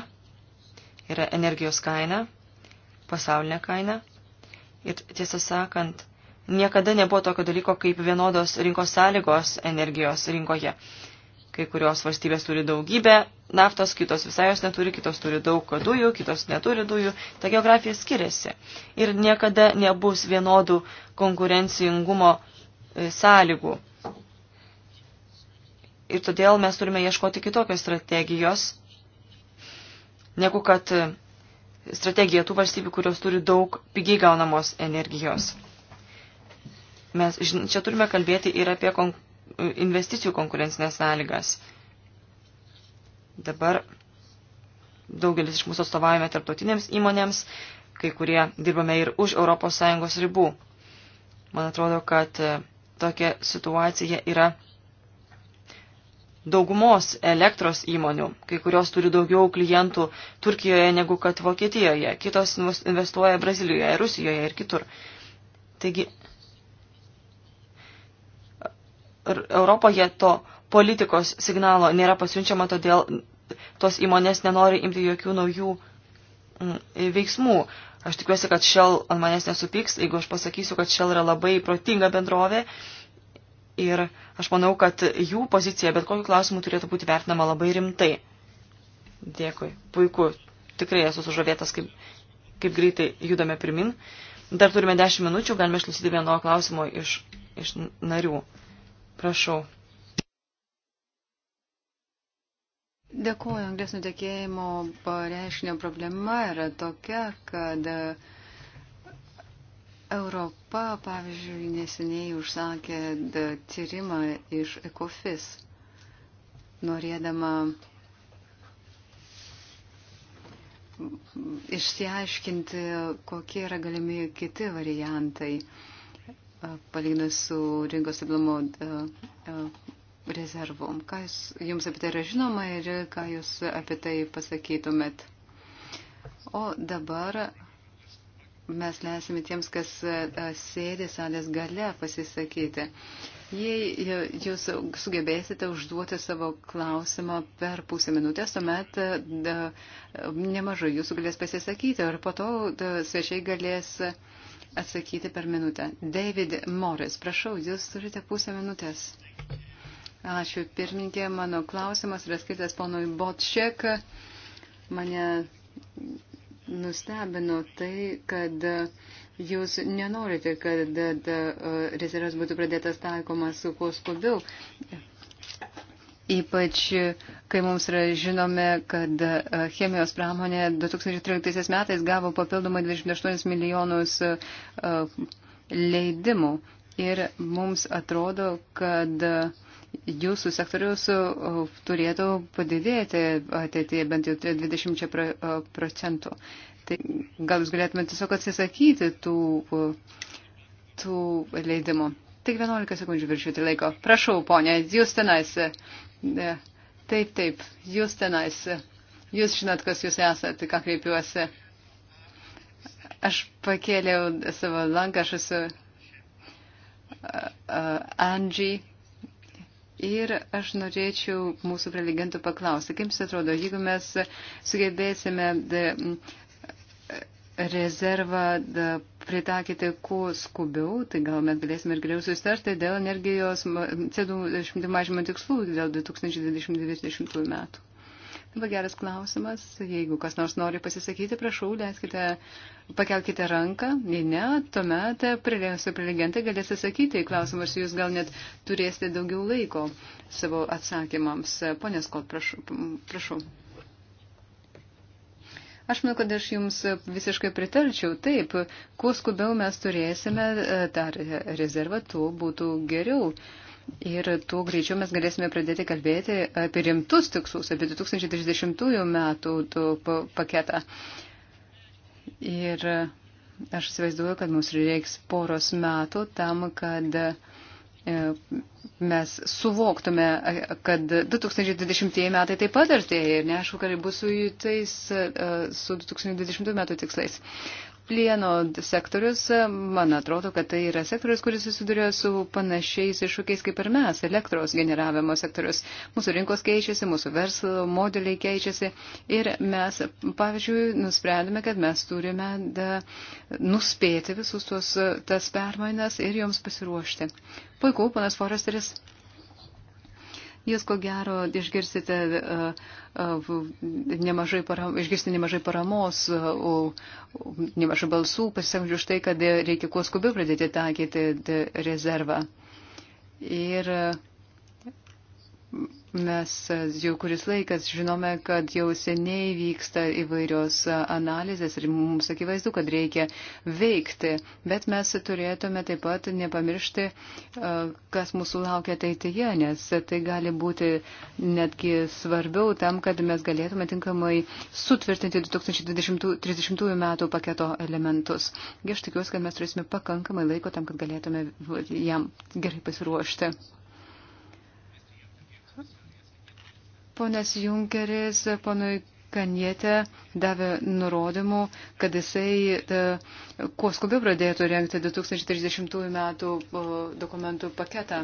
yra energijos kaina, pasaulinė kaina. Ir tiesą sakant, niekada nebuvo tokio dalyko kaip vienodos rinkos sąlygos energijos rinkoje. Kai kurios valstybės turi daugybę naftos, kitos visai jos neturi, kitos turi daug dujų, kitos neturi dujų. Ta geografija skiriasi. Ir niekada nebus vienodų konkurencingumo e, sąlygų. Ir todėl mes turime ieškoti kitokios strategijos, negu kad e, strategija tų valstybių, kurios turi daug pigiai gaunamos energijos. Mes čia turime kalbėti ir apie konkurenciją investicijų konkurencinės sąlygas. Dabar daugelis iš mūsų atstovaujame tarptautinėms įmonėms, kai kurie dirbame ir už ES ribų. Man atrodo, kad e, tokia situacija yra daugumos elektros įmonių, kai kurios turi daugiau klientų Turkijoje negu kad Vokietijoje, kitos investuoja Brazilijoje, Rusijoje ir kitur. Taigi Europoje to politikos signalo nėra pasiunčiama, todėl tos įmonės nenori imti jokių naujų mm, veiksmų. Aš tikiuosi, kad Shell ant manęs nesupyks, jeigu aš pasakysiu, kad Shell yra labai protinga bendrovė ir aš manau, kad jų pozicija bet kokiu klausimu turėtų būti vertinama labai rimtai. Dėkui. Puiku. Tikrai esu sužavėtas, kaip, kaip greitai judame pirmin. Dar turime 10 minučių, galime išklausyti vieno klausimo iš, iš narių. Prašau. Dėkuoju, anglės nutekėjimo reiškinio problema yra tokia, kad Europa, pavyzdžiui, neseniai užsakė tyrimą iš ECOFIS, norėdama išsiaiškinti, kokie yra galimi kiti variantai. Uh, palyginus su rinkos stabilumo rezervom. Ką jūs, jums apie tai yra žinoma ir ką jūs apie tai pasakytumėt? O dabar mes leisime tiems, kas sėdi salės gale pasisakyti. Jei jūs sugebėsite užduoti savo klausimą per pusę minutės, tuomet nemažai jūsų galės pasisakyti ir po to svečiai galės. Da, atsakyti per minutę. David Morris, prašau, jūs turite pusę minutės. Ačiū, pirmininkė. Mano klausimas yra skirtas ponui Botšek. Mane nustebino tai, kad jūs nenorite, kad e, rezervas būtų pradėtas taikomas su kuo skubiau. Ypač, kai mums yra žinome, kad e, chemijos pramonė 2013 metais gavo papildomai 28 milijonus e, leidimų. Ir mums atrodo, kad jūsų sektorius e, turėtų padidėti ateityje bent jau 20 procentų. Tai gal jūs galėtumėte tiesiog atsisakyti tų, tų leidimų. Tik 11 sekundžių viršyti laiko. Prašau, ponė, jūs tenais. Ne. Taip, taip, jūs tenais. Jūs žinot, kas jūs esate, ką kreipiuosi. Aš pakėliau savo lanką, aš esu uh, uh, Angie. Ir aš norėčiau mūsų prelegentų paklausti, kaip jums atrodo, jeigu mes sugebėsime de, rezervą pritaikyti kuo skubiau, tai gal mes galėsime ir geriau susitarti dėl energijos CO2 mažimo tikslų dėl 2020 metų. Labai geras klausimas. Jeigu kas nors nori pasisakyti, prašau, leiskite, pakelkite ranką. Jei ne, tuomet su prelegentai galės atsakyti į klausimus. Jūs gal net turėsite daugiau laiko savo atsakymams. Pone Skot, prašau. prašau. Aš manau, kad aš jums visiškai pritarčiau. Taip, kuo skubiau mes turėsime e, tą rezervą, tuo būtų geriau. Ir tuo greičiau mes galėsime pradėti kalbėti apie rimtus tikslus, apie 2030 metų paketą. Ir aš įsivaizduoju, kad mums reiks poros metų tam, kad uh, E, mes suvoktume, e, kad 2020 metai taip pat artėja ir neaišku, kad bus su, tais, e, su 2020 metų tikslais plieno sektorius, man atrodo, kad tai yra sektorius, kuris susiduria su panašiais iššūkiais kaip ir mes, elektros generavimo sektorius. Mūsų rinkos keičiasi, mūsų verslo modeliai keičiasi ir mes, pavyzdžiui, nusprendėme, kad mes turime da, nuspėti visus tuos tas permainas ir joms pasiruošti. Puiku, panas Foresteris. Jūs ko gero išgirsite e, e, nemažai, param, išgirsti nemažai paramos, e, nemažai balsų pasisamdžių už tai, kad reikia kuo skubiau pradėti taikyti rezervą. Ir uh, Mes jau kuris laikas žinome, kad jau seniai vyksta įvairios analizės ir mums akivaizdu, kad reikia veikti, bet mes turėtume taip pat nepamiršti, kas mūsų laukia ateityje, nes tai gali būti netgi svarbiau tam, kad mes galėtume tinkamai sutvirtinti 2030 metų paketo elementus. Ir aš tikiuosi, kad mes turėsime pakankamai laiko tam, kad galėtume jam gerai pasiruošti. Ponas Junkeris, ponui Kanietė davė nurodymų, kad jisai da, e, kuo skubiau pradėtų renkti 2030 metų dokumentų paketą.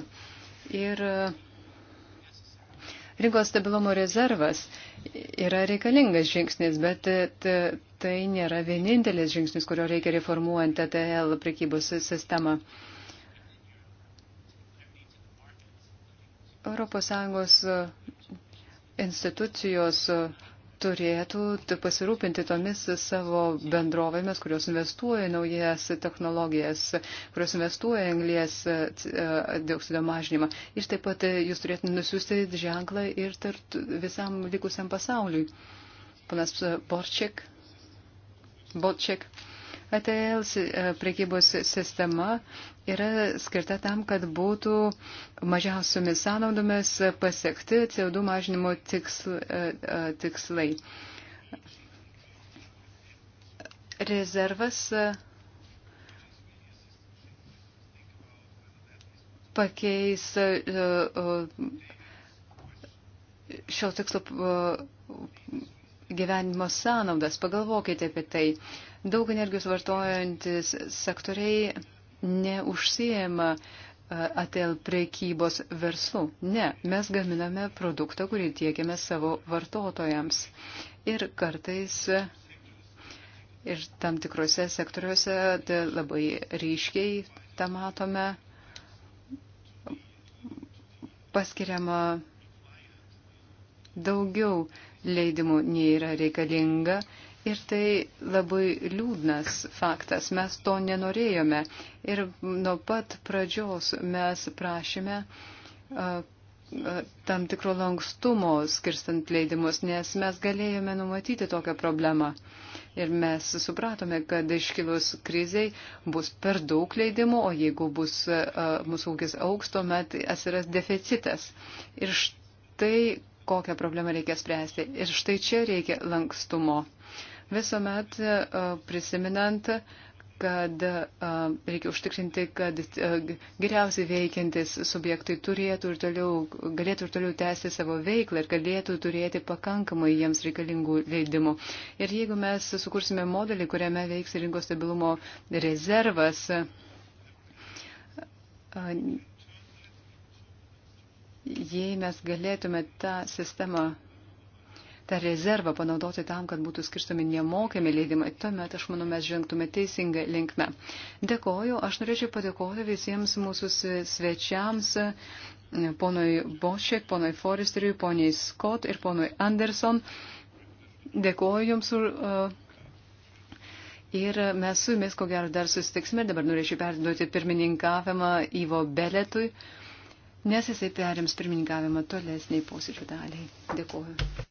Ir e, rinkos stabilumo rezervas yra reikalingas žingsnis, bet e, tai nėra vienintelis žingsnis, kurio reikia reformuojant TTL prekybos sistemą. ES institucijos e, turėtų pasirūpinti tomis savo bendrovėmis, kurios investuoja naujas technologijas, kurios investuoja anglės e, e, dioksido mažinimą. Ir taip pat jūs turėtumėte nusiųsti ženklą ir visam likusiam pasauliui. Panas Borčiak. Borčiak. ATL priekybos sistema yra skirta tam, kad būtų mažiausiomis sąnaudomis pasiekti CO2 mažinimo tikslai. Rezervas pakeis šio tikslo gyvenimo sąnaudas. Pagalvokite apie tai. Daug energijos vartojantis sektoriai neužsijama e, atel prekybos verslu. Ne, mes gaminame produktą, kurį tiekiame savo vartotojams. Ir kartais ir tam tikrose sektoriuose tai labai ryškiai tą matome paskiriama daugiau leidimų nei yra reikalinga Ir tai labai liūdnas faktas, mes to nenorėjome. Ir nuo pat pradžios mes prašėme tam tikro lankstumo skirstant leidimus, nes mes galėjome numatyti tokią problemą. Ir mes supratome, kad iškilus kriziai bus per daug leidimų, o jeigu bus mūsų ūkis auks, tuomet atsiras deficitas. Ir štai kokią problemą reikia spręsti. Ir štai čia reikia lankstumo. Uh, Visuomet e, prisiminant, kad e, reikia užtikrinti, kad e, geriausiai veikiantis subjektai turėtų ir toliau, galėtų ir toliau tęsti savo veiklą ir galėtų turėti pakankamai jiems reikalingų leidimų. Ir jeigu mes sukursime modelį, kuriame veiks rinkos stabilumo rezervas, jei mes galėtume tą sistemą tą rezervą panaudoti tam, kad būtų skirstami nemokami leidimai, tuomet, aš manau, mes žengtume teisingą linkmę. Dėkoju, aš norėčiau padėkoti visiems mūsų svečiams, ponui Bošek, ponui Foresteriui, poniai Scott ir ponui Anderson. Dėkoju Jums už. Uh, Ir mes su jumis, ko gero, dar susitiksime. Dabar norėčiau perduoti pirmininkavimą Ivo Beletui, nes jisai perims pirmininkavimą tolesniai posėdžių daliai. Dėkuoju.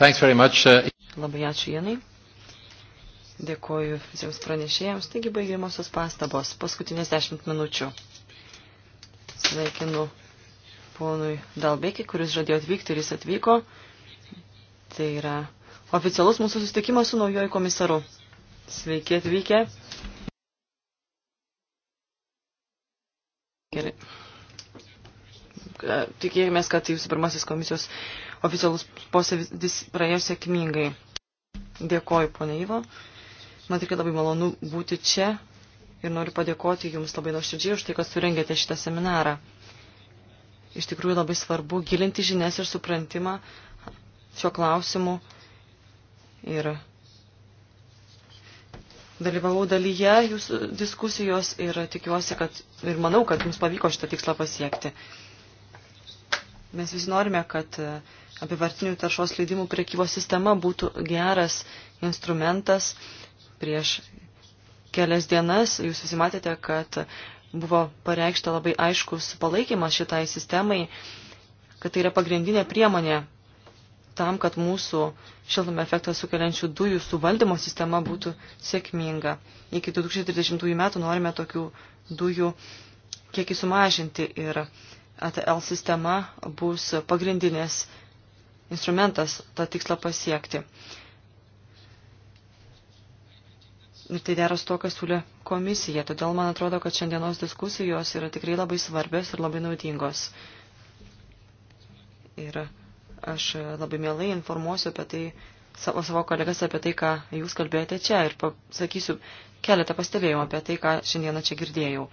Uh, Labai ačiū Janai. Dėkoju visiems pranešėjams. Taigi baigiamosios pastabos. Paskutinės dešimt minučių. Sveikinu ponui Dalbekį, kuris žadėjo atvykti ir jis atvyko. Tai yra oficialus mūsų susitikimas su naujoju komisaru. Sveiki atvykę. E, tikėkime, kad jūsų pirmasis komisijos oficialus posėdis praėjo sėkmingai. Dėkoju, ponė Ivo. Man tikrai labai malonu būti čia ir noriu padėkoti Jums labai nuoširdžiai už tai, kad surengėte šitą seminarą. Iš tikrųjų labai svarbu gilinti žinias ir suprantimą šio klausimu ir dalyvavau dalyje jūsų diskusijos ir tikiuosi, kad ir manau, kad jums pavyko šitą tikslą pasiekti. Mes vis norime, kad e, apivartinių taršos leidimų priekybos sistema būtų geras instrumentas. Prieš kelias dienas jūs visi matėte, kad buvo pareikšta labai aiškus palaikymas šitai sistemai, kad tai yra pagrindinė priemonė tam, kad mūsų šiltnamio efektą sukeliančių dujų suvaldymo sistema būtų sėkminga. Iki 2030 metų norime tokių dujų kiekį sumažinti ir ATL sistema bus pagrindinis instrumentas tą tikslą pasiekti. Ir tai dera su to, kas siūlė komisija. Todėl man atrodo, kad šiandienos diskusijos yra tikrai labai svarbios ir labai naudingos. Ir aš labai mielai informuosiu apie tai savo, savo kolegas, apie tai, ką jūs kalbėjote čia. Ir pasakysiu keletą pastebėjimų apie tai, ką šiandieną čia girdėjau.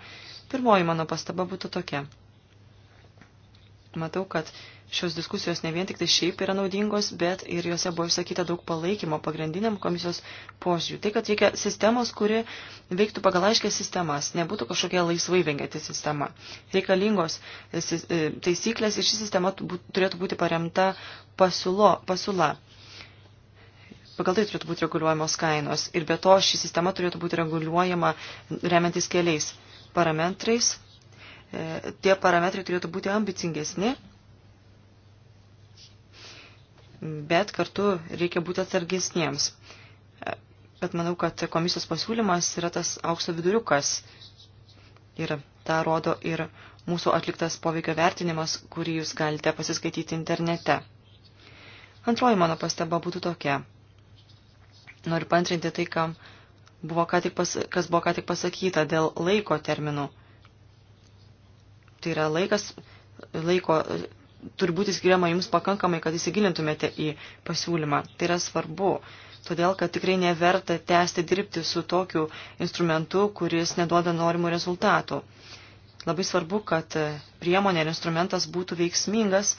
Pirmoji mano pastaba būtų tokia matau, kad šios diskusijos ne vien tik tai šiaip yra naudingos, bet ir juose buvo išsakyta daug palaikymo pagrindiniam komisijos požiūriui. Tai, kad reikia sistemos, kuri veiktų pagal aiškės sistemas, nebūtų kažkokia laisvai vengianti sistema. Reikalingos e, e, taisyklės ir ši sistema turėtų būti paremta pasiūlo, pasiūla. Pagal tai turėtų būti reguliuojamos kainos ir be to ši sistema turėtų būti reguliuojama remiantis keliais parametrais E, tie parametrai turėtų būti ambicingesni, bet kartu reikia būti atsargesniems. E, bet manau, kad komisijos pasiūlymas yra tas aukso viduriukas. Ir tą rodo ir mūsų atliktas poveikio vertinimas, kurį jūs galite pasiskaityti internete. Antroji mano pastaba būtų tokia. Noriu pantrinti tai, kam buvo ką tik pas, kas buvo ką tik pasakyta dėl laiko terminų. Tai yra laikas, laiko turi būti skiriama jums pakankamai, kad įsigilintumėte į pasiūlymą. Tai yra svarbu, todėl kad tikrai neverta tęsti dirbti su tokiu instrumentu, kuris neduoda norimų rezultatų. Labai svarbu, kad priemonė ir instrumentas būtų veiksmingas,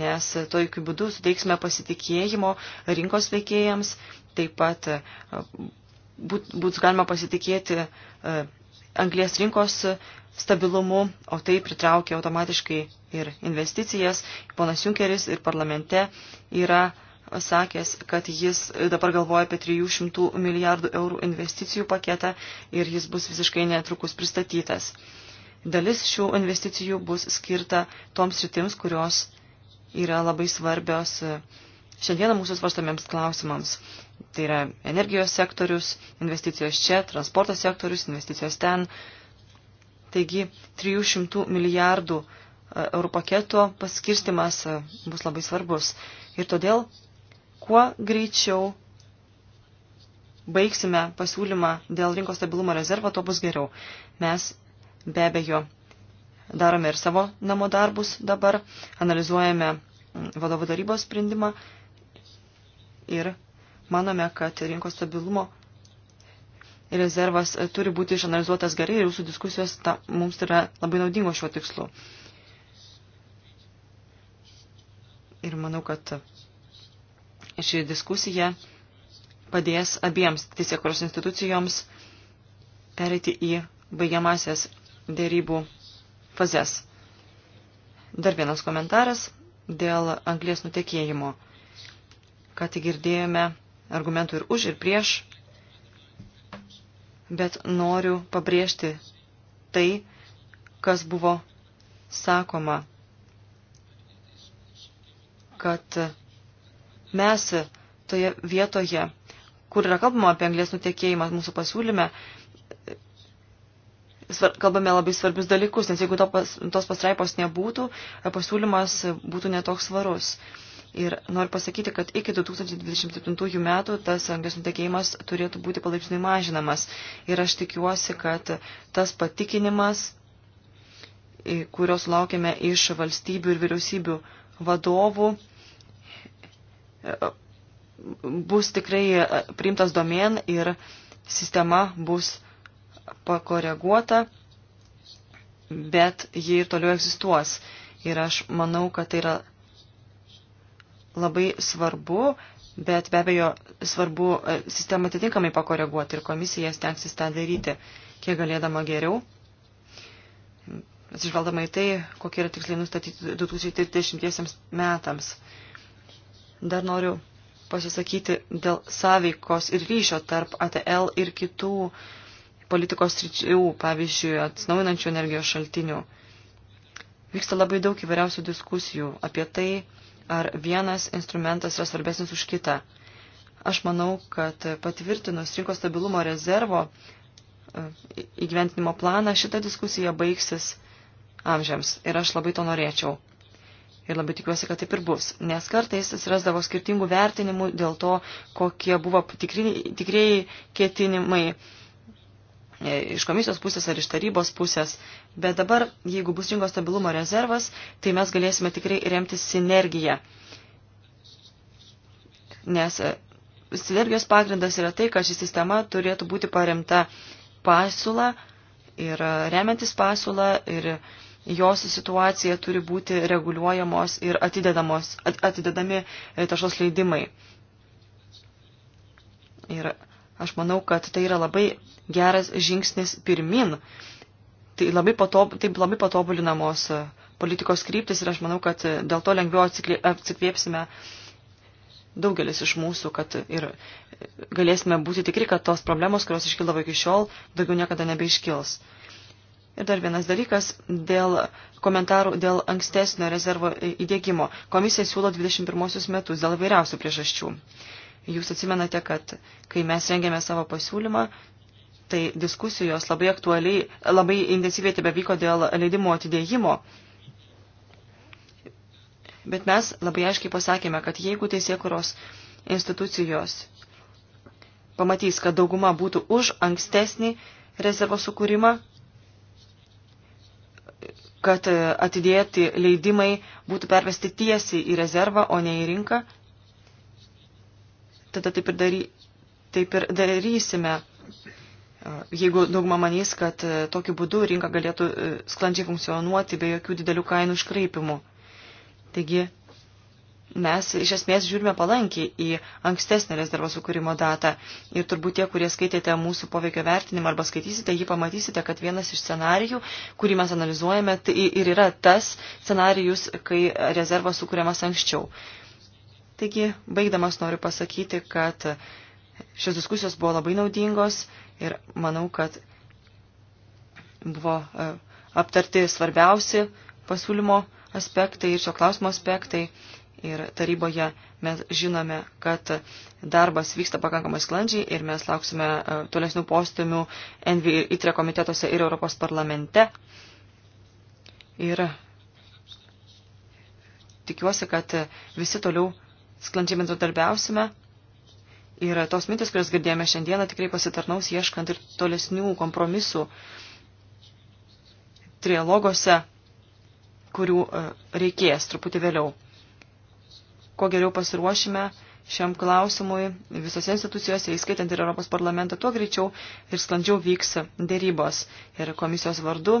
nes tokiu būdu suteiksime pasitikėjimo rinkos veikėjams, taip pat būtų būt galima pasitikėti anglės rinkos stabilumu, o tai pritraukia automatiškai ir investicijas. Ponas Junkeris ir parlamente yra sakęs, kad jis dabar galvoja apie 300 milijardų eurų investicijų paketą ir jis bus visiškai netrukus pristatytas. Dalis šių investicijų bus skirta toms rytims, kurios yra labai svarbios e, šiandieną mūsų svarstamiems klausimams. Tai yra energijos sektorius, investicijos čia, transporto sektorius, investicijos ten. Taigi 300 milijardų e, eurų paketo paskirstimas e, bus labai svarbus. Ir todėl, kuo greičiau baigsime pasiūlymą dėl rinkos stabilumo rezervo, to bus geriau. Mes be abejo darome ir savo namų darbus dabar, analizuojame vadovų darybos sprendimą ir manome, kad rinkos stabilumo rezervas e, turi būti išanalizuotas gerai ir jūsų diskusijos ta, mums yra labai naudingos šiuo tikslu. Ir manau, kad ši diskusija padės abiems teisėkuros institucijoms pereiti į baigiamasias dėrybų fazes. Dar vienas komentaras dėl anglės nutekėjimo. Ką tik girdėjome argumentų ir už, ir prieš, bet noriu pabrėžti tai, kas buvo sakoma, kad mes toje vietoje, kur yra kalbama apie anglės nutekėjimą mūsų pasiūlyme, kalbame labai svarbius dalykus, nes jeigu to pas, tos pastraipos nebūtų, pasiūlymas būtų netoks svarus. Ir noriu pasakyti, kad iki 2027 metų tas anglės nutekėjimas turėtų būti palaipsniui mažinamas. Ir aš tikiuosi, kad tas patikinimas, kurios laukiame iš valstybių ir vyriausybių vadovų, bus tikrai e, priimtas domen ir sistema bus pakoreguota, bet ji ir toliau egzistuos. Ir aš manau, kad tai yra labai svarbu, bet be abejo svarbu e, sistemą atitinkamai pakoreguoti ir komisija stengsis tą daryti kiek galėdama geriau. Atsižvelgdama į tai, kokie yra tiksliai nustatyti 2030 metams. Dar noriu pasisakyti dėl sąveikos ir ryšio tarp ATL ir kitų politikos sričių, pavyzdžiui, atsinaujinančių energijos šaltinių. Vyksta labai daug įvairiausių diskusijų apie tai, ar vienas instrumentas yra svarbesnis už kitą. Aš manau, kad patvirtinus rinkos stabilumo rezervo e, įgyventinimo planą, šita diskusija baigsis amžiams ir aš labai to norėčiau. Ir labai tikiuosi, kad taip ir bus, nes kartais atsirasdavo skirtingų vertinimų dėl to, kokie buvo tikrieji ketinimai E, iš komisijos pusės ar iš tarybos pusės. Bet dabar, jeigu bus rinkos stabilumo rezervas, tai mes galėsime tikrai remtis sinergiją. Nes e, sinergijos pagrindas yra tai, kad ši sistema turėtų būti paremta pasiūla ir e, remiantis pasiūla ir jos situacija turi būti reguliuojamos ir atidedamos, atidedami taršos leidimai. Ir Aš manau, kad tai yra labai geras žingsnis pirmin. Tai labai, patob, taip labai patobulinamos e, politikos kryptis ir aš manau, kad e, dėl to lengviau atsikvėpsime daugelis iš mūsų, kad ir e, galėsime būti tikri, kad tos problemos, kurios iškildavo iki šiol, daugiau niekada nebeiškils. Ir dar vienas dalykas dėl komentarų dėl ankstesnio rezervo įdėgymo. Komisija siūlo 21 metus dėl vairiausių priežasčių. Jūs atsimenate, kad kai mes rengėme savo pasiūlymą, tai diskusijos labai aktualiai, labai intensyviai tebevyko dėl leidimo atidėjimo. Bet mes labai aiškiai pasakėme, kad jeigu teisėkuros institucijos pamatys, kad dauguma būtų už ankstesnį rezervo sukūrimą, kad atidėti leidimai būtų pervesti tiesiai į rezervą, o ne į rinką, tada taip ir, dary, taip ir darysime. E, jeigu daugma manys, kad e, tokiu būdu rinka galėtų e, sklandžiai funkcionuoti be jokių didelių kainų iškraipimų. Taigi mes iš esmės žiūrime palankiai į ankstesnę rezervo sukūrimo datą ir turbūt tie, kurie skaitėte mūsų poveikio vertinimą arba skaitysite, jį pamatysite, kad vienas iš scenarijų, kurį mes analizuojame, tai ir yra tas scenarijus, kai rezervas sukūriamas anksčiau. Taigi, baigdamas noriu pasakyti, kad šios diskusijos buvo labai naudingos ir manau, kad buvo e, aptarti svarbiausi pasiūlymo aspektai ir šio klausimo aspektai. Ir taryboje mes žinome, kad darbas vyksta pakankamai sklandžiai ir mes lauksime e, tolesnių postumių NVI įtre komitetuose ir Europos parlamente. Ir tikiuosi, kad visi toliau sklandžiai bendradarbiausime. Ir tos mintis, kurias girdėjome šiandieną, tikrai pasitarnaus ieškant ir tolesnių kompromisų trialogose, kurių e, reikės truputį vėliau. Kuo geriau pasiruošime šiam klausimui visose institucijose, įskaitant ir Europos parlamentą, tuo greičiau ir sklandžiau vyks dėrybos ir komisijos vardu.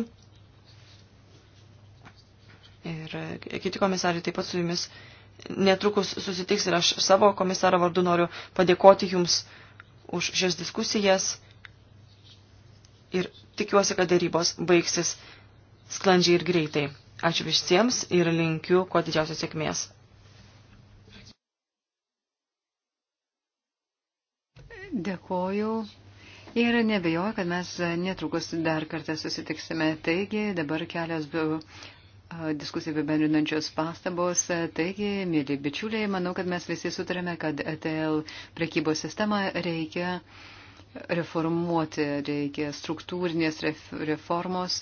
Ir kiti komisarai taip pat su jumis netrukus susitiks ir aš savo komisaro vardu noriu padėkoti Jums už šias diskusijas ir tikiuosi, kad darybos baigsis sklandžiai ir greitai. Ačiū visiems ir linkiu kuo didžiausios sėkmės. Dėkoju. Ir nebejoju, kad mes netrukus dar kartą susitiksime. Taigi, dabar kelios diskusijų apibendrinančios pastabos. Taigi, mėly bičiuliai, manau, kad mes visi sutarėme, kad ETL prekybos sistemą reikia reformuoti, reikia struktūrinės reformos,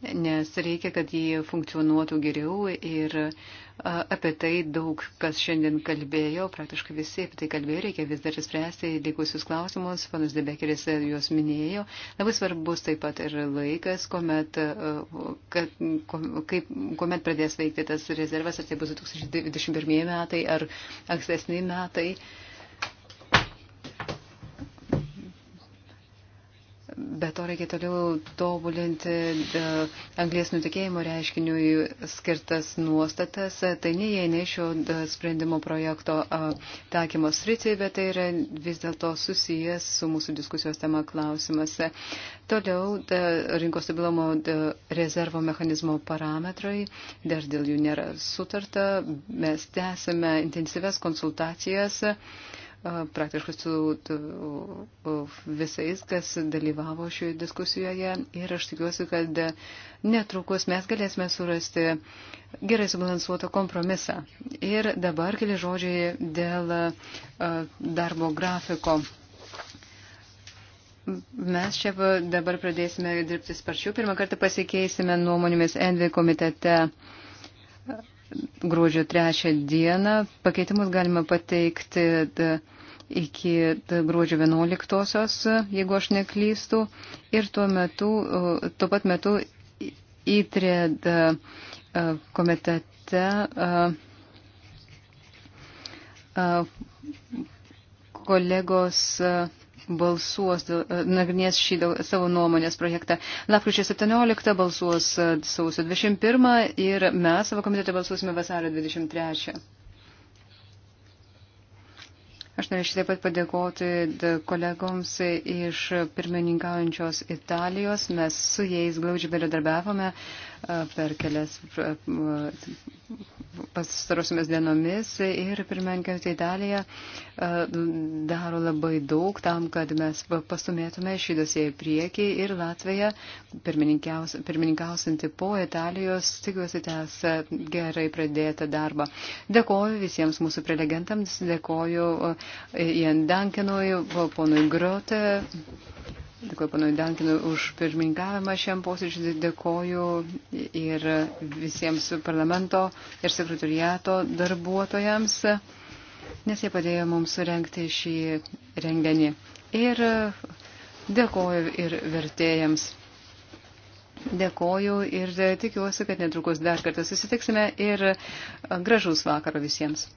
nes reikia, kad jie funkcionuotų geriau ir uh, Apie tai daug kas šiandien kalbėjo, praktiškai visi apie tai kalbėjo, reikia vis dar spręsti likusius klausimus, panas Debekeris juos minėjo. Labai svarbus taip pat ir laikas, kuomet, kad, kaip, kuomet pradės veikti tas rezervas, ar tai bus 2021 metai ar ankstesni metai. Uh, Be to reikia toliau tobulinti e, anglės nutikėjimo reiškiniui skirtas nuostatas. Tai neįeina šio e, sprendimo projekto e, takymo sritį, bet tai yra vis dėlto susijęs su mūsų diskusijos tema klausimas. Toliau da, rinkos stabilumo rezervo mechanizmo parametrai, dar dėl jų nėra sutarta. Mes tęsime intensyves konsultacijas. Uh, praktiškai su visais, kas dalyvavo šioje diskusijoje ir aš tikiuosi, kad netrukus mes galėsime surasti gerai subalansuotą kompromisą. Ir dabar keli žodžiai dėl darbo grafiko. Mes čia dabar pradėsime dirbti sparčiau. Pirmą kartą pasikeisime nuomonėmis NV komitete gruodžio trečią dieną. Pakeitimus galima pateikti iki gruodžio 11-osios, jeigu aš neklystu. Ir tuo, metu, tuo pat metu įtrėd komitete kolegos. Uh, balsuos, e, nagrinės šį savo nuomonės projektą. Lapkričio 17 balsuos e, sausio 21 ir mes savo komitete balsuosime vasario 23. Aš norėčiau taip pat padėkoti kolegoms iš pirmininkaujančios Italijos. Mes su jais glaudžiai bendradarbiavome e, per kelias pastarosiamis dienomis ir pirmiausia Italija e, daro labai daug tam, kad mes pastumėtume šį dosiją į priekį ir Latvija, pirmininkaus, pirmininkausinti po Italijos, tikiuosi tęs e, gerai pradėtą darbą. Dėkoju visiems mūsų prelegentams, dėkoju Jan e, Dankenui, ponui Grote. Dėkuoju panui Dankinu už pirmininkavimą šiam posėdžiui, dėkoju ir visiems parlamento ir sekretariato darbuotojams, nes jie padėjo mums surenkti šį renginį. Ir dėkoju ir vertėjams. Dėkoju ir tikiuosi, kad netrukus dar kartą susitiksime ir gražus vakaro visiems.